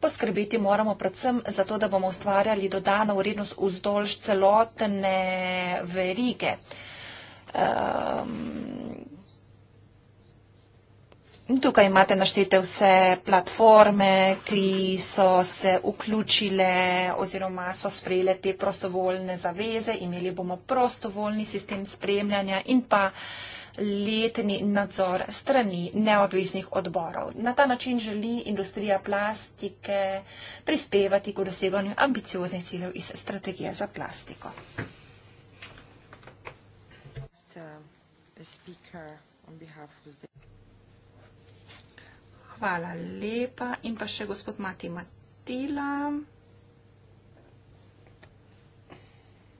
Poskrbeti moramo predvsem za to, da bomo ustvarjali dodano vrednost vzdolž celotne verige. Um, Tukaj imate naštete vse platforme, ki so se vključile oziroma so sprejele te prostovoljne zaveze. Imeli bomo prostovoljni sistem spremljanja in pa uh, letni nadzor strani neodvisnih odborov. Na ta način želi industrija plastike prispevati k doseganju ambicioznih ciljev iz strategije za plastiko. Hvala lepa. In pa še gospod Mati Matila,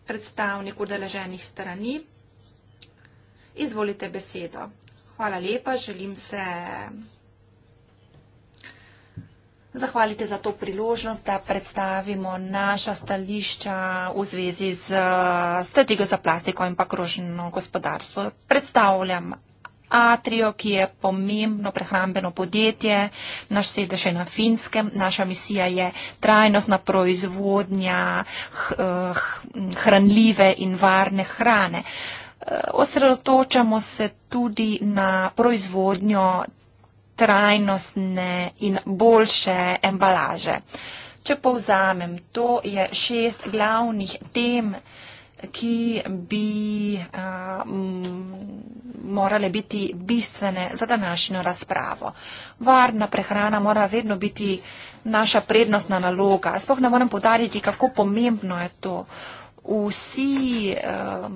predstavnik udeleženih strani. Izvolite besedo. Hvala lepa, želim se zahvaliti za to priložnost, da predstavimo naša stališča v zvezi z strategijo za plastiko in pa krožno gospodarstvo. Predstavljam Atrio, ki je pomembno prehrambeno podjetje, naš sedež je na finskem, naša misija je trajnostna proizvodnja eh, hm, hranljive in varne hrane. Uh, Osredotočamo se tudi na proizvodnjo trajnostne in boljše embalaže. Če povzamem, to je šest glavnih tem, ki bi a, morale biti bistvene za današnjo razpravo. Varna prehrana mora vedno biti naša prednostna naloga. Spoh ne morem podariti, kako pomembno je to. Vsi. A,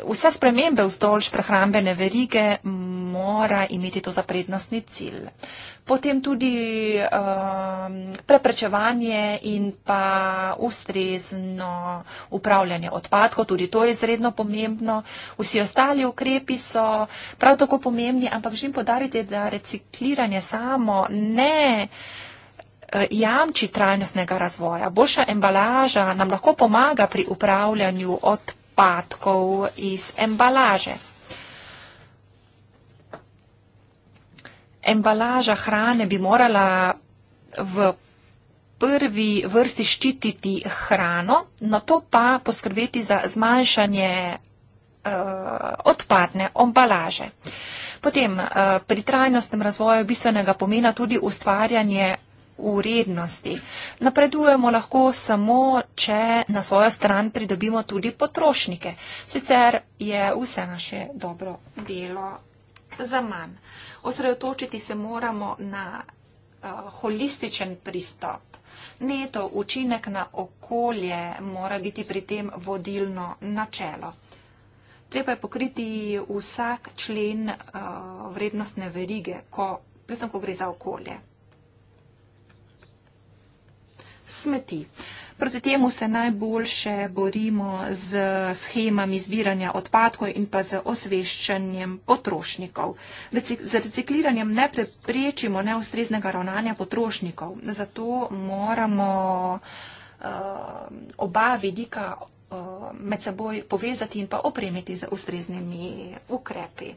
vse spremembe vzdolž prehrambene verige mora imeti to za prednostni cilj. Potem tudi um, preprečevanje in pa ustrezno upravljanje odpadkov, tudi to je izredno pomembno. Vsi ostali ukrepi so prav tako pomembni, ampak želim podariti, da recikliranje samo ne eh, jamči trajnostnega razvoja. Boljša embalaža nam lahko pomaga pri upravljanju odpadkov odpadkov iz embalaže. Embalaža hrane bi morala v prvi vrsti ščititi hrano, na to pa poskrbeti za zmanjšanje uh, odpadne embalaže. Potem uh, pri trajnostnem razvoju bistvenega pomena tudi ustvarjanje vrednosti. Napredujemo lahko samo, če na svojo stran pridobimo tudi potrošnike. Sicer je vse naše dobro delo za manj. Osredotočiti se moramo na uh, holističen pristop. Neto učinek na okolje mora biti pri tem vodilno načelo. Treba je pokriti vsak člen uh, vrednostne verige, ko, predvsem, ko gre za okolje smeti. Proti temu se najboljše borimo z schemami zbiranja odpadkov in pa z osveščanjem potrošnikov. Z recikliranjem ne preprečimo neustreznega ravnanja potrošnikov. Zato moramo uh, oba vidika uh, med seboj povezati in pa opremiti z ustreznimi ukrepi.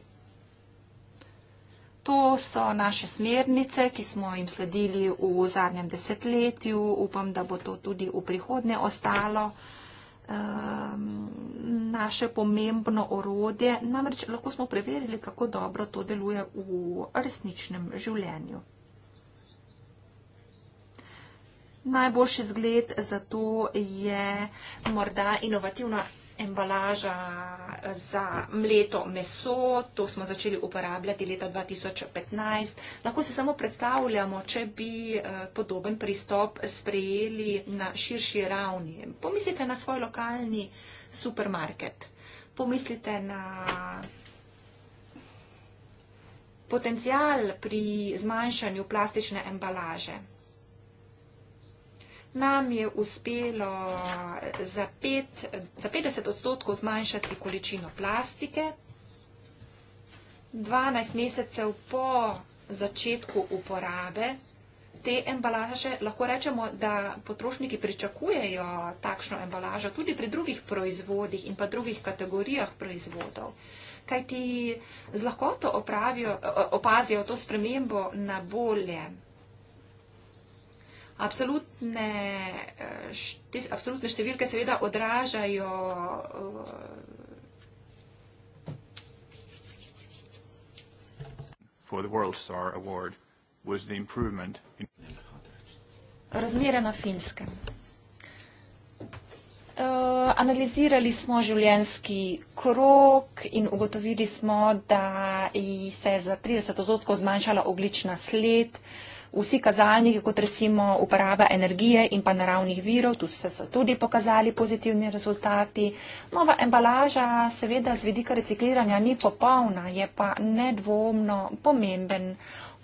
To so naše smernice, ki smo jim sledili v zadnjem desetletju. Upam, da bo to tudi v prihodnje ostalo ehm, naše pomembno orodje. Namreč lahko smo preverili, kako dobro to deluje v resničnem življenju. Najboljši zgled za to je morda inovativna embalaža eh, za mleto meso, to smo začeli uporabljati leta 2015. Lahko se samo predstavljamo, če bi eh, podoben pristop sprejeli na širši ravni. Pomislite na svoj lokalni supermarket, pomislite na potencial pri zmanjšanju plastične embalaže nam je uspelo za, pet, za 50 odstotkov zmanjšati količino plastike. 12 mesecev po začetku uporabe te embalaže lahko rečemo, da potrošniki pričakujejo takšno embalažo tudi pri drugih proizvodih in pa drugih kategorijah proizvodov. Kaj ti z lahkoto opazijo to spremembo na bolje? Absolutne, eh, št, absolutne številke seveda odražajo uh, razmere na finskem. Uh, analizirali smo življenski krok in ugotovili smo, da se je za 30 odstotkov zmanjšala oglična sled. Uh, vsi kazalniki, kot recimo uporaba energije in pa naravnih virov, tu so se tudi pokazali pozitivni rezultati. Nova embalaža seveda z vidika recikliranja ni popolna, je pa nedvomno pomemben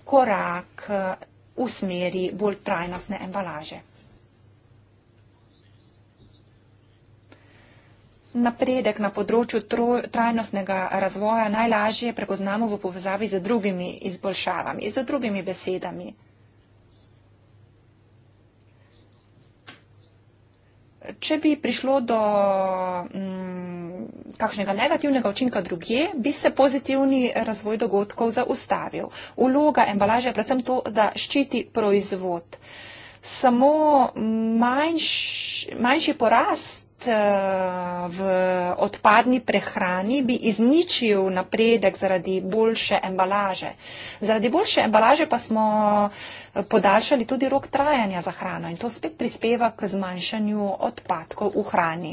korak eh, v smeri bolj trajnostne embalaže. Napredek na področju trajnostnega razvoja najlažje prepoznamo v povezavi z drugimi izboljšavami, z drugimi besedami. če bi prišlo do mm, kakšnega negativnega učinka druge, bi se pozitivni razvoj dogodkov zaustavil. Uloga embalaže je predvsem to, da ščiti proizvod. Samo manjš, manjši porast Eh, v odpadni prehrani bi izničil napredek zaradi boljše embalaže. Zaradi boljše embalaže pa smo eh, podaljšali tudi rok trajanja za hrano in to spet prispeva k zmanjšanju odpadkov v hrani.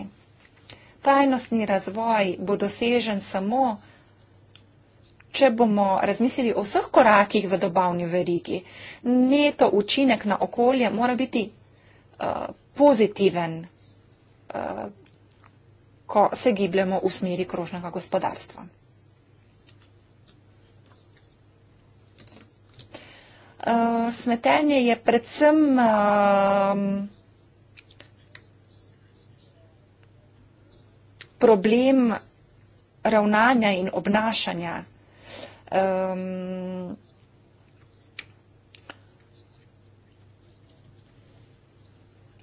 Tajnostni razvoj bo dosežen samo, če bomo razmislili o vseh korakih v dobavni verigi. Neto učinek na okolje mora biti uh, pozitiven. Eh, ko se gibljamo v smeri krožnega gospodarstva. Eh, smetenje je predvsem ehm, problem ravnanja in obnašanja. Ehm,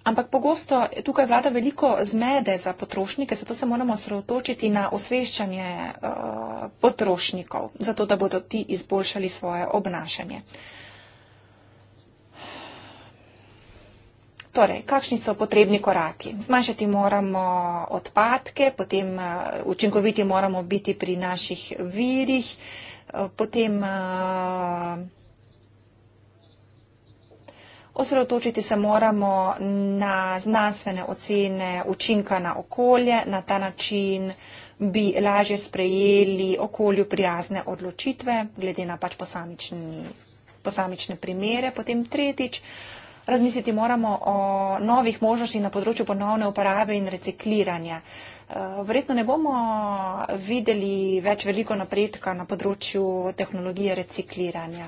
Ampak pogosto tukaj vlada veliko zmede za potrošnike, zato se moramo sredotočiti na osveščanje uh, potrošnikov, zato da bodo ti izboljšali svoje obnašanje. Torej, kakšni so potrebni koraki? Zmanjšati moramo odpadke, potem uh, učinkoviti moramo biti pri naših virih, uh, potem. Uh, Osredotočiti se moramo na znanstvene ocene učinka na okolje, na ta način bi lažje sprejeli okolju prijazne odločitve, glede na pač posamični, posamične primere. Potem tretjič, razmisliti moramo o novih možnosti na področju ponovne uporabe in recikliranja. Eh, verjetno ne bomo videli več veliko napredka na področju tehnologije recikliranja.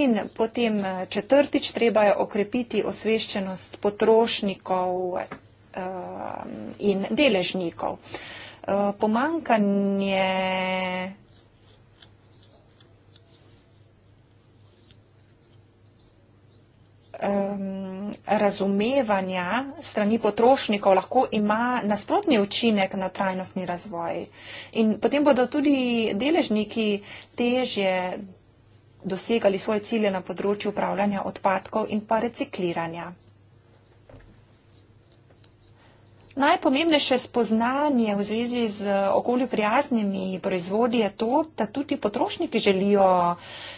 In potem eh, četrtič treba je okrepiti osveščenost potrošnikov eh, in deležnikov. Pomankanje um, razumevanja strani potrošnikov lahko ima nasprotni učinek na trajnostni razvoj. In potem bodo tudi deležniki težje dosegali svoje cilje na področju upravljanja odpadkov in pa recikliranja. Najpomembnejše spoznanje v zvezi z okolju prijaznimi proizvodi je to, da tudi potrošniki želijo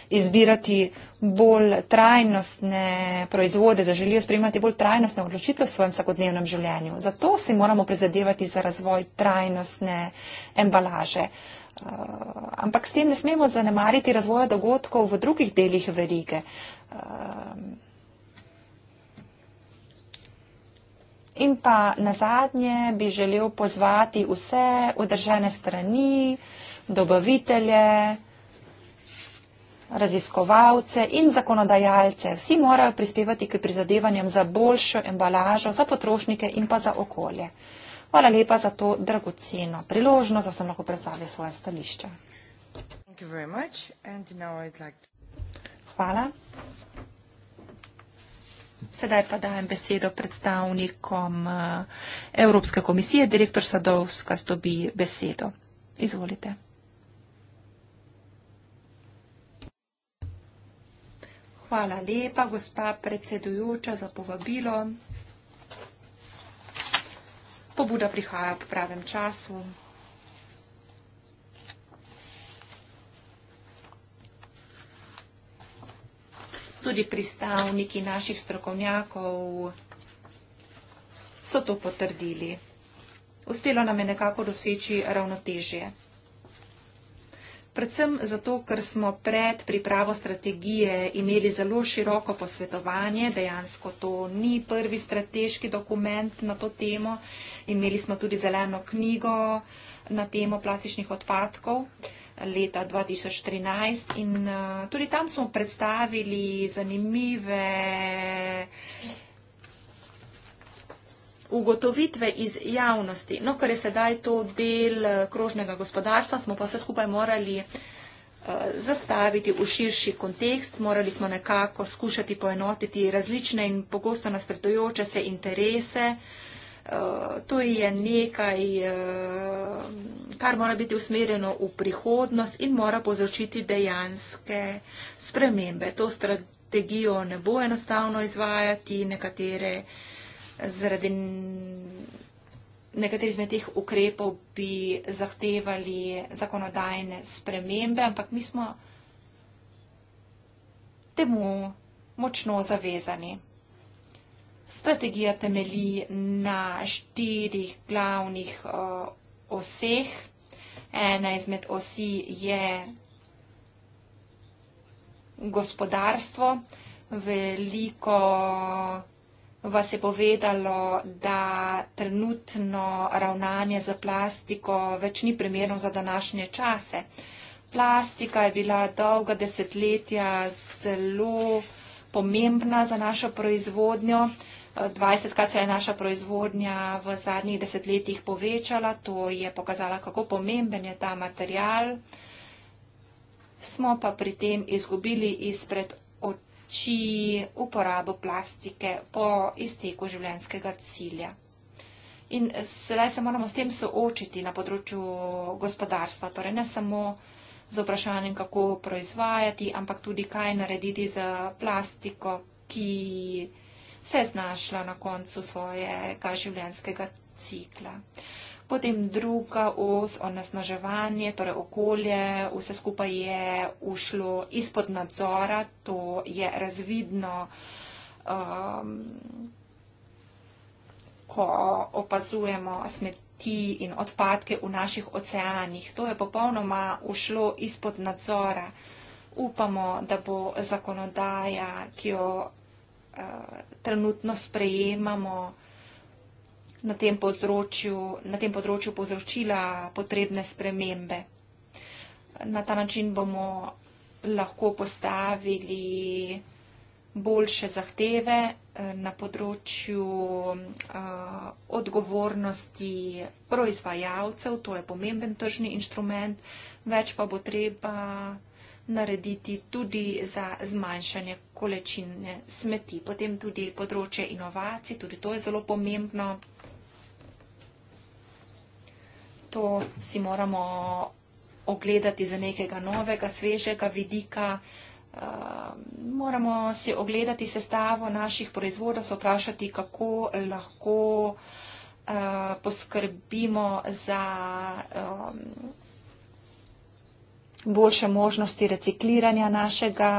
izbirati bolj trajnostne proizvode, da želijo sprejemati bolj trajnostne odločitve v svojem vsakodnevnem življenju. Zato si moramo prizadevati za razvoj trajnostne embalaže. Eh, ampak s tem ne smemo zanemariti razvoja dogodkov v drugih delih verige. Eh, In pa na zadnje bi želel pozvati vse udržene strani, dobavitelje, raziskovalce in zakonodajalce. Vsi morajo prispevati k prizadevanjem za boljšo embalažo za potrošnike in pa za okolje. Hvala lepa za to dragoceno priložnost, da sem lahko predstavil svoje stališče. Hvala. Sedaj pa dajem besedo predstavnikom eh, Evropske komisije. Direktor Sadovska dobi besedo. Izvolite. Hvala lepa, gospa predsedujoča, za povabilo. Pobuda prihaja po pravem času. tudi pristavniki naših strokovnjakov so to potrdili. Uspelo nam je nekako doseči ravnotežje. Predvsem zato, ker smo pred pripravo strategije imeli zelo široko posvetovanje, dejansko to ni prvi strateški dokument na to temo, imeli smo tudi zeleno knjigo na temo plastičnih odpadkov. Uh, leta 2013 in uh, tudi tam smo predstavili zanimive ugotovitve iz javnosti. No, ker je sedaj to del eh, krožnega gospodarstva, smo pa vse skupaj morali eh, zastaviti v širši kontekst, morali smo nekako skušati poenotiti različne in pogosto nasprotujoče se interese uh, Eh, to je nekaj, eh, kar mora biti usmerjeno v prihodnost in mora povzročiti dejanske spremembe. To strategijo ne bo enostavno izvajati, nekatere zaradi. Nekateri izmed teh ukrepov bi zahtevali zakonodajne spremembe, ampak mi smo temu močno zavezani. Strategija temelji na štirih glavnih oseh. Ena izmed osi je gospodarstvo. Veliko vas je povedalo, da trenutno ravnanje za plastiko več ni primerno za današnje čase. Plastika je bila dolga desetletja zelo pomembna za našo proizvodnjo. 20 krat se je naša proizvodnja v zadnjih desetletjih povečala, to je pokazala, kako pomemben je ta material. Smo pa pri tem izgubili izpred oči uporabo plastike po izteku življenjskega cilja. In sedaj se moramo s tem soočiti na področju gospodarstva, torej ne samo z vprašanjem, kako proizvajati, ampak tudi kaj narediti z plastiko, ki se znašla na koncu svojega življenjskega cikla. Potem druga os, onesnaževanje, torej okolje, vse skupaj je ušlo izpod nadzora, to je razvidno, um, ko opazujemo smeti in odpadke v naših oceanih. To je popolnoma ušlo izpod nadzora. Upamo, da bo zakonodaja, ki jo Eh, trenutno sprejemamo na tem področju, na tem področju povzročila potrebne spremembe. Na ta način bomo lahko postavili boljše zahteve eh, na področju eh, odgovornosti proizvajalcev, to je pomemben tržni inštrument, več pa bo treba narediti tudi za zmanjšanje količine smeti. Potem tudi področje inovacij, tudi to je zelo pomembno. To si moramo ogledati za nekega novega, svežega vidika. Ehm, moramo si ogledati sestavo naših proizvodov, se vprašati, kako lahko eh, poskrbimo za ehm, boljše možnosti recikliranja našega,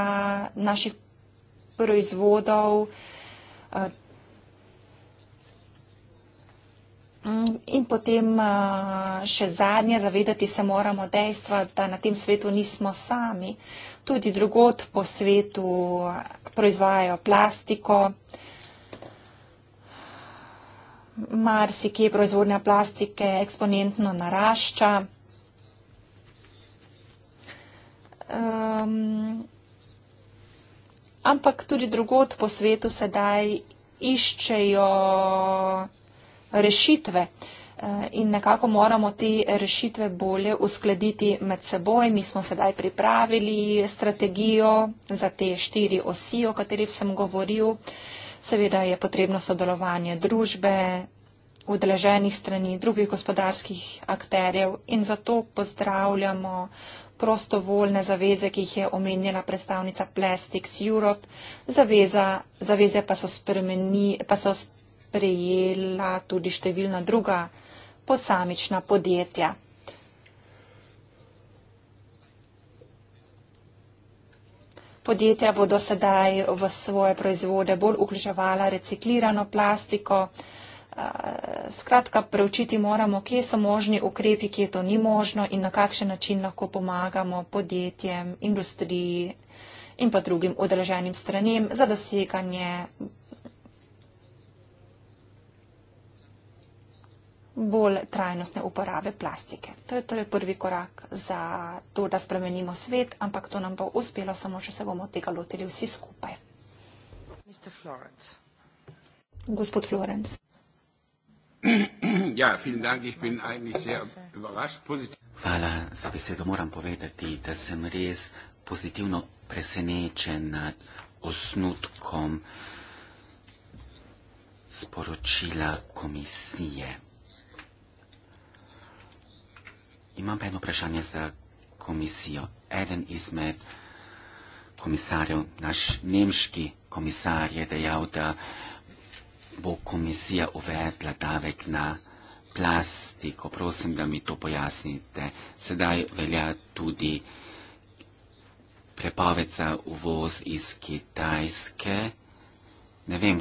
naših proizvodov proizvodov. Eh, in potem eh, še zadnje, zavedati se moramo dejstva, da na tem svetu nismo sami. Tudi drugot po svetu eh, proizvajajo plastiko. Marsikje proizvodnja plastike eksponentno narašča. Ehm, ampak tudi drugot po svetu sedaj iščejo rešitve eh, in nekako moramo te rešitve bolje uskladiti med seboj. Mi smo sedaj pripravili strategijo za te štiri osi, o katerih sem govoril. Seveda je potrebno sodelovanje družbe, udeleženih strani drugih gospodarskih akterjev in zato pozdravljamo prostovoljne zaveze, ki jih je omenjena predstavnica Plastics Europe. Zaveza, zaveze pa so, spremeni, pa so sprejela tudi številna druga posamična podjetja. Podjetja bodo sedaj v svoje proizvode bolj vključevala reciklirano plastiko, uh, Eh, skratka, preučiti moramo, kje so možni ukrepi, kje to ni možno in na kakšen način lahko pomagamo podjetjem, industriji in pa drugim odreženim stranem za doseganje bolj trajnostne uporabe plastike. To je torej prvi korak za to, da spremenimo svet, ampak to nam bo uspelo samo, če se bomo tega lotili vsi skupaj. Mr. Florence. Gospod Florence. Ja, vielen Dank. Ich bin eigentlich sehr überrascht. Positiv. Hvala za besedo. Moram povedati, da sem res pozitivno presenečen nad osnutkom sporočila komisije. Imam pa eno vprašanje za komisijo. Eden izmed komisarjev, naš nemški komisar, je dejal, da bo komisija uvedla davek na plastiko. Prosim, da mi to pojasnite. Sedaj velja tudi prepoved za uvoz iz Kitajske. Ne vem,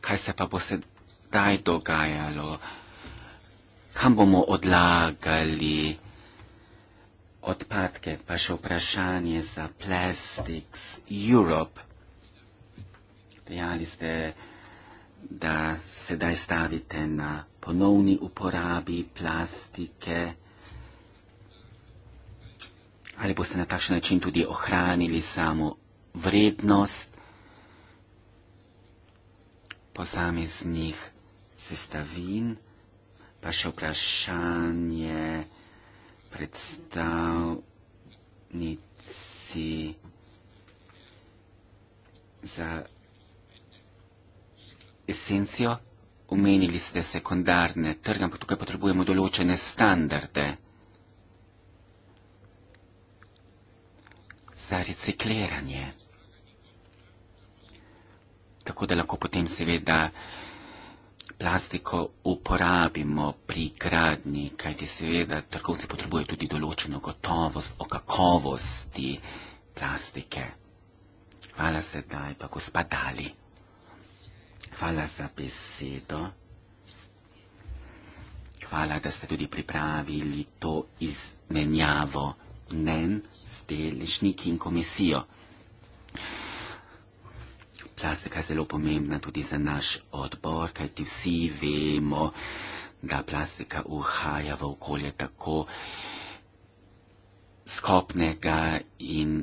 kaj se pa bo sedaj dogajalo, kam bomo odlagali odpadke, pa še vprašanje za Plastics Europe dejali ste, da sedaj stavite na ponovni uporabi plastike. Ali boste na takšen način tudi ohranili samo vrednost posameznih sestavin? Pa še vprašanje predstavnici za esencijo, omenili ste sekundarne trge, ampak tukaj potrebujemo določene standarde za recikliranje. Tako da lahko potem seveda plastiko uporabimo pri gradni, kajti seveda trgovci potrebujejo tudi določeno gotovost o kakovosti plastike. Hvala sedaj pa gospa Dali. Hvala za besedo. Hvala, da ste tudi pripravili to izmenjavo mnen s deležniki in komisijo. Plastika je zelo pomembna tudi za naš odbor, kajti vsi vemo, da plastika uhaja v okolje tako skopnega in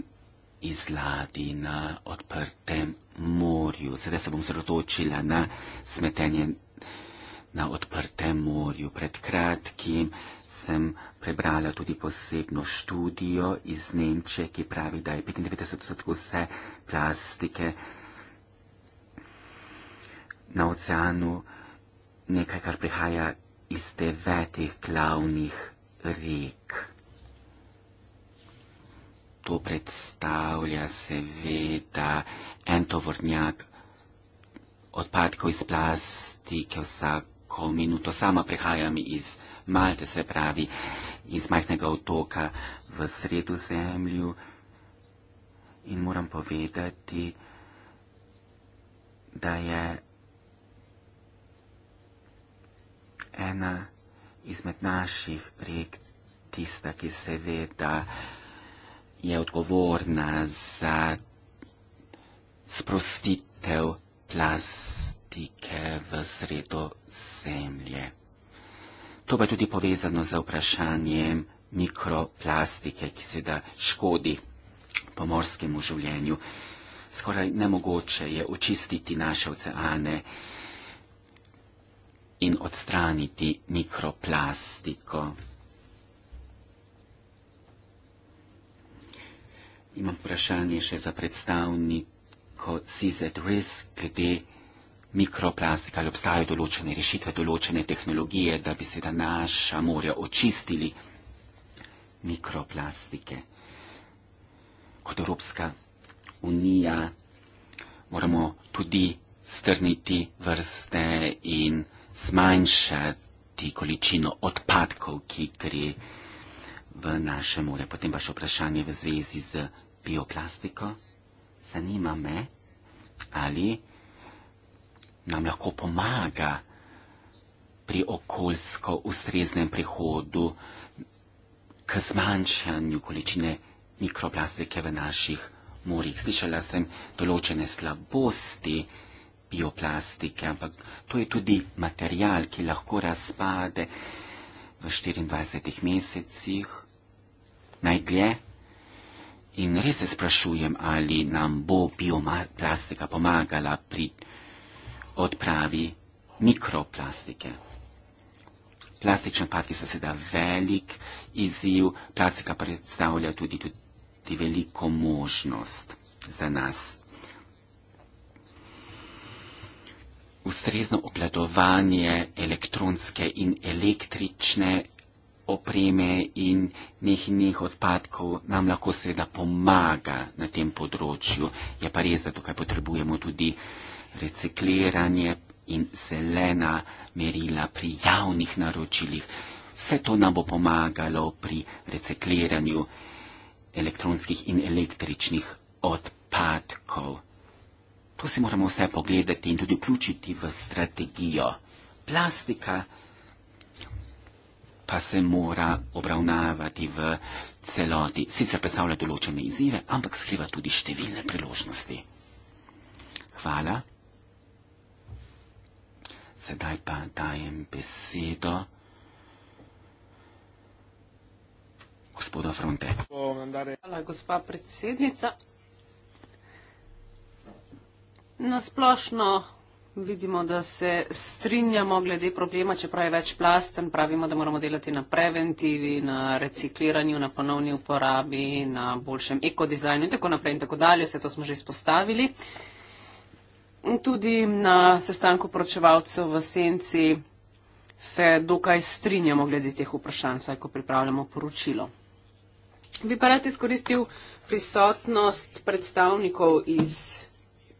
iz ladi na odprtem morju. Sedaj se bom zrotočila na smetenje na odprtem morju. Pred kratkim sem prebrala tudi posebno študijo iz Nemčije, ki pravi, da je 95% vse plastike na oceanu nekaj, kar prihaja iz devetih glavnih rek to predstavlja seveda en tovornjak odpadkov iz plastike vsako minuto. Sama prihajam iz Malte, se pravi, iz majhnega otoka v sredo zemlju in moram povedati, da je ena izmed naših rek tista, ki seveda je odgovorna za sprostitev plastike v sredo zemlje. To pa je tudi povezano z vprašanjem mikroplastike, ki se da škodi pomorskemu življenju. Skoraj nemogoče je očistiti naše oceane in odstraniti mikroplastiko. Imam vprašanje še za predstavnika CZWIS glede mikroplastika. Ali obstajajo določene rešitve, določene tehnologije, da bi se naša morja očistili mikroplastike? Kot Evropska unija moramo tudi strniti vrste in zmanjšati količino odpadkov, ki gre v naše morje. Potem pa še vprašanje v zvezi z mikroplastikom bioplastiko, zanima me, ali nam lahko pomaga pri okoljsko ustreznem prihodu k zmanjšanju količine mikroplastike v naših morjih. Slišala sem določene slabosti bioplastike, ampak to je tudi material, ki lahko razpade v 24 mesecih, najdlje In res se sprašujem, ali nam bo bioplastika pomagala pri odpravi mikroplastike. Plastične odpadke so seveda velik izziv, plastika predstavlja tudi, tudi veliko možnost za nas. Ustrezno obladovanje elektronske in električne opreme in nekih odpadkov nam lahko seveda pomaga na tem področju. Je pa res, da tukaj potrebujemo tudi recikliranje in zelena merila pri javnih naročilih. Vse to nam bo pomagalo pri recikliranju elektronskih in električnih odpadkov. To si moramo vse pogledati in tudi vključiti v strategijo. Plastika pa se mora obravnavati v celoti. Sicer predstavlja določene izzive, ampak skriva tudi številne priložnosti. Hvala. Sedaj pa dajem besedo gospoda Fronte. Hvala, gospa predsednica. Nasplošno Vidimo, da se strinjamo glede problema, čeprav je več plasten, pravimo, da moramo delati na preventivi, na recikliranju, na ponovni uporabi, na boljšem ekodizajnu in tako naprej in tako dalje. Vse to smo že izpostavili. Tudi na sestanku poročevalcev v Senci se dokaj strinjamo glede teh vprašanj, saj ko pripravljamo poročilo. Bi pa rad izkoristil prisotnost predstavnikov iz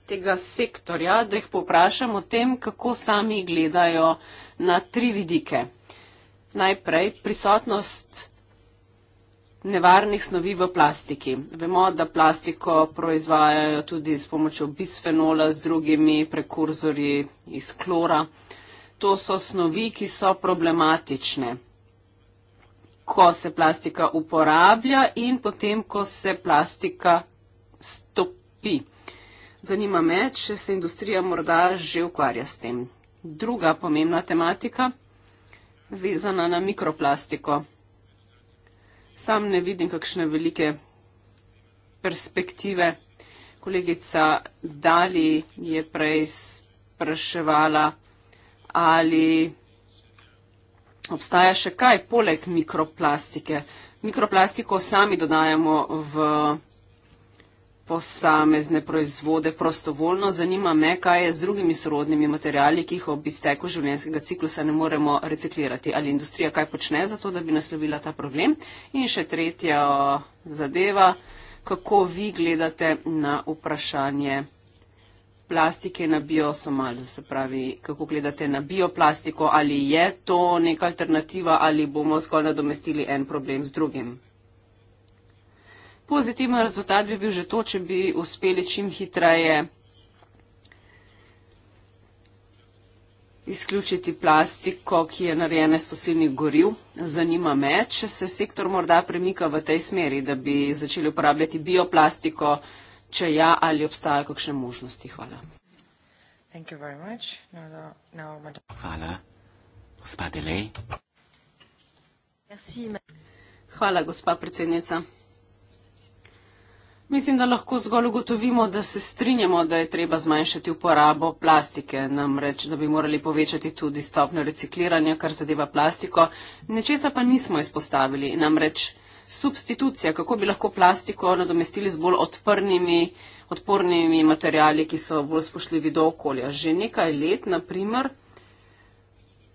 tega sektorja, da jih poprašam o tem, kako sami gledajo na tri vidike. Najprej prisotnost nevarnih snovi v plastiki. Vemo, da plastiko proizvajajo tudi s pomočjo bisfenola, z drugimi prekurzori iz klora. To so snovi, ki so problematične, ko se plastika uporablja in potem, ko se plastika stopi. Zanima me, če se industrija morda že ukvarja s tem. Druga pomembna tematika, vezana na mikroplastiko. Sam ne vidim kakšne velike perspektive. Kolegica Dali je prej spraševala, ali obstaja še kaj poleg mikroplastike. Mikroplastiko sami dodajamo v posamezne proizvode prostovoljno. Zanima me, kaj je z drugimi sorodnimi materijali, ki jih ob izteku življenjskega ciklusa ne moremo reciklirati. Ali industrija kaj počne za to, da bi naslovila ta problem? In še tretja zadeva, kako vi gledate na vprašanje plastike na biosomalu, se pravi, kako gledate na bioplastiko, ali je to neka alternativa ali bomo zgolj nadomestili en problem z drugim pozitiven rezultat bi bil že to, če bi uspeli čim hitreje izključiti plastiko, ki je narejena iz fosilnih goriv. Zanima me, če se sektor morda premika v tej smeri, da bi začeli uporabljati bioplastiko, če ja, ali obstaja kakšne možnosti. Hvala. Hvala. Hvala, gospa predsednica. Mislim, da lahko zgolj ugotovimo, da se strinjamo, da je treba zmanjšati uporabo plastike, namreč, da bi morali povečati tudi stopnjo recikliranja, kar zadeva plastiko. Nečesa pa nismo izpostavili, namreč substitucija, kako bi lahko plastiko nadomestili z bolj odprnimi, odpornimi materijali, ki so bolj spošljivi do okolja. Že nekaj let, naprimer,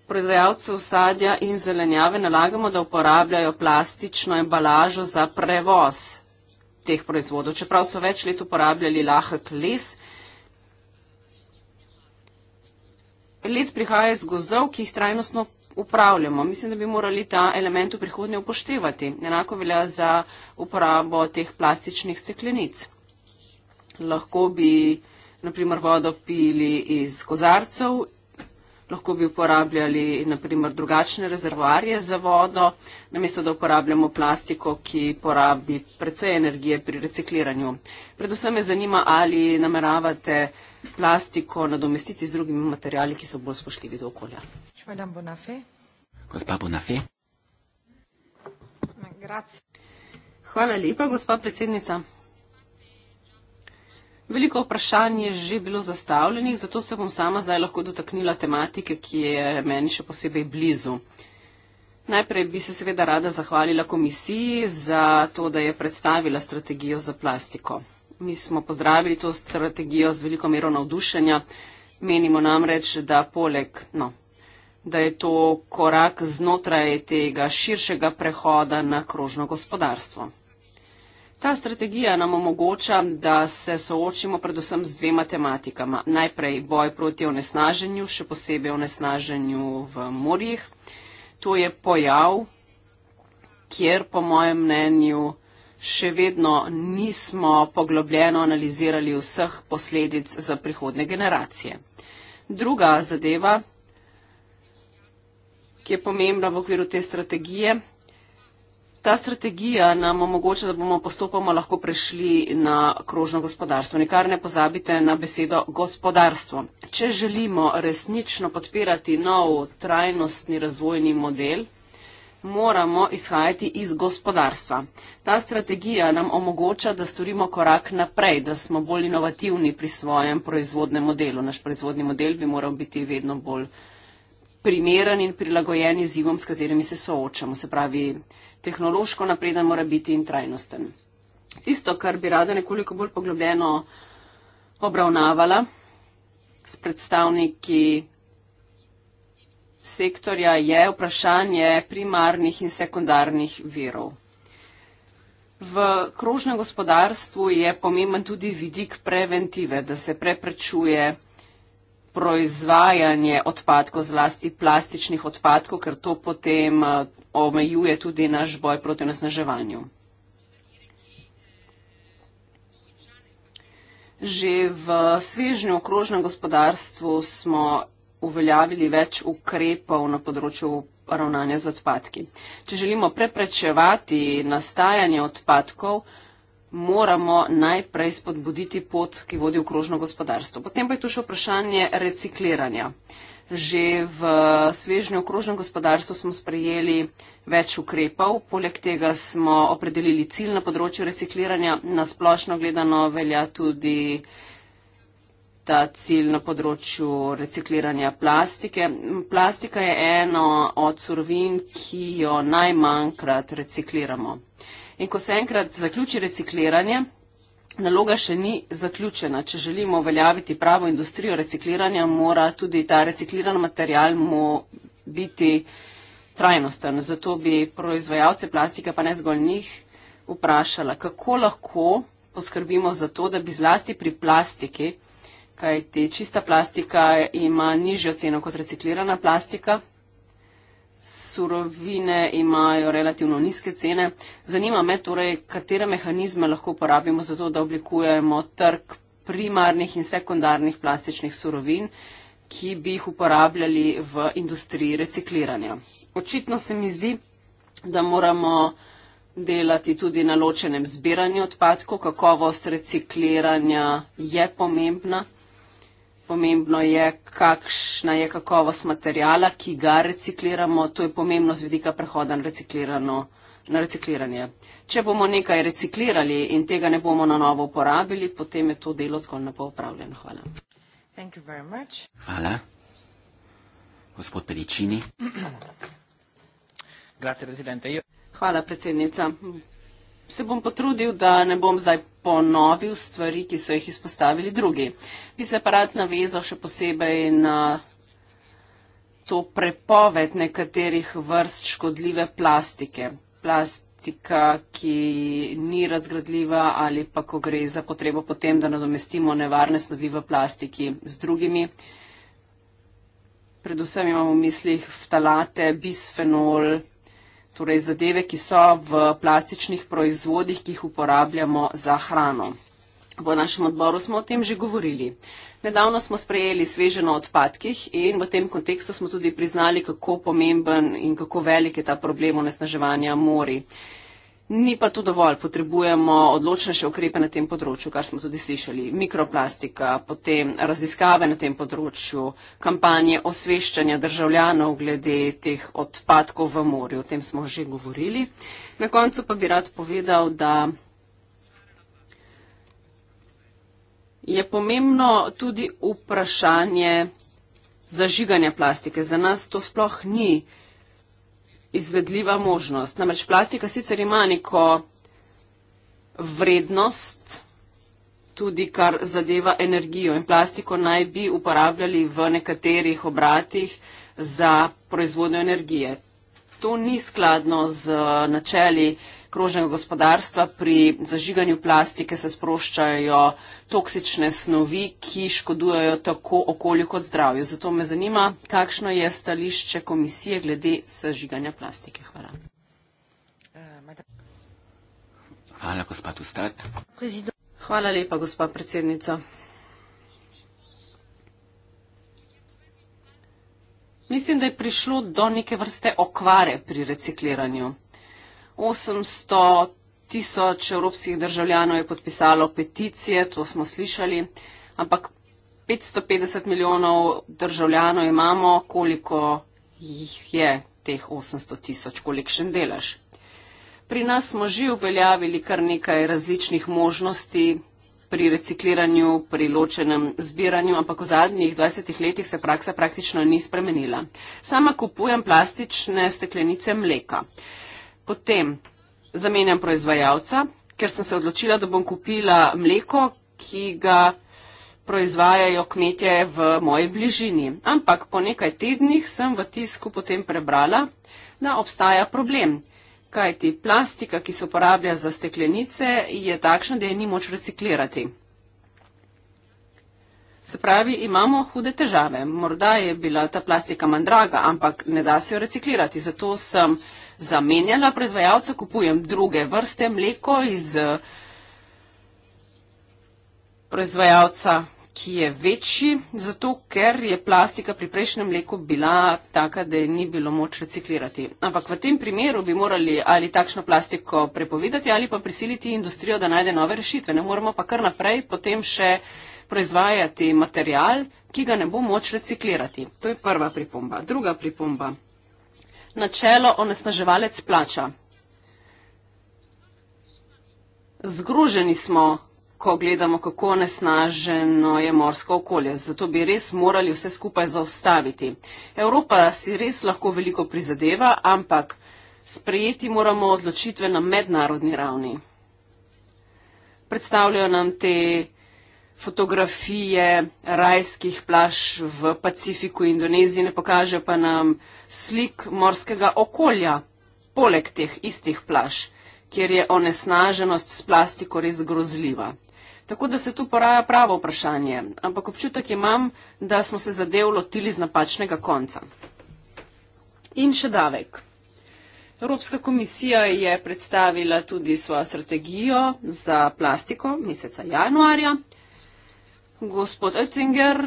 proizvajalcev sadja in zelenjave nalagamo, da uporabljajo plastično embalažo za prevoz teh proizvodov. Čeprav so več let uporabljali lahek les, les prihaja iz gozdov, ki jih trajnostno upravljamo. Mislim, da bi morali ta element v prihodnje upoštevati. Enako velja za uporabo teh plastičnih steklenic. Lahko bi, naprimer, vodo pili iz kozarcev lahko bi uporabljali naprimer drugačne rezervoarje za vodo, namesto da uporabljamo plastiko, ki porabi precej energije pri recikliranju. Predvsem me zanima, ali nameravate plastiko nadomestiti z drugimi materijali, ki so bolj spoštljivi do okolja. Gospa Bonafe. Hvala lepa, gospa predsednica. Veliko vprašanj je že bilo zastavljenih, zato se bom sama zdaj lahko dotaknila tematike, ki je meni še posebej blizu. Najprej bi se seveda rada zahvalila komisiji za to, da je predstavila strategijo za plastiko. Mi smo pozdravili to strategijo z veliko mero navdušenja. Menimo namreč, da poleg, no, da je to korak znotraj tega širšega prehoda na krožno gospodarstvo. Ta strategija nam omogoča, da se soočimo predvsem z dvema tematikama. Najprej boj proti onesnaženju, še posebej onesnaženju v morjih. To je pojav, kjer po mojem mnenju še vedno nismo poglobljeno analizirali vseh posledic za prihodne generacije. Druga zadeva, ki je pomembna v okviru te strategije, Ta strategija nam omogoča, da bomo postopoma lahko prešli na krožno gospodarstvo. Nikar ne pozabite na besedo gospodarstvo. Če želimo resnično podpirati nov trajnostni razvojni model, moramo izhajati iz gospodarstva. Ta strategija nam omogoča, da storimo korak naprej, da smo bolj inovativni pri svojem proizvodnem modelu. Naš proizvodni model bi moral biti vedno bolj primeren in prilagojen izzivom, s katerimi se soočamo. Se pravi, tehnološko napreden mora biti in trajnosten. Tisto, kar bi rada nekoliko bolj poglobljeno obravnavala s predstavniki sektorja, je vprašanje primarnih in sekundarnih virov. V krožnem gospodarstvu je pomemben tudi vidik preventive, da se preprečuje proizvajanje odpadkov, zlasti plastičnih odpadkov, ker to potem eh, omejuje tudi naš boj proti nasneževanju. Že v svežnju okrožnem gospodarstvu smo uveljavili več ukrepov na področju ravnanja z odpadki. Če želimo preprečevati nastajanje odpadkov, moramo najprej spodbuditi pot, ki vodi v krožno gospodarstvo. Potem pa je tu še vprašanje recikliranja. Že v svežnju v krožnem gospodarstvu smo sprejeli več ukrepov, poleg tega smo opredelili cilj na področju recikliranja. Na splošno gledano velja tudi ta cilj na področju recikliranja plastike. Plastika je eno od surovin, ki jo najmanjkrat recikliramo. In ko se enkrat zaključi recikliranje, naloga še ni zaključena. Če želimo uveljaviti pravo industrijo recikliranja, mora tudi ta recikliran material mu biti trajnosten. Zato bi proizvajalce plastike, pa ne zgolj njih, vprašala, kako lahko poskrbimo za to, da bi zlasti pri plastiki, kajti čista plastika ima nižjo ceno kot reciklirana plastika, surovine imajo relativno nizke cene. Zanima me torej, katere mehanizme lahko uporabimo za to, da oblikujemo trg primarnih in sekundarnih plastičnih surovin, ki bi jih uporabljali v industriji recikliranja. Očitno se mi zdi, da moramo delati tudi na ločenem zbiranju odpadkov, kakovost recikliranja je pomembna pomembno je, kakšna je kakovost materijala, ki ga recikliramo. To je pomembno z vidika prehoda na recikliranje. Če bomo nekaj reciklirali in tega ne bomo na novo uporabili, potem je to delo zgolj na pol upravljeno. Hvala. Hvala. Gospod Pedicini. [clears throat] Hvala, predsednica se bom potrudil, da ne bom zdaj ponovil stvari, ki so jih izpostavili drugi. Bi se pa rad navezal še posebej na to prepoved nekaterih vrst škodljive plastike. Plastika, ki ni razgradljiva ali pa ko gre za potrebo potem, da nadomestimo nevarne snovi v plastiki z drugimi. Predvsem imamo v mislih ftalate, bisfenol, torej zadeve, ki so v plastičnih proizvodih, ki jih uporabljamo za hrano. V našem odboru smo o tem že govorili. Nedavno smo sprejeli sveženo odpadkih in v tem kontekstu smo tudi priznali, kako pomemben in kako velik je ta problem onesnaževanja mori. Ni pa to dovolj, potrebujemo odločnejše ukrepe na tem področju, kar smo tudi slišali. Mikroplastika, potem raziskave na tem področju, kampanje osveščanja državljanov glede teh odpadkov v morju, o tem smo že govorili. Na koncu pa bi rad povedal, da je pomembno tudi vprašanje zažiganja plastike. Za nas to sploh ni izvedljiva možnost. Namreč plastika sicer ima neko vrednost, tudi kar zadeva energijo in plastiko naj bi uporabljali v nekaterih obratih za proizvodnjo energije. To ni skladno z načeli, krožnega gospodarstva pri zažiganju plastike se sproščajo toksične snovi, ki škodujejo tako okolju kot zdravju. Zato me zanima, kakšno je stališče komisije glede zažiganja plastike. Hvala. Hvala, gospod Ustat. Hvala lepa, gospod predsednica. Mislim, da je prišlo do neke vrste okvare pri recikliranju. 800 tisoč evropskih državljanov je podpisalo peticije, to smo slišali, ampak 550 milijonov državljanov imamo, koliko jih je teh 800 tisoč, kolikšen delež. Pri nas smo že uveljavili kar nekaj različnih možnosti pri recikliranju, pri ločenem zbiranju, ampak v zadnjih 20 letih se praksa praktično ni spremenila. Sama kupujem plastične steklenice mleka. Potem zamenjam proizvajalca, ker sem se odločila, da bom kupila mleko, ki ga proizvajajo kmetje v moji bližini. Ampak po nekaj tednih sem v tisku potem prebrala, da obstaja problem. Kaj ti plastika, ki se uporablja za steklenice, je takšna, da je ni moč reciklirati. Se pravi, imamo hude težave. Morda je bila ta plastika manj draga, ampak ne da se jo reciklirati. Zato sem uh, zamenjala proizvajalca, kupujem druge vrste mleko iz eh, proizvajalca, ki je večji, zato ker je plastika pri prejšnjem mleku bila taka, da je ni bilo moč reciklirati. Ampak v tem primeru bi morali ali takšno plastiko prepovedati ali pa prisiliti industrijo, da najde nove rešitve. Ne moramo pa kar naprej potem še proizvajati material, ki ga ne bo moč reciklirati. To je prva pripomba. Druga pripomba načelo onesnaževalec plača. Zgroženi smo, ko gledamo, kako onesnaženo je morsko okolje, zato bi res morali vse skupaj zaustaviti. Evropa si res lahko veliko prizadeva, ampak sprejeti moramo odločitve na mednarodni ravni. Predstavljajo nam te fotografije rajskih plaž v Pacifiku in Indoneziji, ne pokaže pa nam slik morskega okolja poleg teh istih plaž, kjer je onesnaženost s plastiko res grozljiva. Tako da se tu poraja pravo vprašanje, ampak občutek imam, da smo se zadev lotili z napačnega konca. In še davek. Evropska komisija je predstavila tudi svojo strategijo za plastiko meseca januarja. Gospod Oettinger,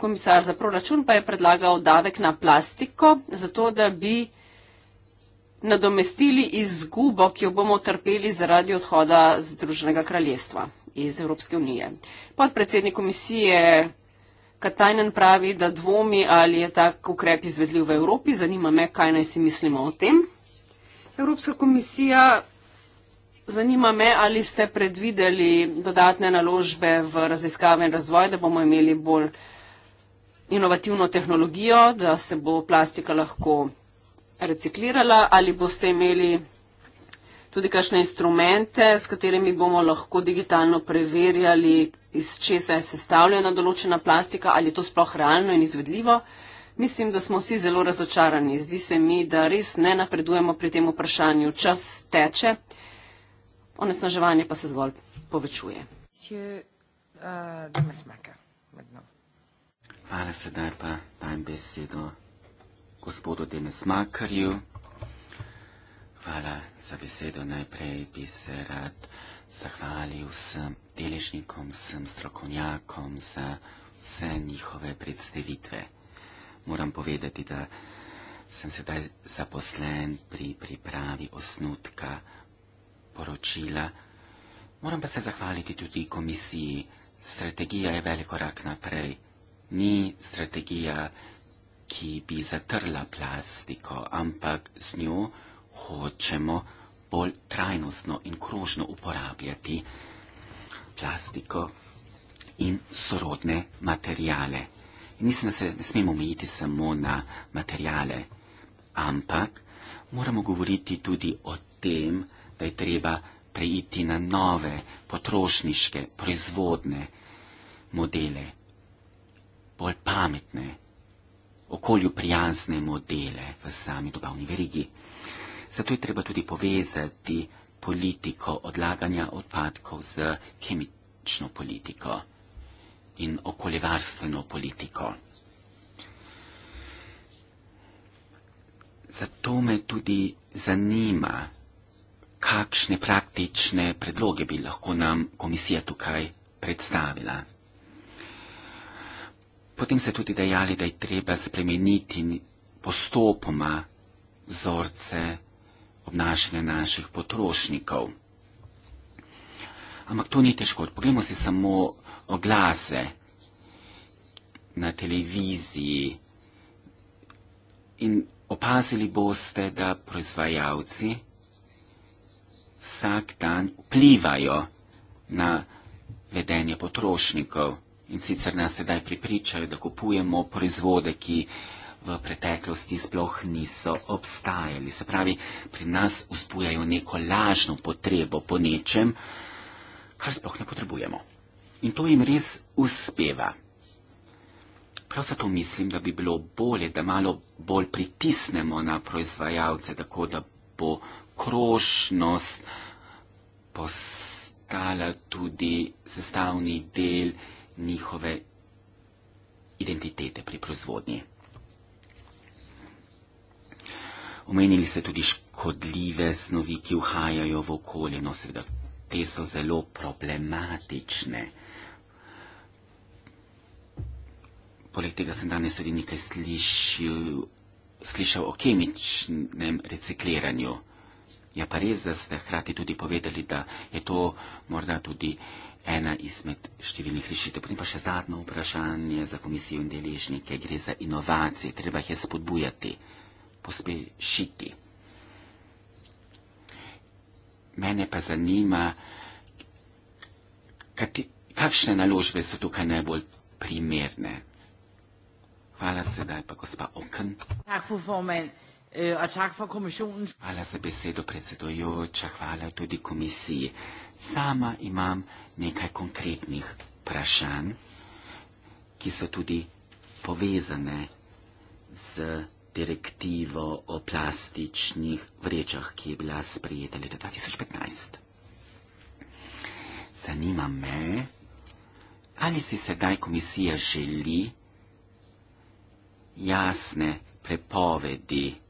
komisar za proračun, pa je predlagal davek na plastiko, zato da bi nadomestili izgubo, ki jo bomo trpeli zaradi odhoda Združenega kraljestva iz Evropske unije. Podpredsednik komisije Katajnen pravi, da dvomi, ali je tak ukrep izvedljiv v Evropi. Zanima me, kaj naj si mislimo o tem. Evropska komisija Zanima me, ali ste predvideli dodatne naložbe v raziskave in razvoj, da bomo imeli bolj inovativno tehnologijo, da se bo plastika lahko reciklirala, ali boste imeli tudi kakšne instrumente, s katerimi bomo lahko digitalno preverjali, iz česa je sestavljena določena plastika, ali je to sploh realno in izvedljivo. Mislim, da smo vsi zelo razočarani. Zdi se mi, da res ne napredujemo pri tem vprašanju. Čas teče onesnaževanje pa se zgolj povečuje. Uh, Hvala, sedaj pa dajem besedo gospodu Demesmakarju. Hvala za besedo. Najprej bi se rad zahvalil vsem deležnikom, vsem strokovnjakom za vse njihove predstavitve. Moram povedati, da sem sedaj zaposlen pri pripravi osnutka poročila. Moram pa se zahvaliti tudi komisiji. Strategija je velik korak naprej. Ni strategija, ki bi zatrla plastiko, ampak z njo hočemo bolj trajnostno in krožno uporabljati plastiko in sorodne materijale. In mislim, da se ne smemo omejiti samo na materijale, ampak moramo govoriti tudi o tem, da je treba preiti na nove potrošniške, proizvodne modele, bolj pametne, okolju prijazne modele v sami dobavni verigi. Zato je treba tudi povezati politiko odlaganja odpadkov z kemično politiko in okoljevarstveno politiko. Zato me tudi zanima, kakšne praktične predloge bi lahko nam komisija tukaj predstavila. Potem ste tudi dejali, da je treba spremeniti postopoma vzorce obnašanja naših potrošnikov. Ampak to ni težko. Poglejmo si samo oglase na televiziji in opazili boste, da proizvajalci vsak dan vplivajo na vedenje potrošnikov in sicer nas sedaj pripričajo, da kupujemo proizvode, ki v preteklosti sploh niso obstajali. Se pravi, pri nas vzbujajo neko lažno potrebo po nečem, kar sploh ne potrebujemo. In to jim res uspeva. Prav zato mislim, da bi bilo bolje, da malo bolj pritisnemo na proizvajalce, tako da bo okrožnost postala tudi sestavni del njihove identitete pri proizvodnji. Omenili ste tudi škodljive snovi, ki vhajajo v okolje, no seveda te so zelo problematične. Poleg tega sem danes tudi nekaj slišil, slišal o kemičnem recikliranju. Je ja, pa res, da ste hkrati tudi povedali, da je to morda tudi ena izmed številnih rešitev. Potem pa še zadnje vprašanje za komisijo in deležnike. Gre za inovacije. Treba jih je spodbujati, pospešiti. Mene pa zanima, kati, kakšne naložbe so tukaj najbolj primerne. Hvala sedaj pa gospa Okn. Tak v pomen. Eh, og tak for kommissionen. Hvala za besedo, predsedujoča. Hvala tudi komisiji. Sama imam nekaj konkretnih vprašanj, ki so tudi povezane z direktivo o plastičnih vrečah, ki je bila sprejeta leta 2015. Zanima me, ali si sedaj komisija želi jasne prepovedi,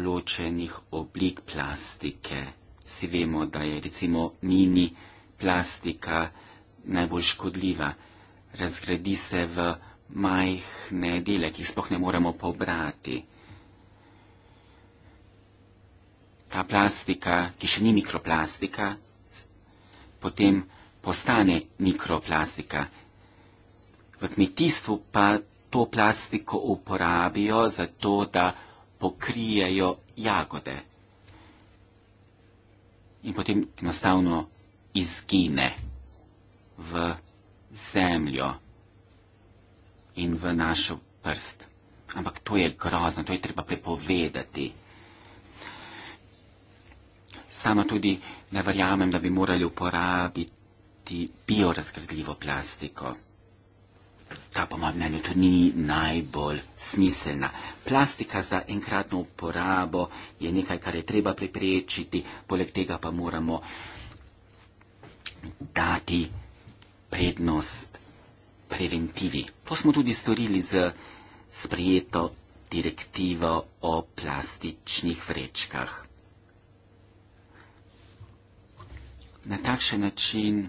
določenih oblik plastike. Vsi vemo, da je recimo mini plastika najbolj škodljiva. Razgradi se v majhne dele, ki jih spoh ne moremo pobrati. Ta plastika, ki še ni mikroplastika, potem postane mikroplastika. V kmetijstvu pa to plastiko uporabijo zato, da pokrijejo jagode. In potem enostavno izgine v zemljo in v našo prst. Ampak to je grozno, to je treba prepovedati. Sama tudi ne verjamem, da bi morali uporabiti biorazgradljivo plastiko. Ta po mojem mnenju tudi ni najbolj smiselna. Plastika za enkratno uporabo je nekaj, kar je treba preprečiti, poleg tega pa moramo dati prednost preventivi. To smo tudi storili z sprejeto direktivo o plastičnih vrečkah. Na takšen način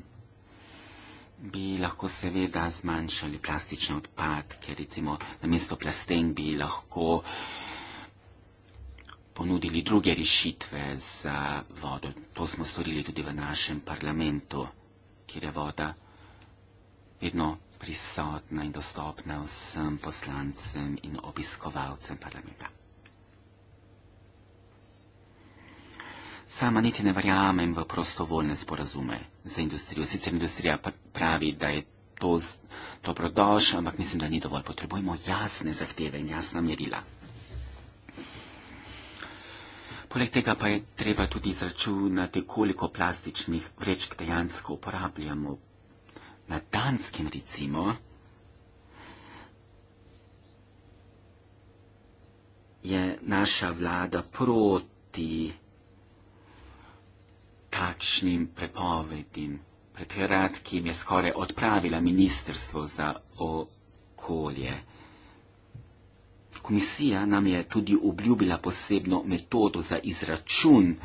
bi lahko seveda zmanjšali plastične odpadke, recimo na mesto plasten bi lahko ponudili druge rešitve za vodo. To smo storili tudi v našem parlamentu, kjer je voda vedno prisotna in dostopna vsem poslancem in obiskovalcem parlamenta. Sama niti ne verjamem v prostovoljne sporazume za industrijo. Sicer industrija pravi, da je to dobrodošlo, ampak mislim, da ni dovolj. Potrebujemo jasne zahteve in jasna merila. Poleg tega pa je treba tudi izračunati, koliko plastičnih vrečk dejansko uporabljamo. Na danskem recimo je naša vlada proti takšnim prepovedim. Pred kratkim je skoraj odpravila Ministrstvo za okolje. Komisija nam je tudi obljubila posebno metodo za izračun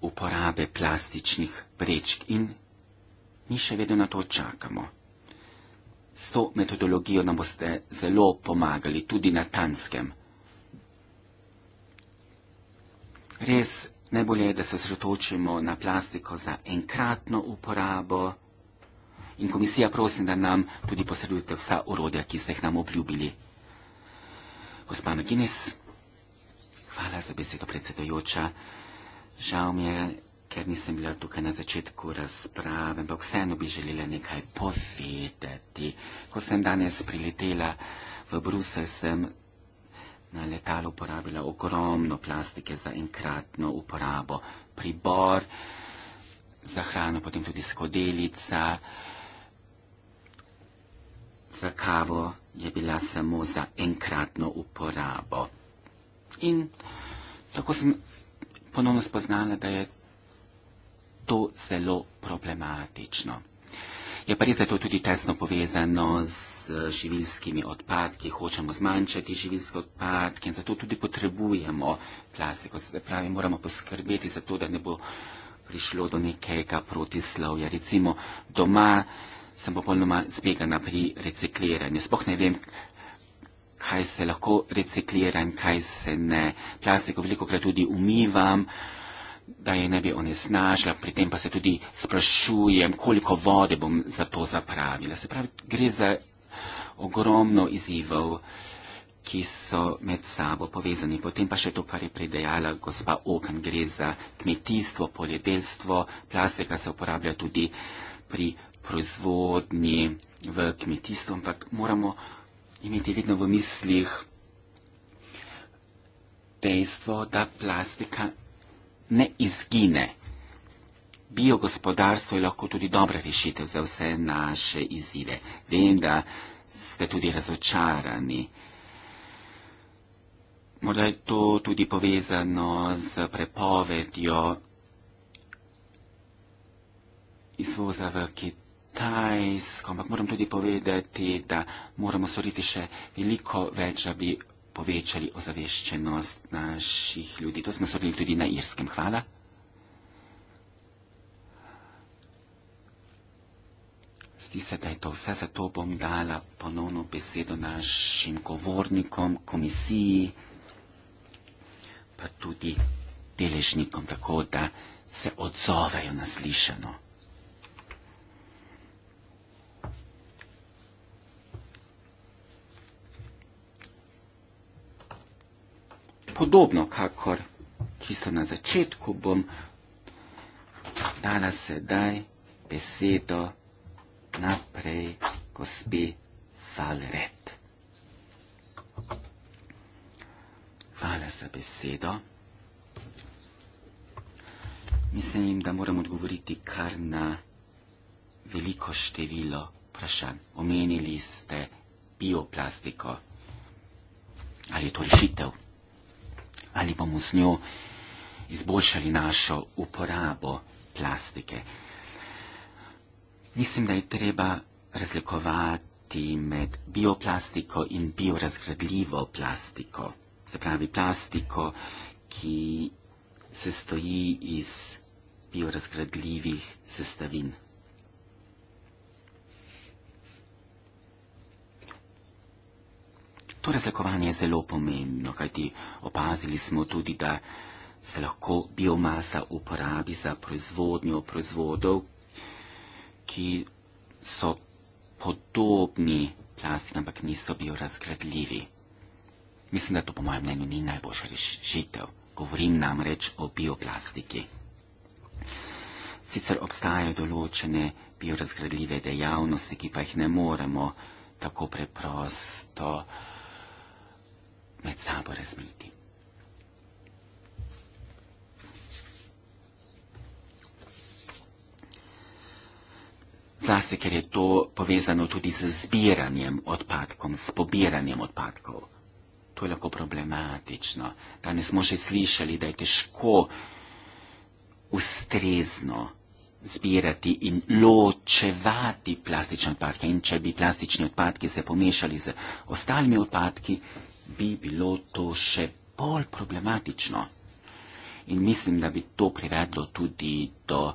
uporabe plastičnih vrečk in mi še vedno na to čakamo. S to metodologijo nam boste zelo pomagali, tudi na Tanskem. Res najbolje je, da se osredotočimo na plastiko za enkratno uporabo. In komisija prosim, da nam tudi posredujete vsa urodja, ki ste jih nam obljubili. Gospa McGinnis, hvala za besedo predsedojoča. Žal mi je, ker nisem bila tukaj na začetku razprave, ampak vseeno bi želela nekaj povedati. Ko sem danes priletela v Bruselj, sem na letalu uporabila ogromno plastike za enkratno uporabo, pribor, za hrano, potem tudi skodelica, za kavo je bila samo za enkratno uporabo. In tako sem ponovno spoznala, da je to zelo problematično. Je pa res, da je to tudi tesno povezano z živilskimi odpadki, hočemo zmanjšati živilske odpadke in zato tudi potrebujemo plastiko. Se pravi, moramo poskrbeti za to, da ne bo prišlo do nekega protislovja. Recimo doma sem popolnoma zbegana pri recikliranju. Spoh ne vem, kaj se lahko reciklira in kaj se ne. Plastiko veliko krat tudi umivam da je ne bi onesnažila, pri tem pa se tudi sprašujem, koliko vode bom za to zapravila. Se pravi, gre za ogromno izzivov, ki so med sabo povezani. Potem pa še to, kar je predejala gospa Okan, gre za kmetijstvo, poljedelstvo, plastika se uporablja tudi pri proizvodnji v kmetijstvu, ampak moramo imeti vedno v mislih dejstvo, da plastika ne izgine. Biogospodarstvo je lahko tudi dobra rešitev za vse naše izzive. Vem, da ste tudi razočarani. Morda je to tudi povezano z prepovedjo izvoza v Kitajsko, ampak moram tudi povedati, da moramo storiti še veliko več, da bi povečali ozaveščenost naših ljudi. To smo storili tudi na Irskem. Hvala. Zdi se, da je to vse, zato bom dala ponovno besedo našim govornikom, komisiji, pa tudi deležnikom, tako da se odzovejo na slišano. podobno, kakor čisto na začetku bom dala sedaj besedo naprej gospe Valret. Hvala za besedo. Mislim, da moram odgovoriti kar na veliko število vprašanj. Omenili ste bioplastiko. Ali je to rešitev? ali bomo z njo izboljšali našo uporabo plastike. Mislim, da je treba razlikovati med bioplastiko in biorazgradljivo plastiko. Se pravi, plastiko, ki sestoji iz biorazgradljivih sestavin. To razlikovanje je zelo pomembno, kajti opazili smo tudi, da se lahko biomasa uporabi za proizvodnjo proizvodov, ki so podobni plastiki, ampak niso biorazgradljivi. Mislim, da to po mojem mnenju ni najboljša rešitev. Govorim namreč o bioplastiki. Sicer obstajajo določene biorazgradljive dejavnosti, ki pa jih ne moremo tako preprosto med sabo razmeti. Zlasti, ker je to povezano tudi z zbiranjem odpadkov, s pobiranjem odpadkov. To je lahko problematično. Danes smo že slišali, da je težko ustrezno zbirati in ločevati plastične odpadke. In če bi plastični odpadki se pomešali z ostalimi odpadki, bi bilo to še bolj problematično. In mislim, da bi to privedlo tudi do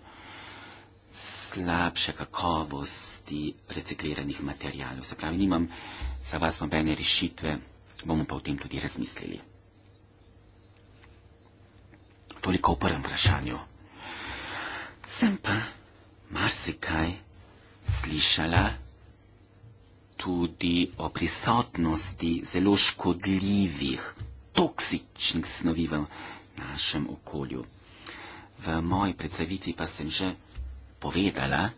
slabše kakovosti recikliranih materijalov. Se pravi, nimam za vas nobene rešitve, bomo pa o tem tudi razmislili. Toliko v prvem vprašanju. Sem pa marsikaj slišala tudi o prisotnosti zelo škodljivih, toksičnih snovi v našem okolju. V moji predstavitvi pa sem že povedala,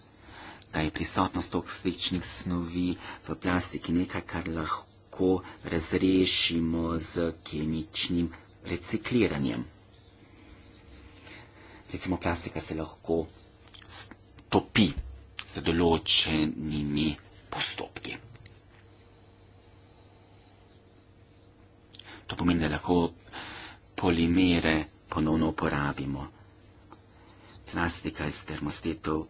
da je prisotnost toksičnih snovi v plastiki nekaj, kar lahko razrešimo z kemičnim recikliranjem. Recimo plastika se lahko topi z določenimi postopki. To pomeni, da lahko polimere ponovno uporabimo. Plastika iz termostetov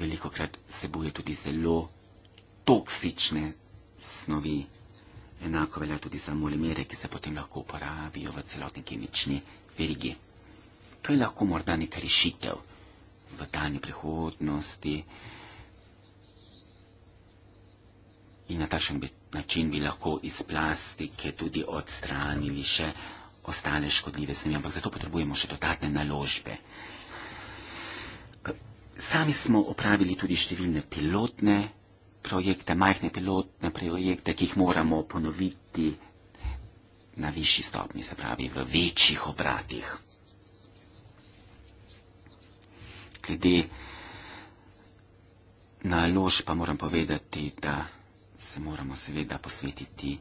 veliko krat sebuje tudi zelo toksične snovi. Enako velja tudi za molimere, ki se potem lahko uporabijo v celotni kemični verigi. To je lahko morda neka rešitev v daljni prihodnosti. In na takšen način način bi lahko iz plastike tudi odstranili še ostale škodljive snovi, ampak zato potrebujemo še dodatne naložbe. Sami smo opravili tudi številne pilotne projekte, majhne pilotne projekte, ki jih moramo ponoviti na višji stopni, se pravi v večjih obratih. Glede naložb pa moram povedati, da se moramo seveda posvetiti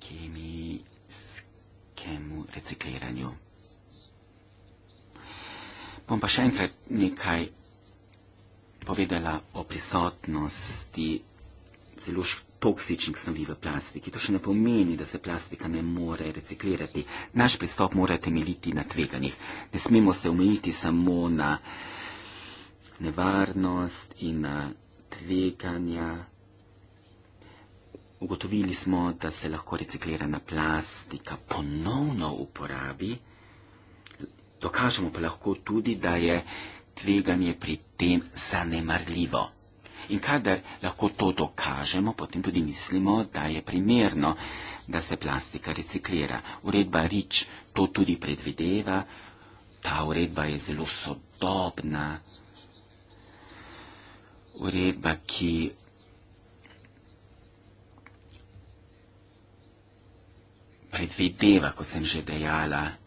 kemijskemu recikliranju. Bom pa še enkrat nekaj povedala o prisotnosti zelo toksičnih snovi v plastiki. To še ne pomeni, da se plastika ne more reciklirati. Naš pristop mora temeljiti na tveganjih. Ne smemo se omejiti samo na nevarnost in na tveganja. Ugotovili smo, da se lahko reciklirana plastika ponovno uporabi. Dokažemo pa lahko tudi, da je tveganje pri tem zanemarljivo. In kadar lahko to dokažemo, potem tudi mislimo, da je primerno, da se plastika reciklira. Uredba RIČ to tudi predvideva. Ta uredba je zelo sodobna uredba, ki predvideva, kot sem že dejala,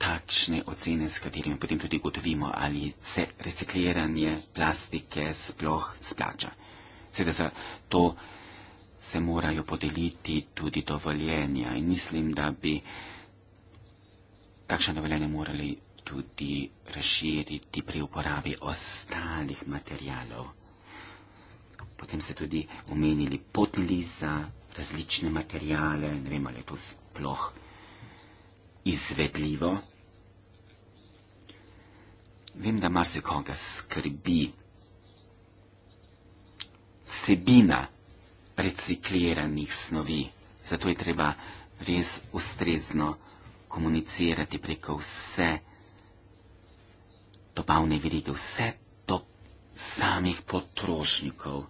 takšne ocene, s katerimi potem tudi gotovimo, ali se recikliranje plastike sploh splača. Seveda za to se morajo podeliti tudi dovoljenja in mislim, da bi takšne dovoljenja morali tudi razširiti pri uporabi ostalih materijalov. Potem ste tudi omenili potni za različne materijale, ne vem, ali je to sploh izvedljivo. Vem, da marsikoga skrbi vsebina recikliranih snovi, zato je treba res ustrezno komunicirati preko vseh dobavne verige, vse do samih potrošnikov.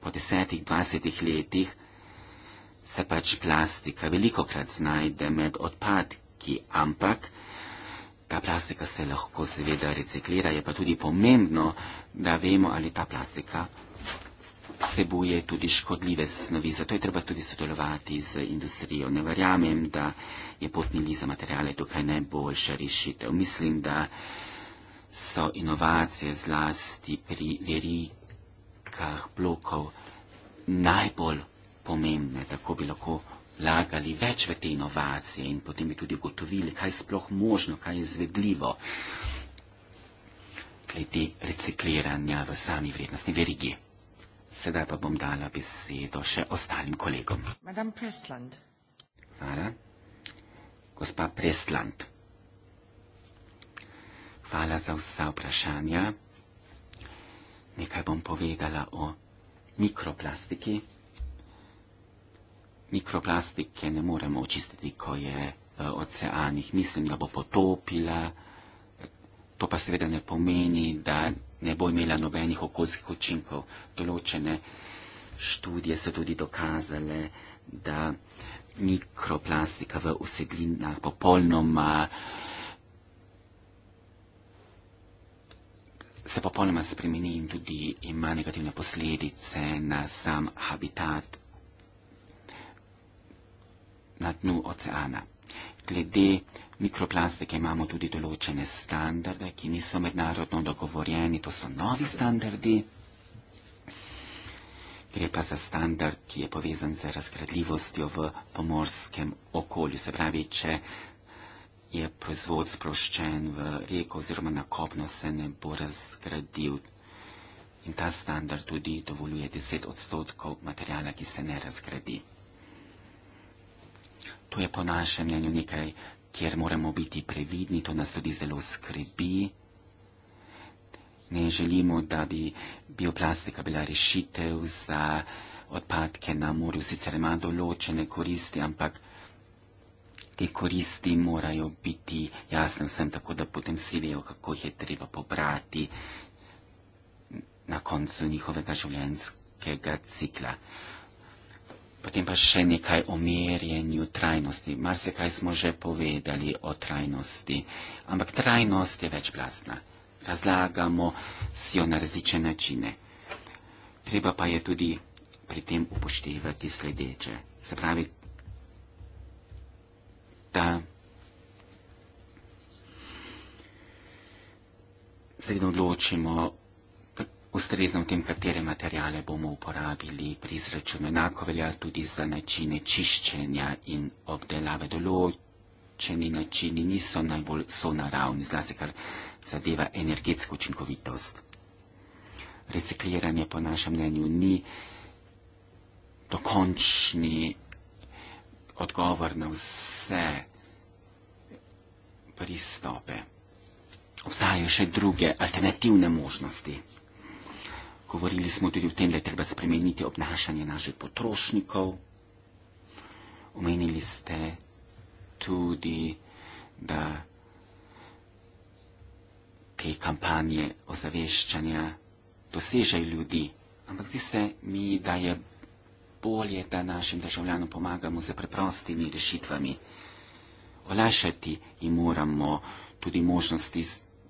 Po desetih, dvajsetih letih se pač plastika veliko krat znajde med odpadki, ampak ta plastika se lahko seveda reciklira. Je pa tudi pomembno, da vemo, ali ta plastika vsebuje tudi škodljive snovi. Zato je treba tudi sodelovati z industrijo. Ne verjamem, da je potni liza materijale tukaj najboljša rešitev. Mislim, da so inovacije zlasti pri lirikah blokov najbolj pomembne, tako bi lahko lagali več v te inovacije in potem bi tudi ugotovili, kaj je sploh možno, kaj je izvedljivo glede recikliranja v sami vrednostni verigi. Sedaj pa bom dala besedo še ostalim kolegom. Hvala. Gospa Prestland. Hvala za vsa vprašanja. Nekaj bom povedala o mikroplastiki. Mikroplastike ne moremo očistiti, ko je v e, oceanih. Mislim, da bo potopila. To pa seveda ne pomeni, da ne bo imela nobenih okoljskih učinkov. Določene študije so tudi dokazale, da mikroplastika v usedlinah popolnoma uh, se popolnoma spremeni in tudi ima negativne posledice na sam habitat na dnu oceana. Glede mikroplastike imamo tudi določene standarde, ki niso mednarodno dogovorjeni, to so novi standardi. Gre pa za standard, ki je povezan z razgradljivostjo v pomorskem okolju. Se pravi, če je proizvod sproščen v reko oziroma na kopno se ne bo razgradil. In ta standard tudi dovoljuje 10 odstotkov materijala, ki se ne razgradi. To je po našem mnenju nekaj, kjer moramo biti previdni, to nas tudi zelo skrbi. Ne želimo, da bi bioplastika bila rešitev za odpadke na morju. Sicer ima določene koristi, ampak te koristi morajo biti jasne vsem, tako da potem vsi vejo, kako jih je treba pobrati na koncu njihovega življenjskega cikla. Potem pa še nekaj o merjenju trajnosti. Mar se kaj smo že povedali o trajnosti, ampak trajnost je večplastna. Razlagamo si jo na različne načine. Treba pa je tudi pri tem upoštevati sledeče. Se pravi, 있다. Sredo odločimo, ustrezno tem, katere materijale bomo uporabili pri izračunu. Enako velja tudi za načine čiščenja in obdelave. Določeni načini niso najbolj sonaravni, zlasti kar zadeva energetsko učinkovitost. Recikliranje po našem mnenju ni dokončni odgovor na vse pristope. Obstajajo še druge alternativne možnosti. Govorili smo tudi o tem, da je treba spremeniti obnašanje naših potrošnikov. Omenili ste tudi, da te kampanje ozaveščanja dosežejo ljudi. Ampak zdi se mi, da je bolje, da našim državljanom pomagamo z preprostimi rešitvami. Olajšati jim moramo tudi možnosti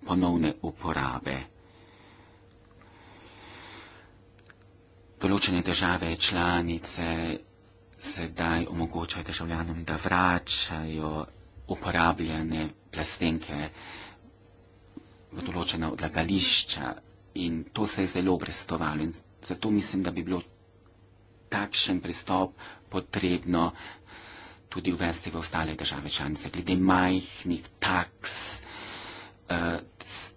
ponovne uporabe. Določene države članice sedaj omogočajo državljanom, da vračajo uporabljene plastenke v določena odlagališča in to se je zelo obrestovalo in zato mislim, da bi bilo takšen pristop potrebno tudi uvesti v ostale države članice. Glede majhnih taks, eh,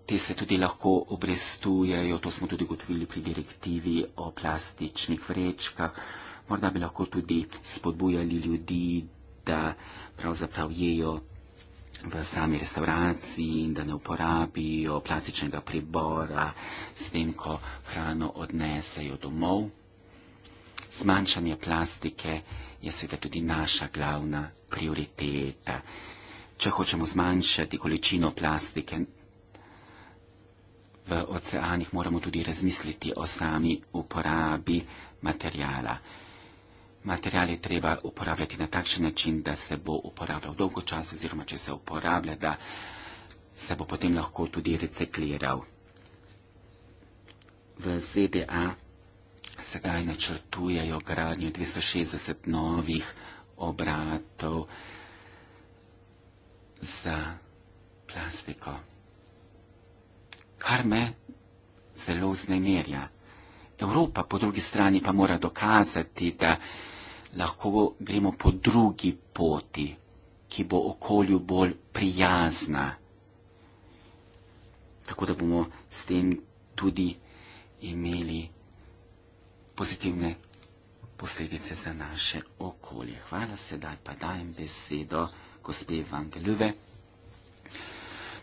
te se tudi lahko obrestujejo, to smo tudi gotovili pri direktivi o plastičnih vrečkah. Morda bi lahko tudi spodbujali ljudi, da pravzaprav jejo v sami restauraciji in da ne uporabijo plastičnega pribora s tem, ko hrano odnesejo domov zmanjšanje plastike je seveda tudi naša glavna prioriteta. Če hočemo zmanjšati količino plastike v oceanih, moramo tudi razmisliti o sami uporabi materijala. Material je treba uporabljati na takšen način, da se bo uporabljal dolgo čas oziroma če se uporablja, da se bo potem lahko tudi recikliral. V ZDA sedaj načrtujejo gradnjo 260 novih obratov za plastiko. Kar me zelo znemerja. Evropa po drugi strani pa mora dokazati, da lahko gremo po drugi poti, ki bo okolju bolj prijazna. Tako da bomo s tem tudi imeli pozitivne posledice za naše okolje. Hvala, sedaj pa dajem besedo gospe Vangeljove.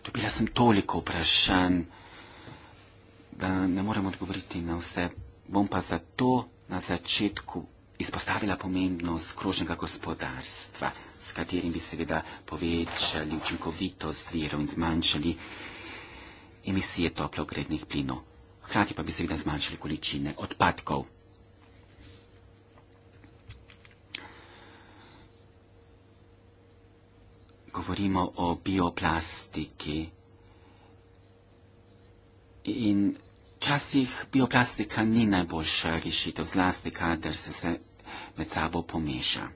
Dobila sem toliko vprašanj, da ne morem odgovoriti na vse. Bom pa zato na začetku izpostavila pomembnost krožnega gospodarstva, s katerim bi seveda povečali učinkovitost virov in zmanjšali emisije toplogrednih plinov. Hkrati pa bi seveda zmanjšali količine odpadkov. govorimo o bioplastiki. In včasih bioplastika ni najboljša rešitev, zlasti kadar se vse med sabo pomeša.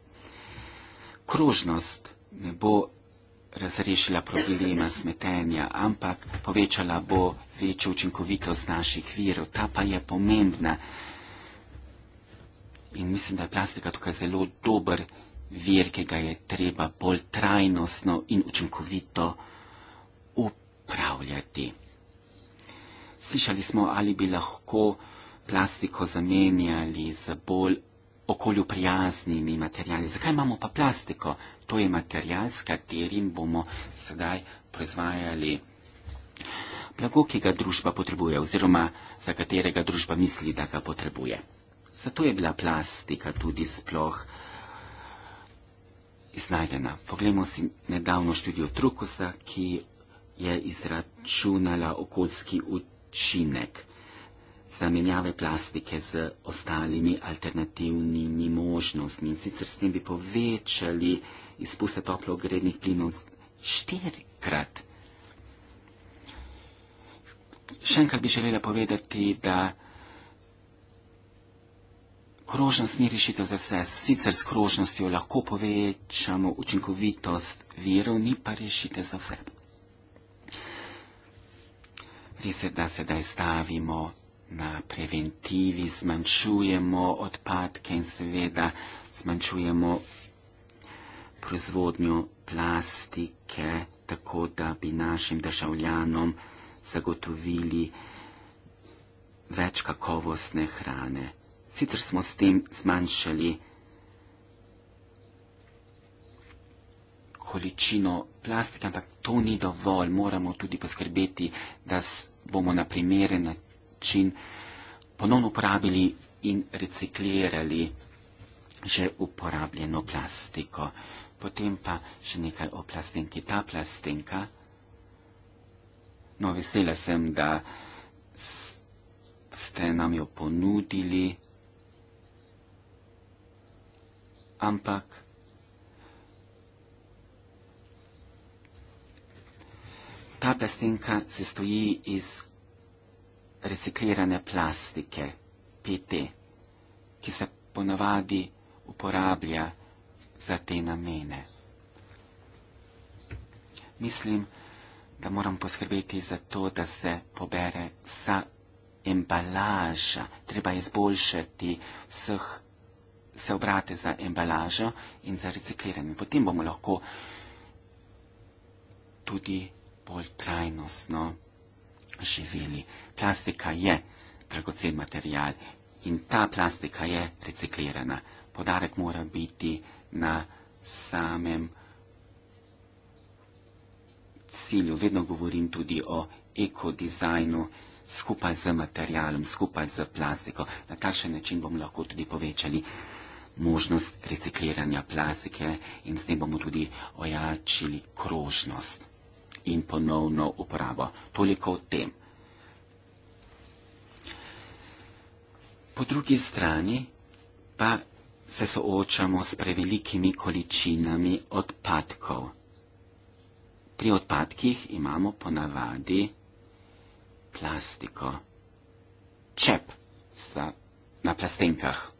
Krožnost ne bo razrešila problema smetenja, ampak povečala bo večjo učinkovitost naših virov. Ta pa je pomembna. In mislim, da je plastika tukaj zelo dober vir, ki ga je treba bolj trajnostno in učinkovito upravljati. Slišali smo, ali bi lahko plastiko zamenjali z bolj okolju prijaznimi materijali. Zakaj imamo pa plastiko? To je material, s katerim bomo sedaj proizvajali blago, ki ga družba potrebuje oziroma za katerega družba misli, da ga potrebuje. Zato je bila plastika tudi sploh uh, iznajdena. Poglejmo si nedavno študijo Trukusa, ki je izračunala okoljski učinek zamenjave plastike z ostalimi alternativnimi možnostmi. In sicer s tem bi povečali izpuste toplogrednih plinov štirikrat. Še enkrat bi želela povedati, da Krožnost ni rešitev za vse, sicer s krožnostjo lahko povečamo učinkovitost virov, ni pa rešitev za vse. Res je, da sedaj stavimo na preventivi, zmanjšujemo odpadke in seveda zmanjšujemo proizvodnjo plastike, tako da bi našim državljanom zagotovili več kakovostne hrane sicer smo s tem zmanjšali količino plastika, ampak to ni dovolj. Moramo tudi poskrbeti, da bomo na primeren način ponovno uporabili in reciklirali že uporabljeno plastiko. Potem pa še nekaj o plastenki. Ta plastenka. No, vesela sem, da ste nam jo ponudili. ampak ta plastenka se stoji iz reciklirane plastike, PT, ki se ponavadi uporablja za te namene. Mislim, da moram poskrbeti za to, da se pobere vsa embalaža. Treba izboljšati vseh se obrate za embalažo in za recikliranje. Potem bomo lahko tudi bolj trajnostno živeli. Plastika je dragocen material in ta plastika je reciklirana. Podarek mora biti na samem cilju. Vedno govorim tudi o ekodizajnu skupaj z materialom, skupaj z plastiko. Na takšen način bomo lahko tudi povečali možnost recikliranja plastike in s tem bomo tudi ojačili krožnost in ponovno uporabo. Toliko o tem. Po drugi strani pa se soočamo s prevelikimi količinami odpadkov. Pri odpadkih imamo ponavadi plastiko, čep za, na plastenkah.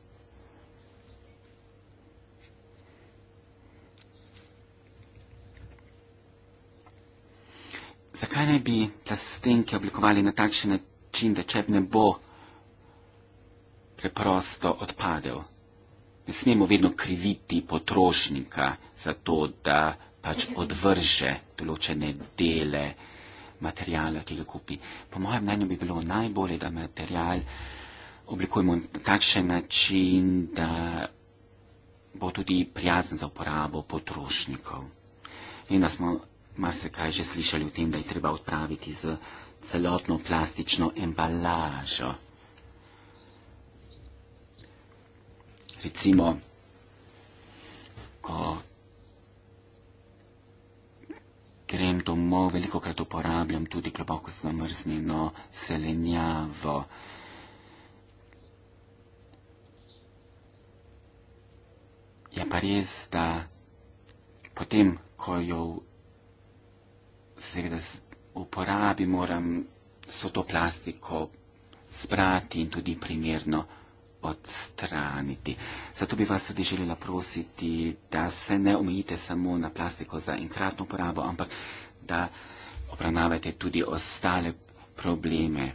Zakaj ne bi plastenke oblikovali na takšen način, da čep ne bo preprosto odpadel? Ne smemo vedno kriviti potrošnika za to, da pač odvrže določene dele materijala, ki ga kupi. Po mojem mnenju bi bilo najbolje, da materijal oblikujemo na takšen način, da bo tudi prijazen za uporabo potrošnikov. In da smo Mar se kaj že slišali o tem, da je treba odpraviti z celotno plastično embalažo? Recimo, ko grem domov, veliko krat uporabljam tudi globoko zamrznjeno selenjavo. Je pa res, da potem, ko jo seveda uporabi moram so to plastiko sprati in tudi primerno odstraniti. Zato bi vas tudi želela prositi, da se ne omejite samo na plastiko za enkratno uporabo, ampak da obravnavate tudi ostale probleme.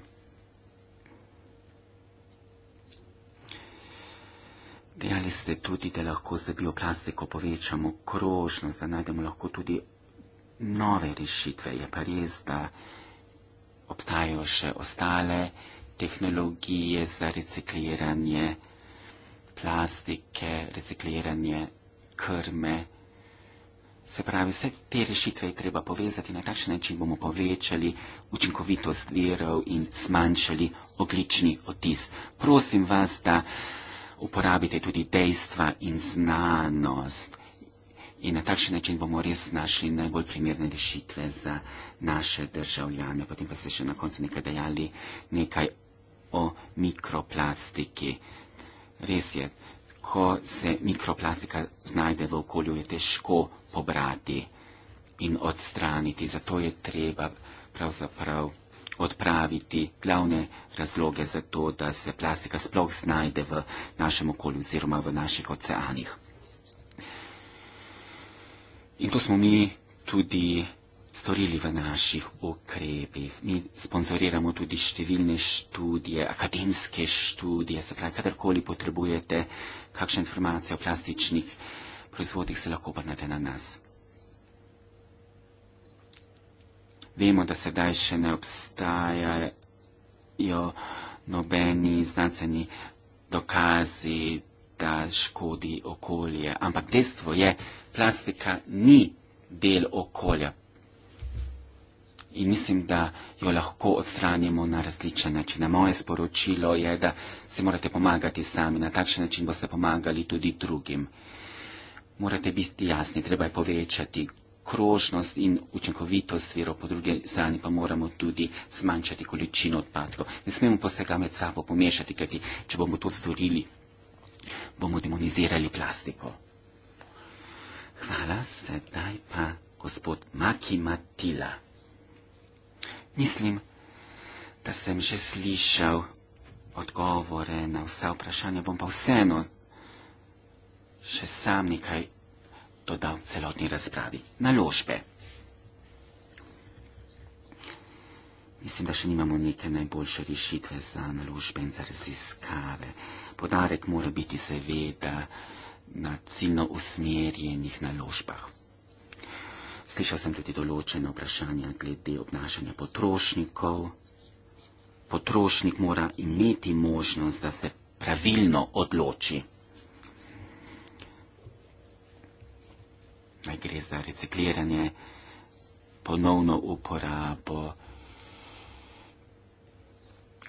Dejali ste tudi, da lahko za bioplastiko povečamo krožnost, da najdemo lahko tudi nove rešitve. Je pa res, da obstajajo še ostale tehnologije za recikliranje plastike, recikliranje krme. Se pravi, vse te rešitve je treba povezati na takšen način, bomo povečali učinkovitost virov in smanjšali oglični otis. Prosim vas, da uporabite tudi dejstva in znanost, In na takšen način bomo res našli najbolj primerne rešitve za naše državljane. Potem pa ste še na koncu nekaj dejali nekaj o mikroplastiki. Res je, ko se mikroplastika znajde v okolju, je težko pobrati in odstraniti. Zato je treba pravzaprav odpraviti glavne razloge za to, da se plastika sploh znajde v našem okolju oziroma v naših oceanih. In to smo mi tudi storili v naših ukrepih. Mi sponsoriramo tudi številne študije, akademske študije, se pravi, kadarkoli potrebujete kakšne informacije o plastičnih proizvodih, se lahko obrnete na nas. Vemo, da sedaj še ne obstajajo nobeni znanstveni dokazi, da škodi okolje, ampak dejstvo je, plastika ni del okolja. In mislim, da jo lahko odstranimo na različne načine. Moje sporočilo je, da se morate pomagati sami, na takšen način boste pomagali tudi drugim. Morate biti jasni, treba je povečati krožnost in učinkovitost virov, po drugi strani pa moramo tudi zmanjšati količino odpadkov. Ne smemo posega med sabo pomešati, kajti če bomo to storili, bomo demonizirali plastiko. Hvala, sedaj pa gospod Maki Matila. Mislim, da sem že slišal odgovore na vsa vprašanja, bom pa vseeno še sam nekaj dodal celotni razpravi. Naložbe. Mislim, da še nimamo neke najboljše rešitve za naložbe in za raziskave. Podarek mora biti seveda na ciljno usmerjenih naložbah. Slišal sem tudi določene vprašanja glede obnašanja potrošnikov. Potrošnik mora imeti možnost, da se pravilno odloči. Naj gre za recikliranje, ponovno uporabo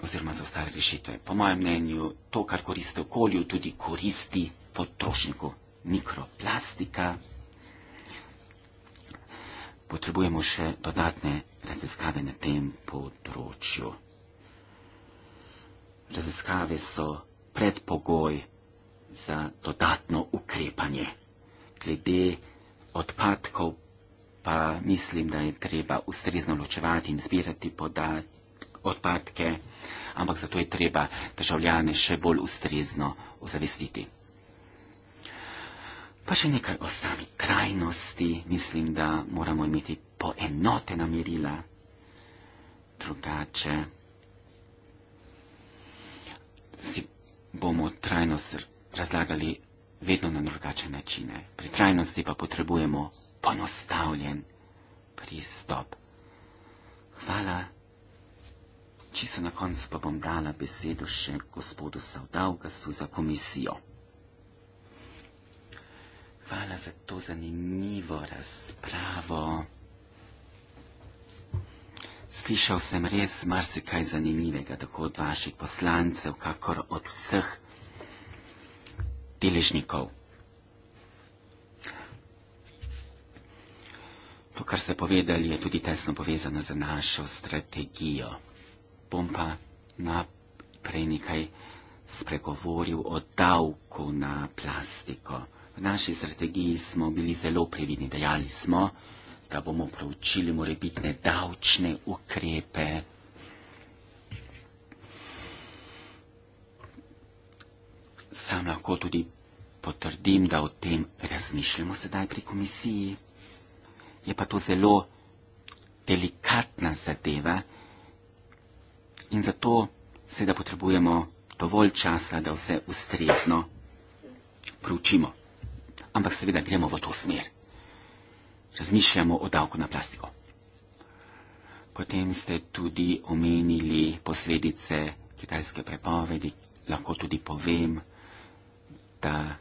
oziroma za ostale rešitve. Po mojem mnenju, to, kar koristi okolju, tudi koristi potrošniku mikroplastika. Potrebujemo še dodatne raziskave na tem področju. Raziskave so predpogoj za dodatno ukrepanje. Glede odpadkov pa mislim, da je treba ustrezno ločevati in zbirati odpadke, ampak zato je treba državljane še bolj ustrezno ozavestiti. Pa še nekaj o sami krajnosti. Mislim, da moramo imeti poenotena merila. Drugače si bomo trajnost razlagali vedno na drugačne načine. Pri trajnosti pa potrebujemo ponostavljen pristop. Hvala. Čisto na koncu pa bom dala besedo še gospodu Saudavgasu za komisijo hvala za to zanimivo razpravo. Slišal sem res marsikaj zanimivega, tako od vaših poslancev, kakor od vseh deležnikov. To, kar ste povedali, je tudi tesno povezano z našo strategijo. Bom pa naprej nekaj spregovoril o davku na plastiko naši strategiji smo bili zelo previdni. Dejali smo, da bomo proučili morebitne davčne ukrepe. Sam lahko tudi potrdim, da o tem razmišljamo sedaj pri komisiji. Je pa to zelo delikatna zadeva in zato seveda potrebujemo dovolj časa, da vse ustrezno proučimo ampak seveda gremo v to smer. Razmišljamo o davku na plastiko. Potem ste tudi omenili posledice kitajske prepovedi. Lahko tudi povem, da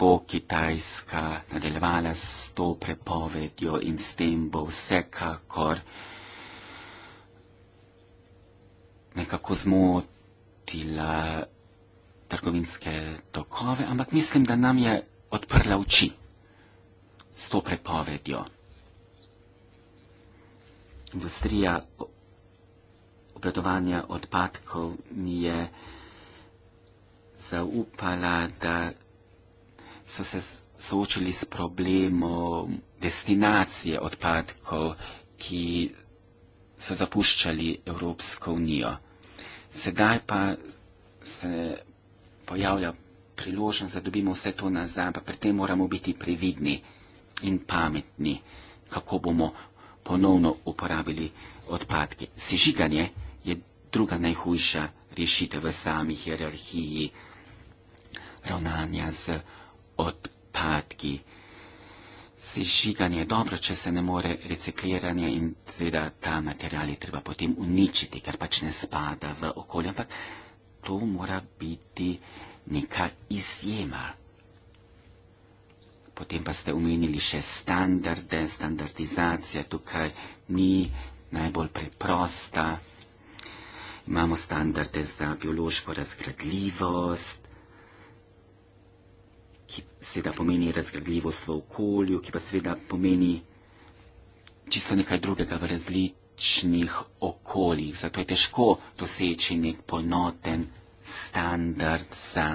bo Kitajska nadaljevala s to prepovedjo in s tem bo vsekakor nekako zmotila trgovinske tokove, ampak mislim, da nam je odprla oči s to prepovedjo. Industrija obladovanja odpadkov mi je zaupala, da so se soočili s problemom destinacije odpadkov, ki so zapuščali Evropsko unijo. Sedaj pa se pojavlja priložnost, da dobimo vse to nazaj, ampak pri tem moramo biti previdni in pametni, kako bomo ponovno uporabili odpadke. Sežiganje je druga najhujša rešitev v sami hierarhiji ravnanja z odpadki. Sežiganje je dobro, če se ne more recikliranje in seveda ta material je treba potem uničiti, ker pač ne spada v okolje, ampak to mora biti neka izjema. Potem pa ste omenili še standarde, standardizacija tukaj ni najbolj preprosta. Imamo standarde za biološko razgradljivost, ki seveda pomeni razgradljivost v okolju, ki pa seveda pomeni čisto nekaj drugega v različnosti različnih okoljih, zato je težko doseči nek ponoten standard za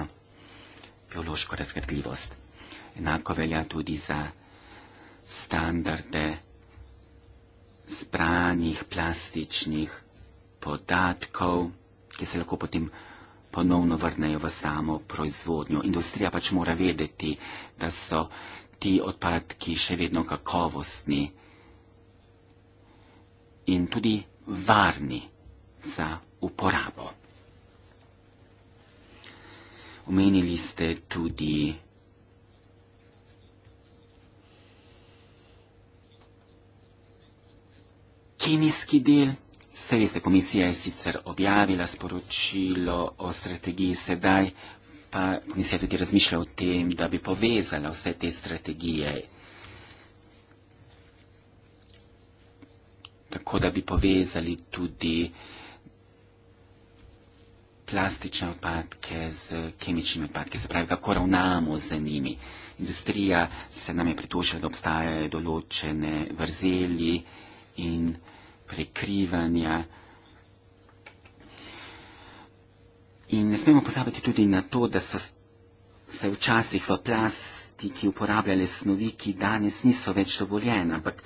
biološko razgradljivost. Enako velja tudi za standarde zbranih plastičnih podatkov, ki se lahko potem ponovno vrnejo v samo proizvodnjo. Industrija pač mora vedeti, da so ti odpadki še vedno kakovostni in tudi varni za uporabo. Omenili ste tudi kemijski del. Saj veste, komisija je sicer objavila sporočilo o strategiji sedaj, pa komisija tudi razmišlja o tem, da bi povezala vse te strategije tako da bi povezali tudi plastične odpadke z kemičnimi odpadki, se pravi, kako ravnamo z njimi. Industrija se nam je pritožila, da obstajajo določene vrzeli in prekrivanja. In ne smemo pozabiti tudi na to, da so se včasih v plastiki uporabljale snovi, ki danes niso več dovoljene, ampak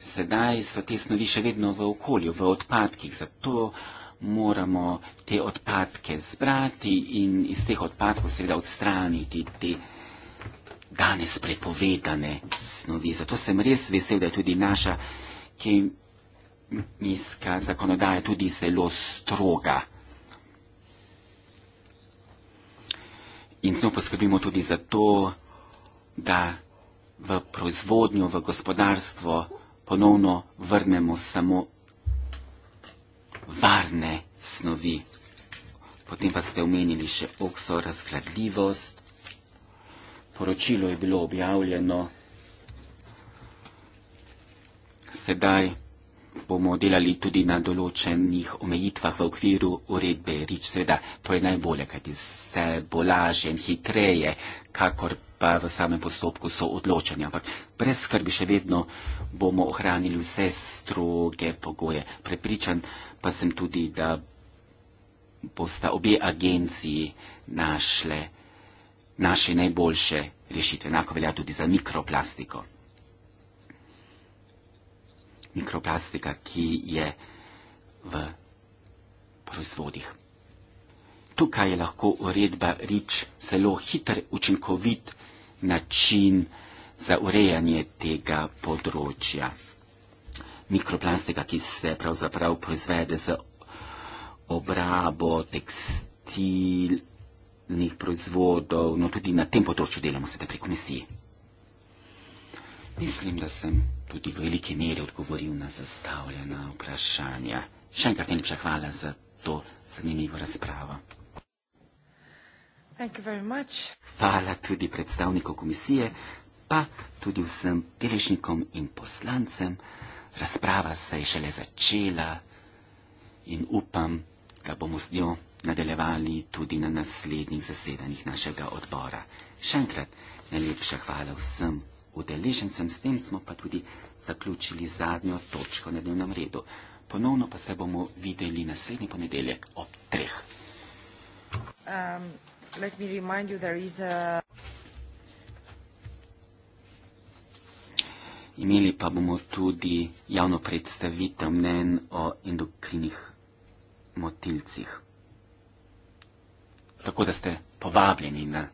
sedaj so te snovi še vedno v okolju, v odpadkih, zato moramo te odpadke zbrati in iz teh odpadkov seveda odstraniti te danes prepovedane snovi. Zato sem res vesel, da je tudi naša kemijska zakonodaja tudi zelo stroga. In z njo poskrbimo tudi za to, da v proizvodnjo, v gospodarstvo ponovno vrnemo samo varne snovi. Potem pa ste omenili še okso razgradljivost. Poročilo je bilo objavljeno. Sedaj bomo delali tudi na določenih omejitvah v okviru uredbe RIČ. Sveda, to je najbolje, kajti se bo lažje in hitreje, kakor pa v samem postopku so odločanja. Ampak brez skrbi še vedno bomo ohranili vse stroge pogoje. Prepričan pa sem tudi, da bosta obe agenciji našle naše najboljše rešitve. Enako velja tudi za mikroplastiko. Mikroplastika, ki je v proizvodih. Tukaj je lahko uredba REACH zelo hiter, učinkovit način za urejanje tega področja mikroplastika, ki se pravzaprav proizvede z obrabo tekstilnih proizvodov, no tudi na tem področju delamo se pri komisiji. Mislim, da sem tudi v veliki meri odgovoril na zastavljena vprašanja. Še enkrat najlepša hvala za to zanimivo razpravo. Hvala tudi predstavnikov komisije, pa tudi vsem deležnikom in poslancem. Razprava se je šele začela in upam, da bomo z njo nadaljevali tudi na naslednjih zasedanjih našega odbora. Še enkrat najlepša hvala vsem udeležencem, s tem smo pa tudi zaključili zadnjo točko na dnevnem redu. Ponovno pa se bomo videli naslednji ponedeljek ob treh. Um. Let me remind you, there is a... Imeli pa bomo tudi javno predstavitev mnen o endokrinih motilcih. Tako da ste povabljeni na